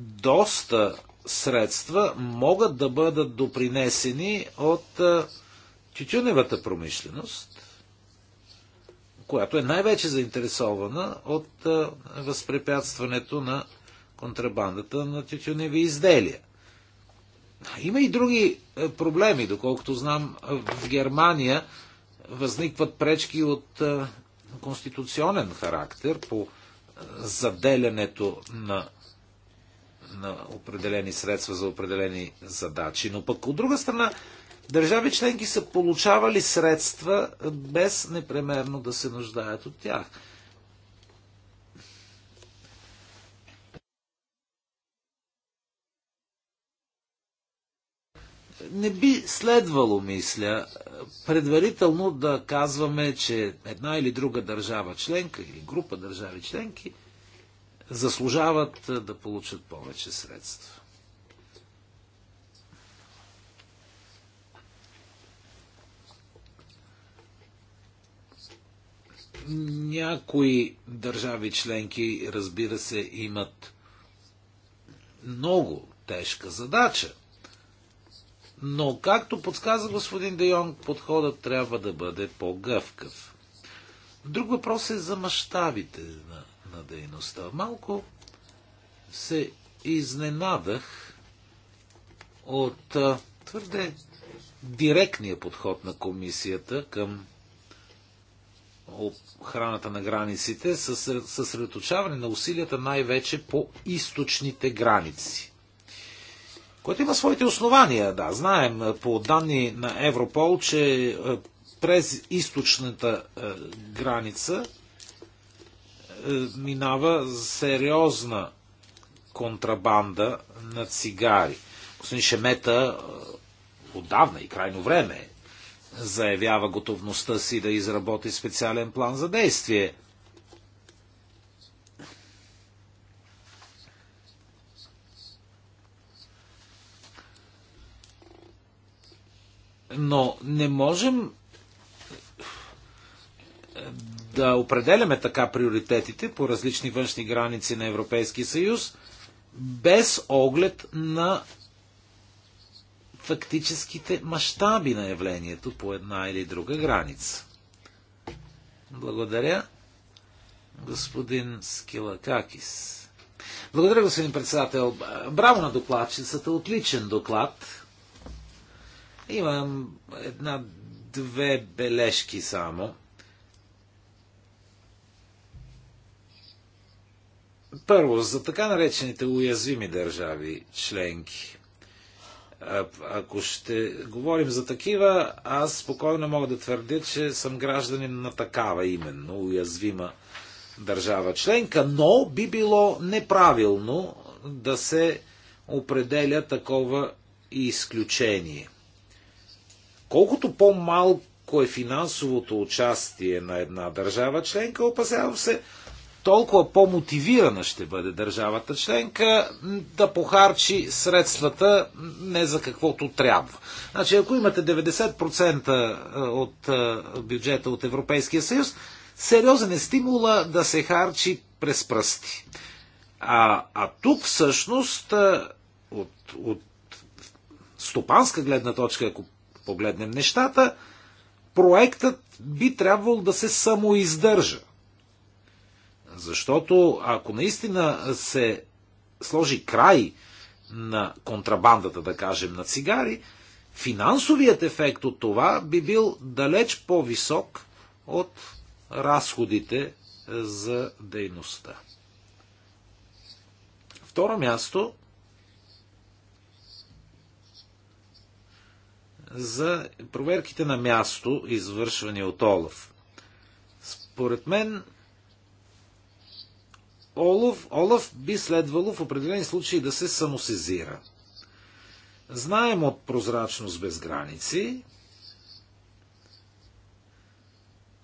доста средства могат да бъдат допринесени от тютюневата промишленост, която е най-вече заинтересована от възпрепятстването на контрабандата на тютюневи изделия. Има и други проблеми, доколкото знам в Германия възникват пречки от конституционен характер по заделянето на на определени средства за определени задачи. Но пък от друга страна, държави членки са получавали средства без непремерно да се нуждаят от тях. не би следвало, мисля, предварително да казваме, че една или друга държава членка или група държави членки заслужават е, да получат повече средства. Някои държави членки, разбира се, имат много тежка задача. Но, както подсказа господин Де Йонг, подходът трябва да бъде по-гъвкав. Друг въпрос е за мащабите на дейността. Малко се изненадах от а, твърде директния подход на комисията към охраната на границите, съсредоточаване на усилията най-вече по източните граници. Което има своите основания, да. Знаем по данни на Европол, че през източната граница е, минава сериозна контрабанда на цигари. Господин Шемета е, отдавна и крайно време заявява готовността си да изработи специален план за действие. Но не можем да определяме така приоритетите по различни външни граници на Европейския съюз, без оглед на фактическите мащаби на явлението по една или друга граница. Благодаря, господин Скилакакис. Благодаря, господин председател. Браво на докладчицата. Отличен доклад. Имам една-две бележки само. Първо, за така наречените уязвими държави членки. А, ако ще говорим за такива, аз спокойно мога да твърдя, че съм гражданин на такава именно уязвима държава членка, но би било неправилно да се определя такова изключение. Колкото по-малко е финансовото участие на една държава членка, опасявам се, толкова по-мотивирана ще бъде държавата членка да похарчи средствата не за каквото трябва. Значи, ако имате 90% от бюджета от Европейския съюз, сериозен е стимула да се харчи през пръсти. А, а тук всъщност от, от стопанска гледна точка, ако погледнем нещата, проектът би трябвало да се самоиздържа защото ако наистина се сложи край на контрабандата, да кажем, на цигари, финансовият ефект от това би бил далеч по-висок от разходите е, за дейността. Второ място за проверките на място, извършвани от Олаф. Според мен Олов, Олаф би следвало в определени случаи да се самосезира. Знаем от прозрачност без граници,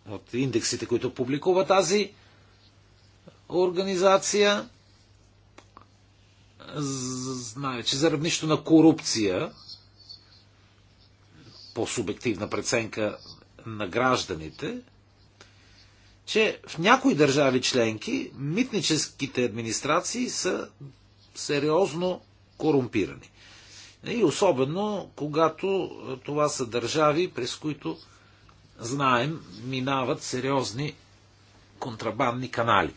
от индексите, които публикува тази организация, знае, че за равнището на корупция по субективна преценка на гражданите, че в някои държави членки митническите администрации са сериозно корумпирани. И особено, когато това са държави, през които, знаем, минават сериозни контрабандни канали.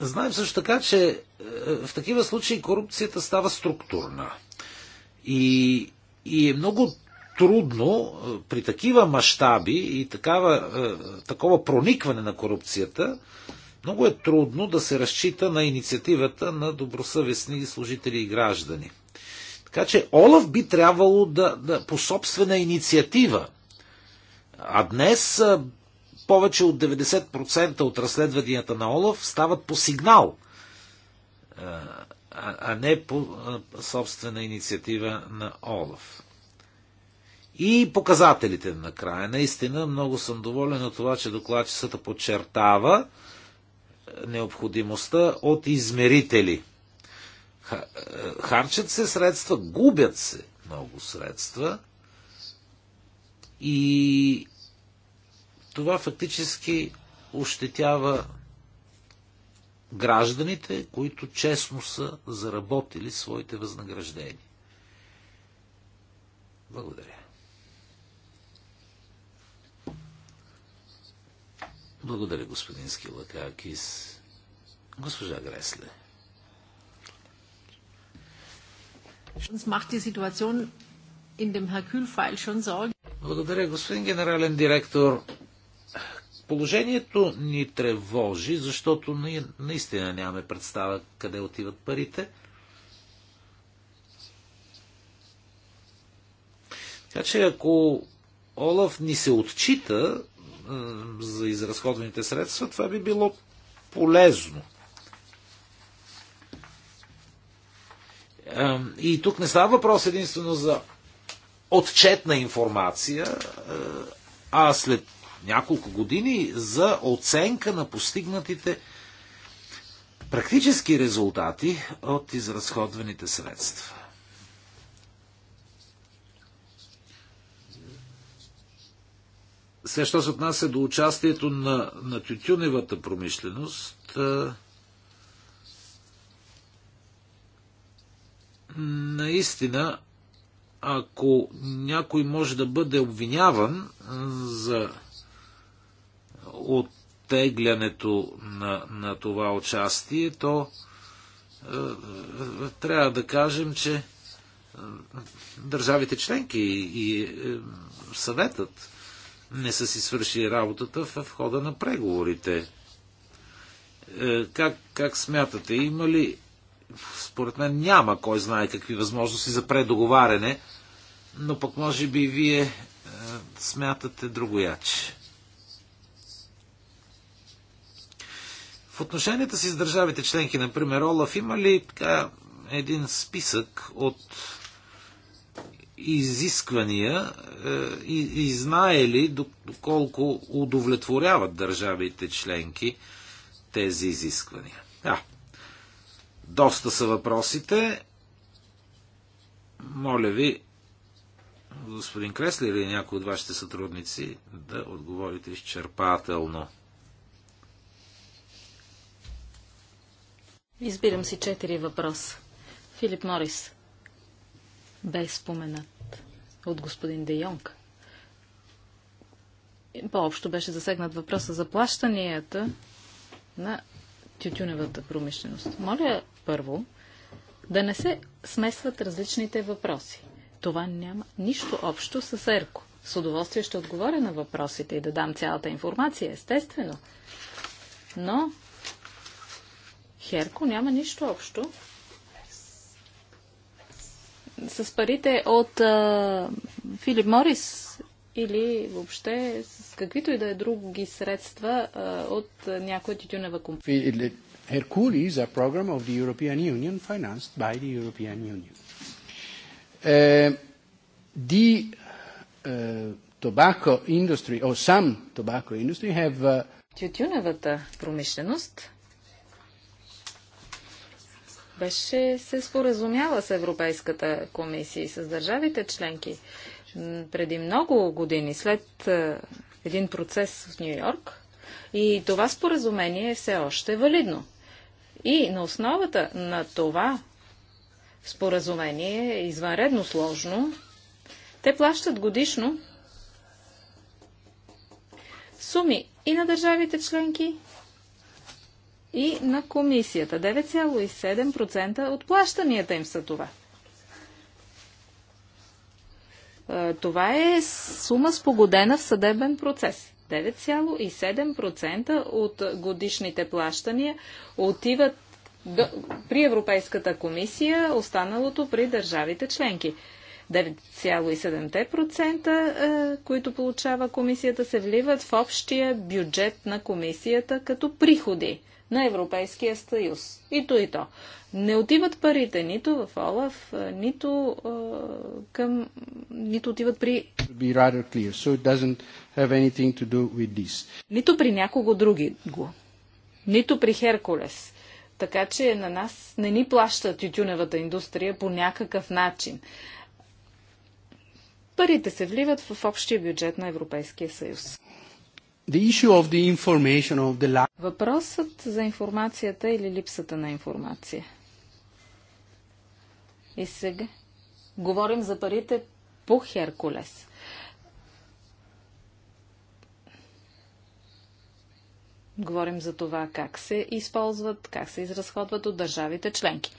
Знаем също така, че е, в такива случаи корупцията става структурна. И, и е много трудно е, при такива мащаби и такава, е, такова проникване на корупцията, много е трудно да се разчита на инициативата на добросъвестни служители и граждани. Така че Олаф би трябвало да, да по собствена инициатива. А днес е, повече от 90% от разследванията на Олаф стават по сигнал, а не по собствена инициатива на Олаф. И показателите на края. Наистина много съм доволен от това, че докладчицата подчертава е, необходимостта от измерители. Е, харчат се средства, губят се много средства и това фактически ощетява гражданите, които честно са заработили своите възнаграждения. Благодаря. Благодаря, господин Скилакакис. Госпожа Гресле. Благодаря, господин генерален директор. Положението ни тревожи, защото ние наистина нямаме представа къде отиват парите. Така че ако Олаф ни се отчита за изразходваните средства, това би било полезно. И тук не става въпрос единствено за отчетна информация, а след няколко години за оценка на постигнатите практически резултати от изразходваните средства. Сега, що се отнася до участието на, на тютюневата промишленост, наистина, ако някой може да бъде обвиняван за оттеглянето на, на това участие, то трябва да кажем, че държавите членки и, и е, съветът не са си свършили работата в хода на преговорите. Е, как, как смятате, има ли, според мен няма кой знае какви възможности за предоговаряне, но пък може би вие е, смятате другояче. В отношенията си с държавите членки, например, Олаф, има ли така един списък от изисквания е, и, и знае ли доколко удовлетворяват държавите членки тези изисквания. Да. Доста са въпросите. Моля ви, господин Кресли или някой от вашите сътрудници, да отговорите изчерпателно. Избирам си четири въпроса. Филип Морис бе споменат от господин Де Йонг. По-общо беше засегнат въпроса за плащанията на тютюневата промишленост. Моля първо да не се смесват различните въпроси. Това няма нищо общо с ЕРКО. С удоволствие ще отговоря на въпросите и да дам цялата информация, естествено. Но Херко няма нищо общо с парите от а, Филип Морис или въобще с каквито и да е други средства а, от някоя тютюнева компания. Hercules, a program of the European Union financed by the European Union. Uh, the uh, tobacco industry or some tobacco industry have uh... Тютюневата промишленост беше се споразумяла с Европейската комисия и с държавите членки преди много години, след един процес в Нью Йорк. И това споразумение е все още валидно. И на основата на това споразумение, извънредно сложно, те плащат годишно суми и на държавите членки, и на комисията. 9,7% от плащанията им са това. Е, това е сума спогодена в съдебен процес. 9,7% от годишните плащания отиват до, при Европейската комисия, останалото при държавите членки. 9,7%, е, които получава комисията, се вливат в общия бюджет на комисията като приходи на Европейския съюз. И то и то. Не отиват парите нито в Олаф, нито е, към... нито отиват при... so нито при някого други го. Нито при Херкулес. Така че на нас не ни плаща тютюневата индустрия по някакъв начин. Парите се вливат в общия бюджет на Европейския съюз. The issue of the information of the... Въпросът за информацията или липсата на информация. И сега говорим за парите по Херкулес. Говорим за това как се използват, как се изразходват от държавите членки.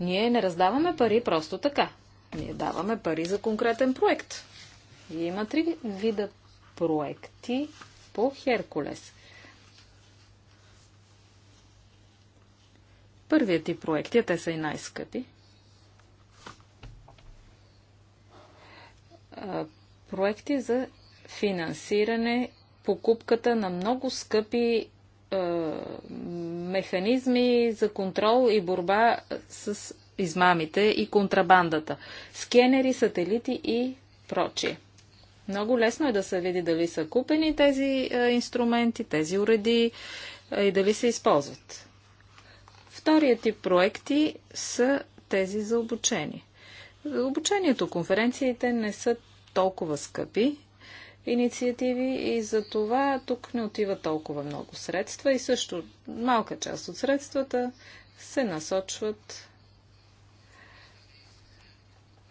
Ние не раздаваме пари просто така. Ние даваме пари за конкретен проект. И има три вида проекти по Херкулес. Първият ти проекти, е, те са и най-скъпи. Проекти е за финансиране покупката на много скъпи е, механизми за контрол и борба с измамите и контрабандата. Скенери, сателити и прочие. Много лесно е да се види дали са купени тези е, инструменти, тези уреди е, и дали се използват. Вторият тип проекти са тези за обучение. За обучението, конференциите не са толкова скъпи инициативи и за това тук не отива толкова много средства и също малка част от средствата се насочват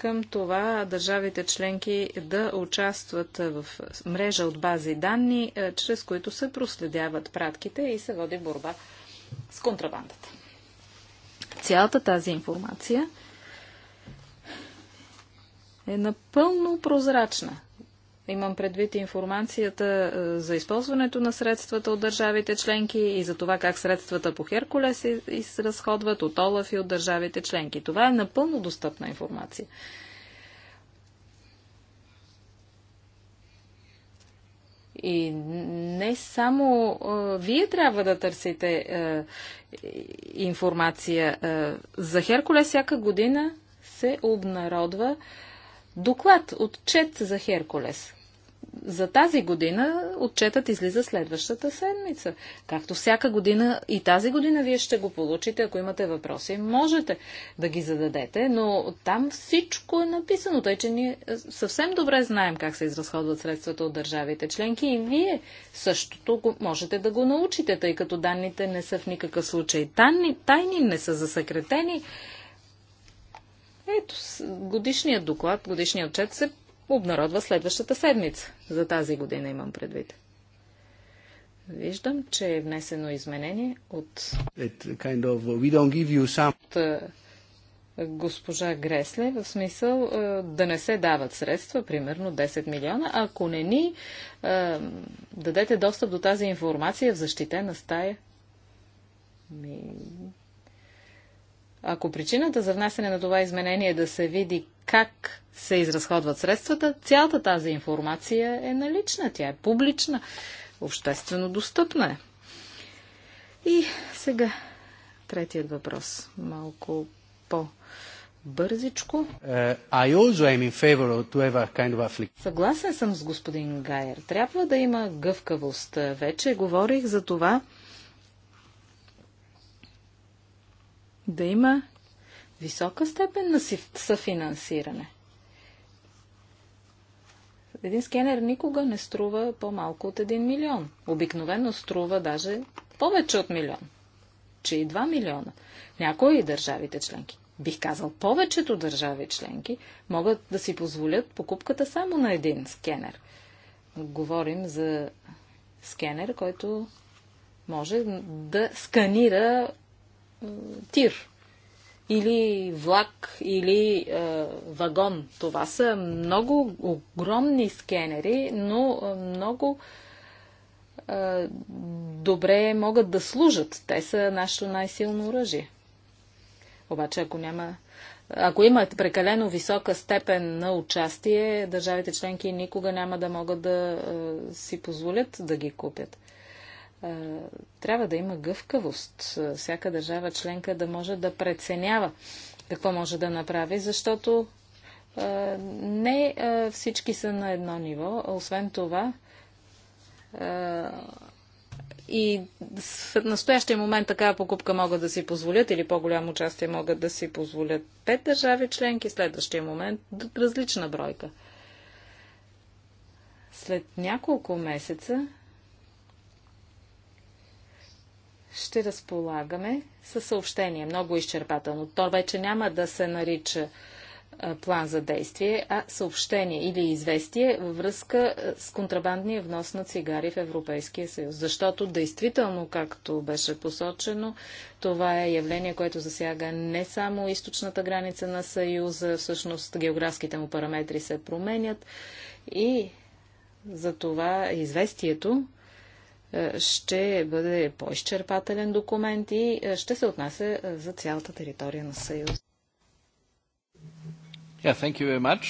към това държавите членки да участват в мрежа от бази данни, е, чрез които се проследяват пратките и се води борба с контрабандата. Цялата тази информация е напълно прозрачна. Имам предвид информацията е, за използването на средствата от държавите членки и за това как средствата по Херкулес се изразходват от Олаф и от държавите членки. Това е напълно достъпна информация. И не само а, е, вие трябва да търсите а, е, информация. А, за Херкулес всяка година се обнародва а, Доклад, отчет за Херкулес. За тази година отчетът излиза следващата седмица. Както всяка година и тази година вие ще го получите, ако имате въпроси, можете да ги зададете, но там всичко е написано, тъй че ние е, съвсем добре знаем как се изразходват средствата от държавите членки и вие същото можете да го научите, тъй като данните не са в никакъв случай тайни, тайни не са засекретени ето, годишният доклад, годишният отчет се обнародва следващата седмица. За тази година имам предвид. Виждам, че е внесено изменение от... Kind of, some... от госпожа Гресле, в смисъл да не се дават средства, примерно 10 милиона, ако не ни дадете достъп до тази информация в защитена стая. Ако причината за внасяне на това изменение е да се види как се изразходват средствата, цялата тази информация е налична, тя е публична, обществено достъпна е. И сега третият въпрос, малко по- бързичко. Uh, Съгласен съм с господин Гайер. Трябва да има гъвкавост. Вече говорих за това да има висока степен на съфинансиране. Един скенер никога не струва по-малко от 1 милион. Обикновено струва даже повече от милион. Че и 2 милиона. Някои държавите членки, бих казал повечето държави членки, могат да си позволят покупката само на един скенер. Говорим за скенер, който може да сканира тир или влак, или е, вагон. Това са много огромни скенери, но е, много е, добре могат да служат. Те са нашето най-силно оръжие. Обаче, ако няма. Ако имат прекалено висока степен на участие, държавите членки никога няма да могат да е, си позволят да ги купят. Е, трябва да има гъвкавост. Е, всяка държава членка да може да преценява какво може да направи, защото е, не всички са на едно ниво. Освен това, и в настоящия момент такава покупка могат да си позволят или по-голямо участие могат да си позволят пет държави членки, следващия момент различна бройка. След няколко месеца ще разполагаме със съобщение, много изчерпателно. То вече няма да се нарича е, план за действие, а съобщение или известие във връзка е, с контрабандния внос на цигари в Европейския съюз. Защото действително, както беше посочено, това е явление, което засяга не само източната граница на съюза, всъщност географските му параметри се променят и за това известието е, ще бъде по-изчерпателен документ и е, ще се отнася е, за цялата територия на Съюз. Yeah, thank you very much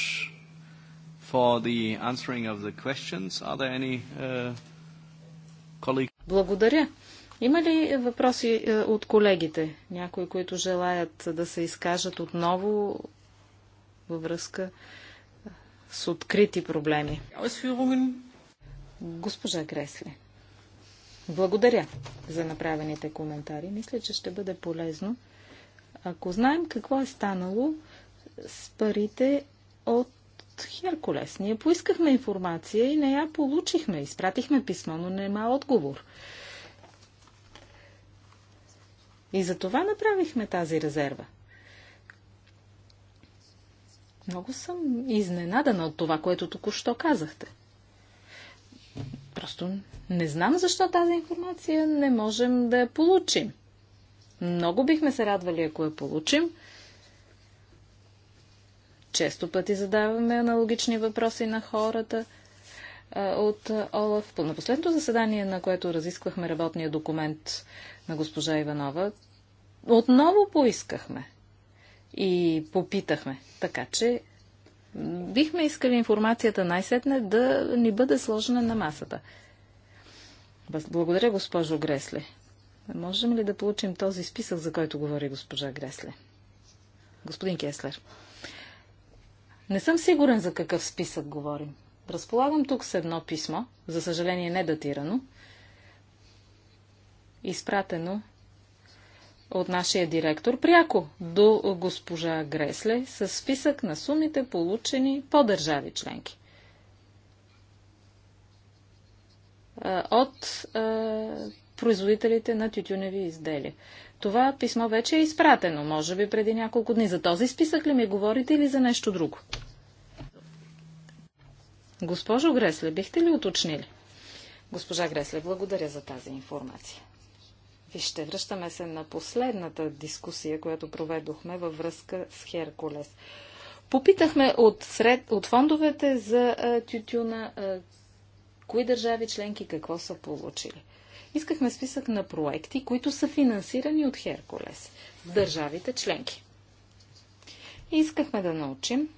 for the answering of the questions. Are there any uh, Благодаря. Има ли въпроси от колегите? Някои, които желаят да се изкажат отново във връзка с открити проблеми? Госпожа Гресли. Благодаря за направените коментари. Мисля, че ще бъде полезно, ако знаем какво е станало с парите от Херкулес. Ние поискахме информация и не я получихме. Изпратихме писмо, но нема отговор. И за това направихме тази резерва. Много съм изненадана от това, което току-що казахте. Просто не знам защо тази информация не можем да я получим. Много бихме се радвали, ако я получим. Често пъти задаваме аналогични въпроси на хората от Олаф. На последното заседание, на което разисквахме работния документ на госпожа Иванова, отново поискахме и попитахме. Така че бихме искали информацията най-сетне да ни бъде сложена на масата. Благодаря, госпожо Гресле. Можем ли да получим този списък, за който говори госпожа Гресле? Господин Кеслер. Не съм сигурен за какъв списък говорим. Разполагам тук с едно писмо, за съжаление не датирано, изпратено от нашия директор пряко до госпожа Гресле с списък на сумите получени по държави членки. От е, производителите на тютюневи изделия. Това писмо вече е изпратено, може би преди няколко дни. За този списък ли ми говорите или за нещо друго? Госпожо Гресле, бихте ли уточнили? Госпожа Гресле, благодаря за тази информация. Вижте, връщаме се на последната дискусия, която проведохме във връзка с Херкулес. Попитахме от, сред, от фондовете за а, тютюна, а, кои държави членки какво са получили. Искахме списък на проекти, които са финансирани от Херкулес в държавите членки. И искахме да научим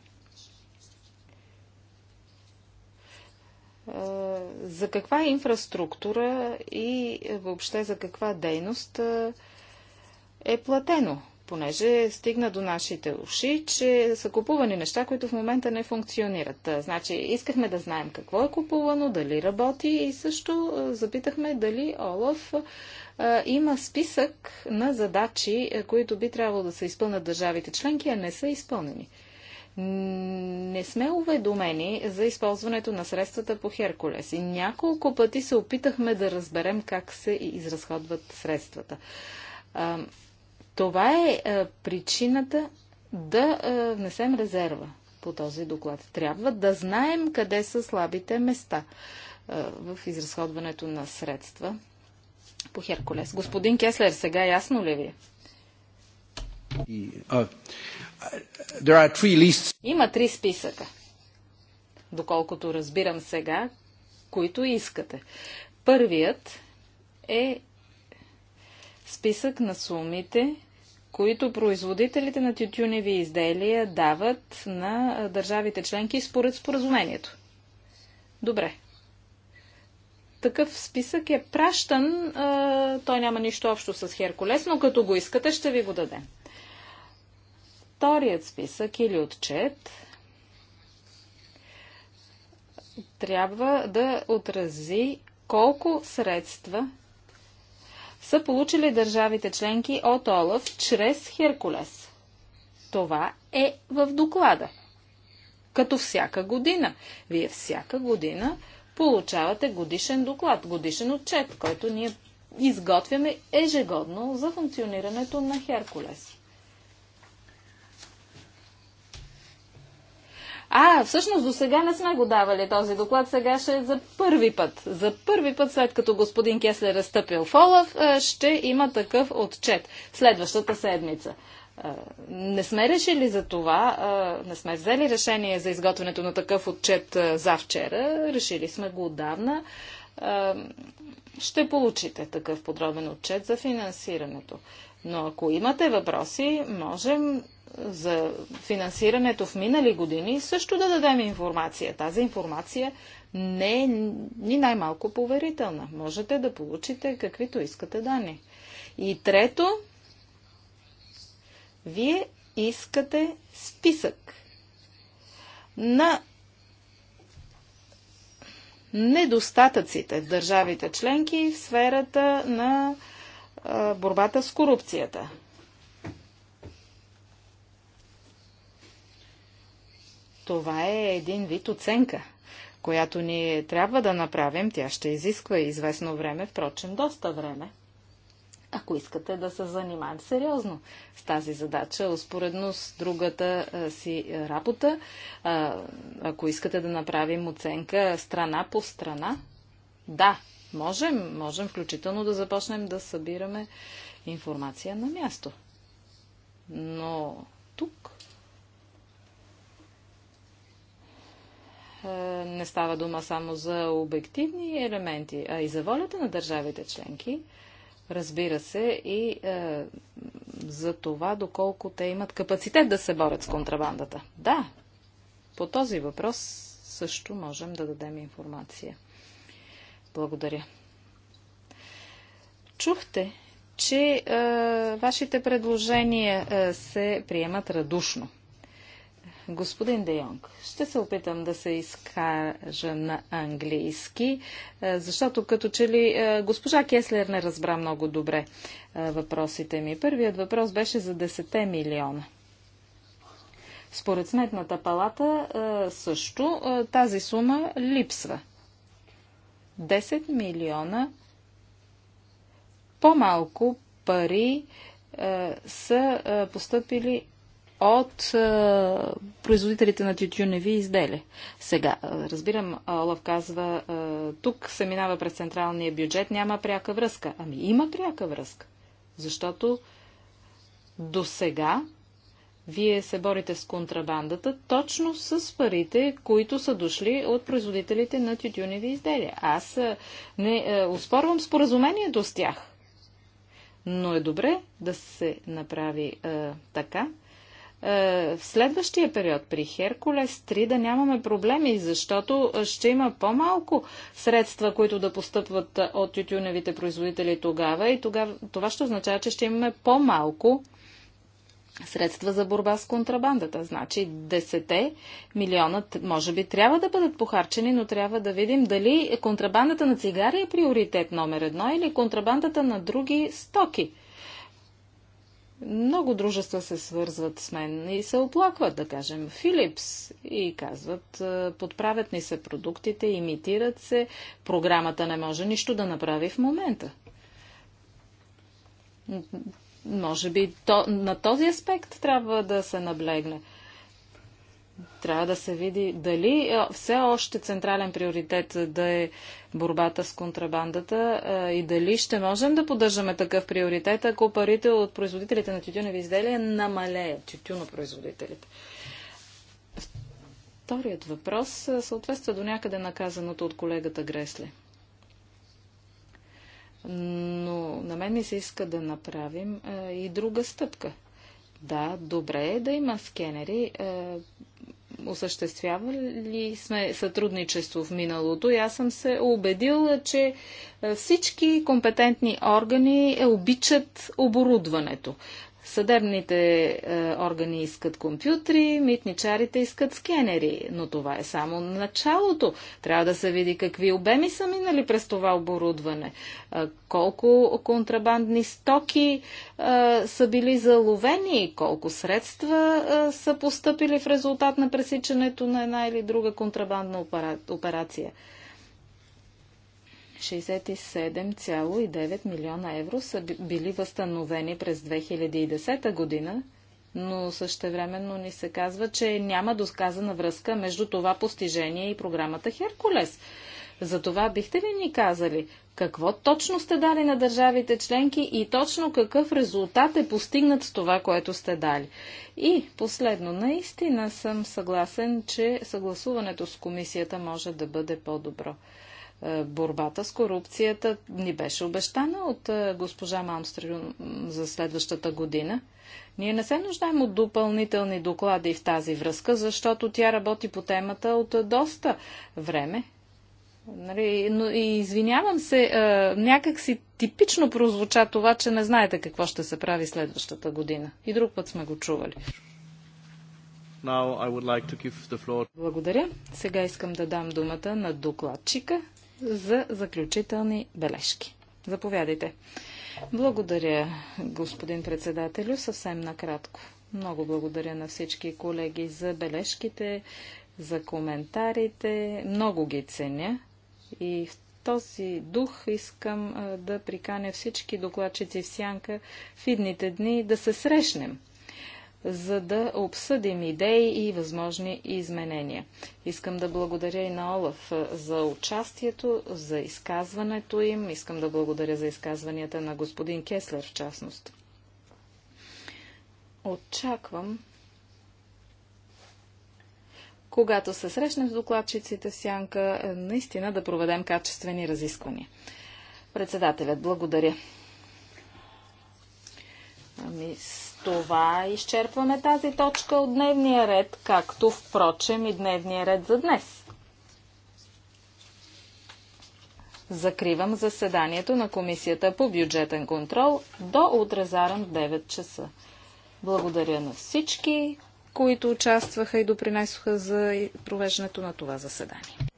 за каква инфраструктура и въобще за каква дейност е платено, понеже стигна до нашите уши, че са купувани неща, които в момента не функционират. Значи искахме да знаем какво е купувано, дали работи и също запитахме дали Олаф има списък на задачи, които би трябвало да се изпълнат държавите членки, а не са изпълнени не сме уведомени за използването на средствата по Херкулес и няколко пъти се опитахме да разберем как се изразходват средствата. това е причината да внесем резерва по този доклад. Трябва да знаем къде са слабите места в изразходването на средства по Херкулес. Господин Кеслер, сега ясно ли ви е? Има три списъка, доколкото разбирам сега, които искате. Първият е списък на сумите, които производителите на тютюневи изделия дават на държавите членки според споразумението. Добре. Такъв списък е пращан. Той няма нищо общо с Херкулес, но като го искате, ще ви го дадем вторият списък или отчет трябва да отрази колко средства са получили държавите членки от Олаф чрез Херкулес. Това е в доклада. Като всяка година. Вие всяка година получавате годишен доклад, годишен отчет, който ние изготвяме ежегодно за функционирането на Херкулес. А, всъщност до сега не сме го давали този доклад, сега ще е за първи път. За първи път, след като господин Кеслер е стъпил в Олаф, ще има такъв отчет следващата седмица. Не сме решили за това, не сме взели решение за изготвянето на такъв отчет за вчера, решили сме го отдавна. Ще получите такъв подробен отчет за финансирането. Но ако имате въпроси, можем за финансирането в минали години, също да дадем информация. Тази информация не е ни най-малко поверителна. Можете да получите каквито искате данни. И трето, вие искате списък на недостатъците в държавите членки в сферата на борбата с корупцията. Това е един вид оценка, която ние трябва да направим. Тя ще изисква известно време, впрочем доста време. Ако искате да се занимаем сериозно с тази задача, успоредно с другата а, си работа, а, ако искате да направим оценка страна по страна, да, можем, можем включително да започнем да събираме информация на място. Но тук Е, не става дума само за обективни елементи, а и за волята на държавите членки. Разбира се, и е, за това доколко те имат капацитет да се борят с контрабандата. Да, по този въпрос също можем да дадем информация. Благодаря. Чухте, че е, вашите предложения е, се приемат радушно. Господин Де Йонг, ще се опитам да се изкажа на английски, е, защото като че ли е, госпожа Кеслер не разбра много добре е, въпросите ми. Първият въпрос беше за 10 милиона. Според сметната палата също тази сума липсва. 10 милиона по-малко пари са поступили от а, производителите на тютюневи изделия. Сега, разбирам, Олаф казва, а, тук се минава през централния бюджет, няма пряка връзка. Ами има пряка връзка, защото до сега вие се борите с контрабандата точно с парите, които са дошли от производителите на тютюневи изделия. Аз не а, успорвам споразумението с тях. Но е добре да се направи а, така, е, в следващия период при Херкулес 3 да нямаме проблеми, защото ще има по-малко средства, които да постъпват е, от тютюневите производители тогава и тогава, това ще означава, че ще имаме по-малко средства за борба с контрабандата. Значи 10 милиона може би трябва да бъдат похарчени, но трябва да видим дали контрабандата на цигари е приоритет номер едно или контрабандата на други стоки – много дружества се свързват с мен и се оплакват, да кажем, Филипс и казват, е, подправят ни се продуктите, имитират се, програмата не може нищо да направи в момента. Може би то, на този аспект трябва да се наблегне. Трябва да се види дали е, все още централен приоритет да е борбата с контрабандата е, и дали ще можем да поддържаме такъв приоритет, ако парите от производителите на тютюневи изделия намалеят, тютюнопроизводителите. Вторият въпрос е, съответства до някъде наказаното от колегата Гресле. Но на мен ми се иска да направим и друга стъпка – да, добре е да има скенери. Е, осъществявали сме сътрудничество в миналото и аз съм се убедила, че е, всички компетентни органи обичат оборудването. Съдебните е, органи искат компютри, митничарите искат скенери, но това е само началото. Трябва да се види какви обеми са минали през това оборудване, е, колко контрабандни стоки е, са били заловени, колко средства е, са поступили в резултат на пресичането на една или друга контрабандна опера... операция. 67,9 милиона евро са били възстановени през 2010 година, но същевременно ни се казва, че няма досказана връзка между това постижение и програмата Херкулес. За това бихте ли ни казали какво точно сте дали на държавите членки и точно какъв резултат е постигнат с това, което сте дали? И последно, наистина съм съгласен, че съгласуването с комисията може да бъде по-добро. Е, борбата с корупцията ни беше обещана от е, госпожа Малмстрюм за следващата година. Ние не се нуждаем от допълнителни доклади в тази връзка, защото тя работи по темата от е, доста време. Нали, но и извинявам се, някак си типично прозвуча това, че не знаете какво ще се прави следващата година. И друг път сме го чували. Like Благодаря. Сега искам да дам думата на докладчика за заключителни бележки. Заповядайте. Благодаря, господин председателю. Съвсем накратко. Много благодаря на всички колеги за бележките, за коментарите. Много ги ценя. И в този дух искам да приканя всички докладчици в Сянка в идните дни да се срещнем за да обсъдим идеи и възможни изменения. Искам да благодаря и на Олаф за участието, за изказването им. Искам да благодаря за изказванията на господин Кеслер в частност. Очаквам когато се срещнем с докладчиците в Сянка, наистина да проведем качествени разисквания. Председателят, благодаря. Ами, това изчерпваме тази точка от дневния ред, както впрочем и дневния ред за днес. Закривам заседанието на Комисията по бюджетен контрол до отрезаран в 9 часа. Благодаря на всички, които участваха и допринесоха за провеждането на това заседание.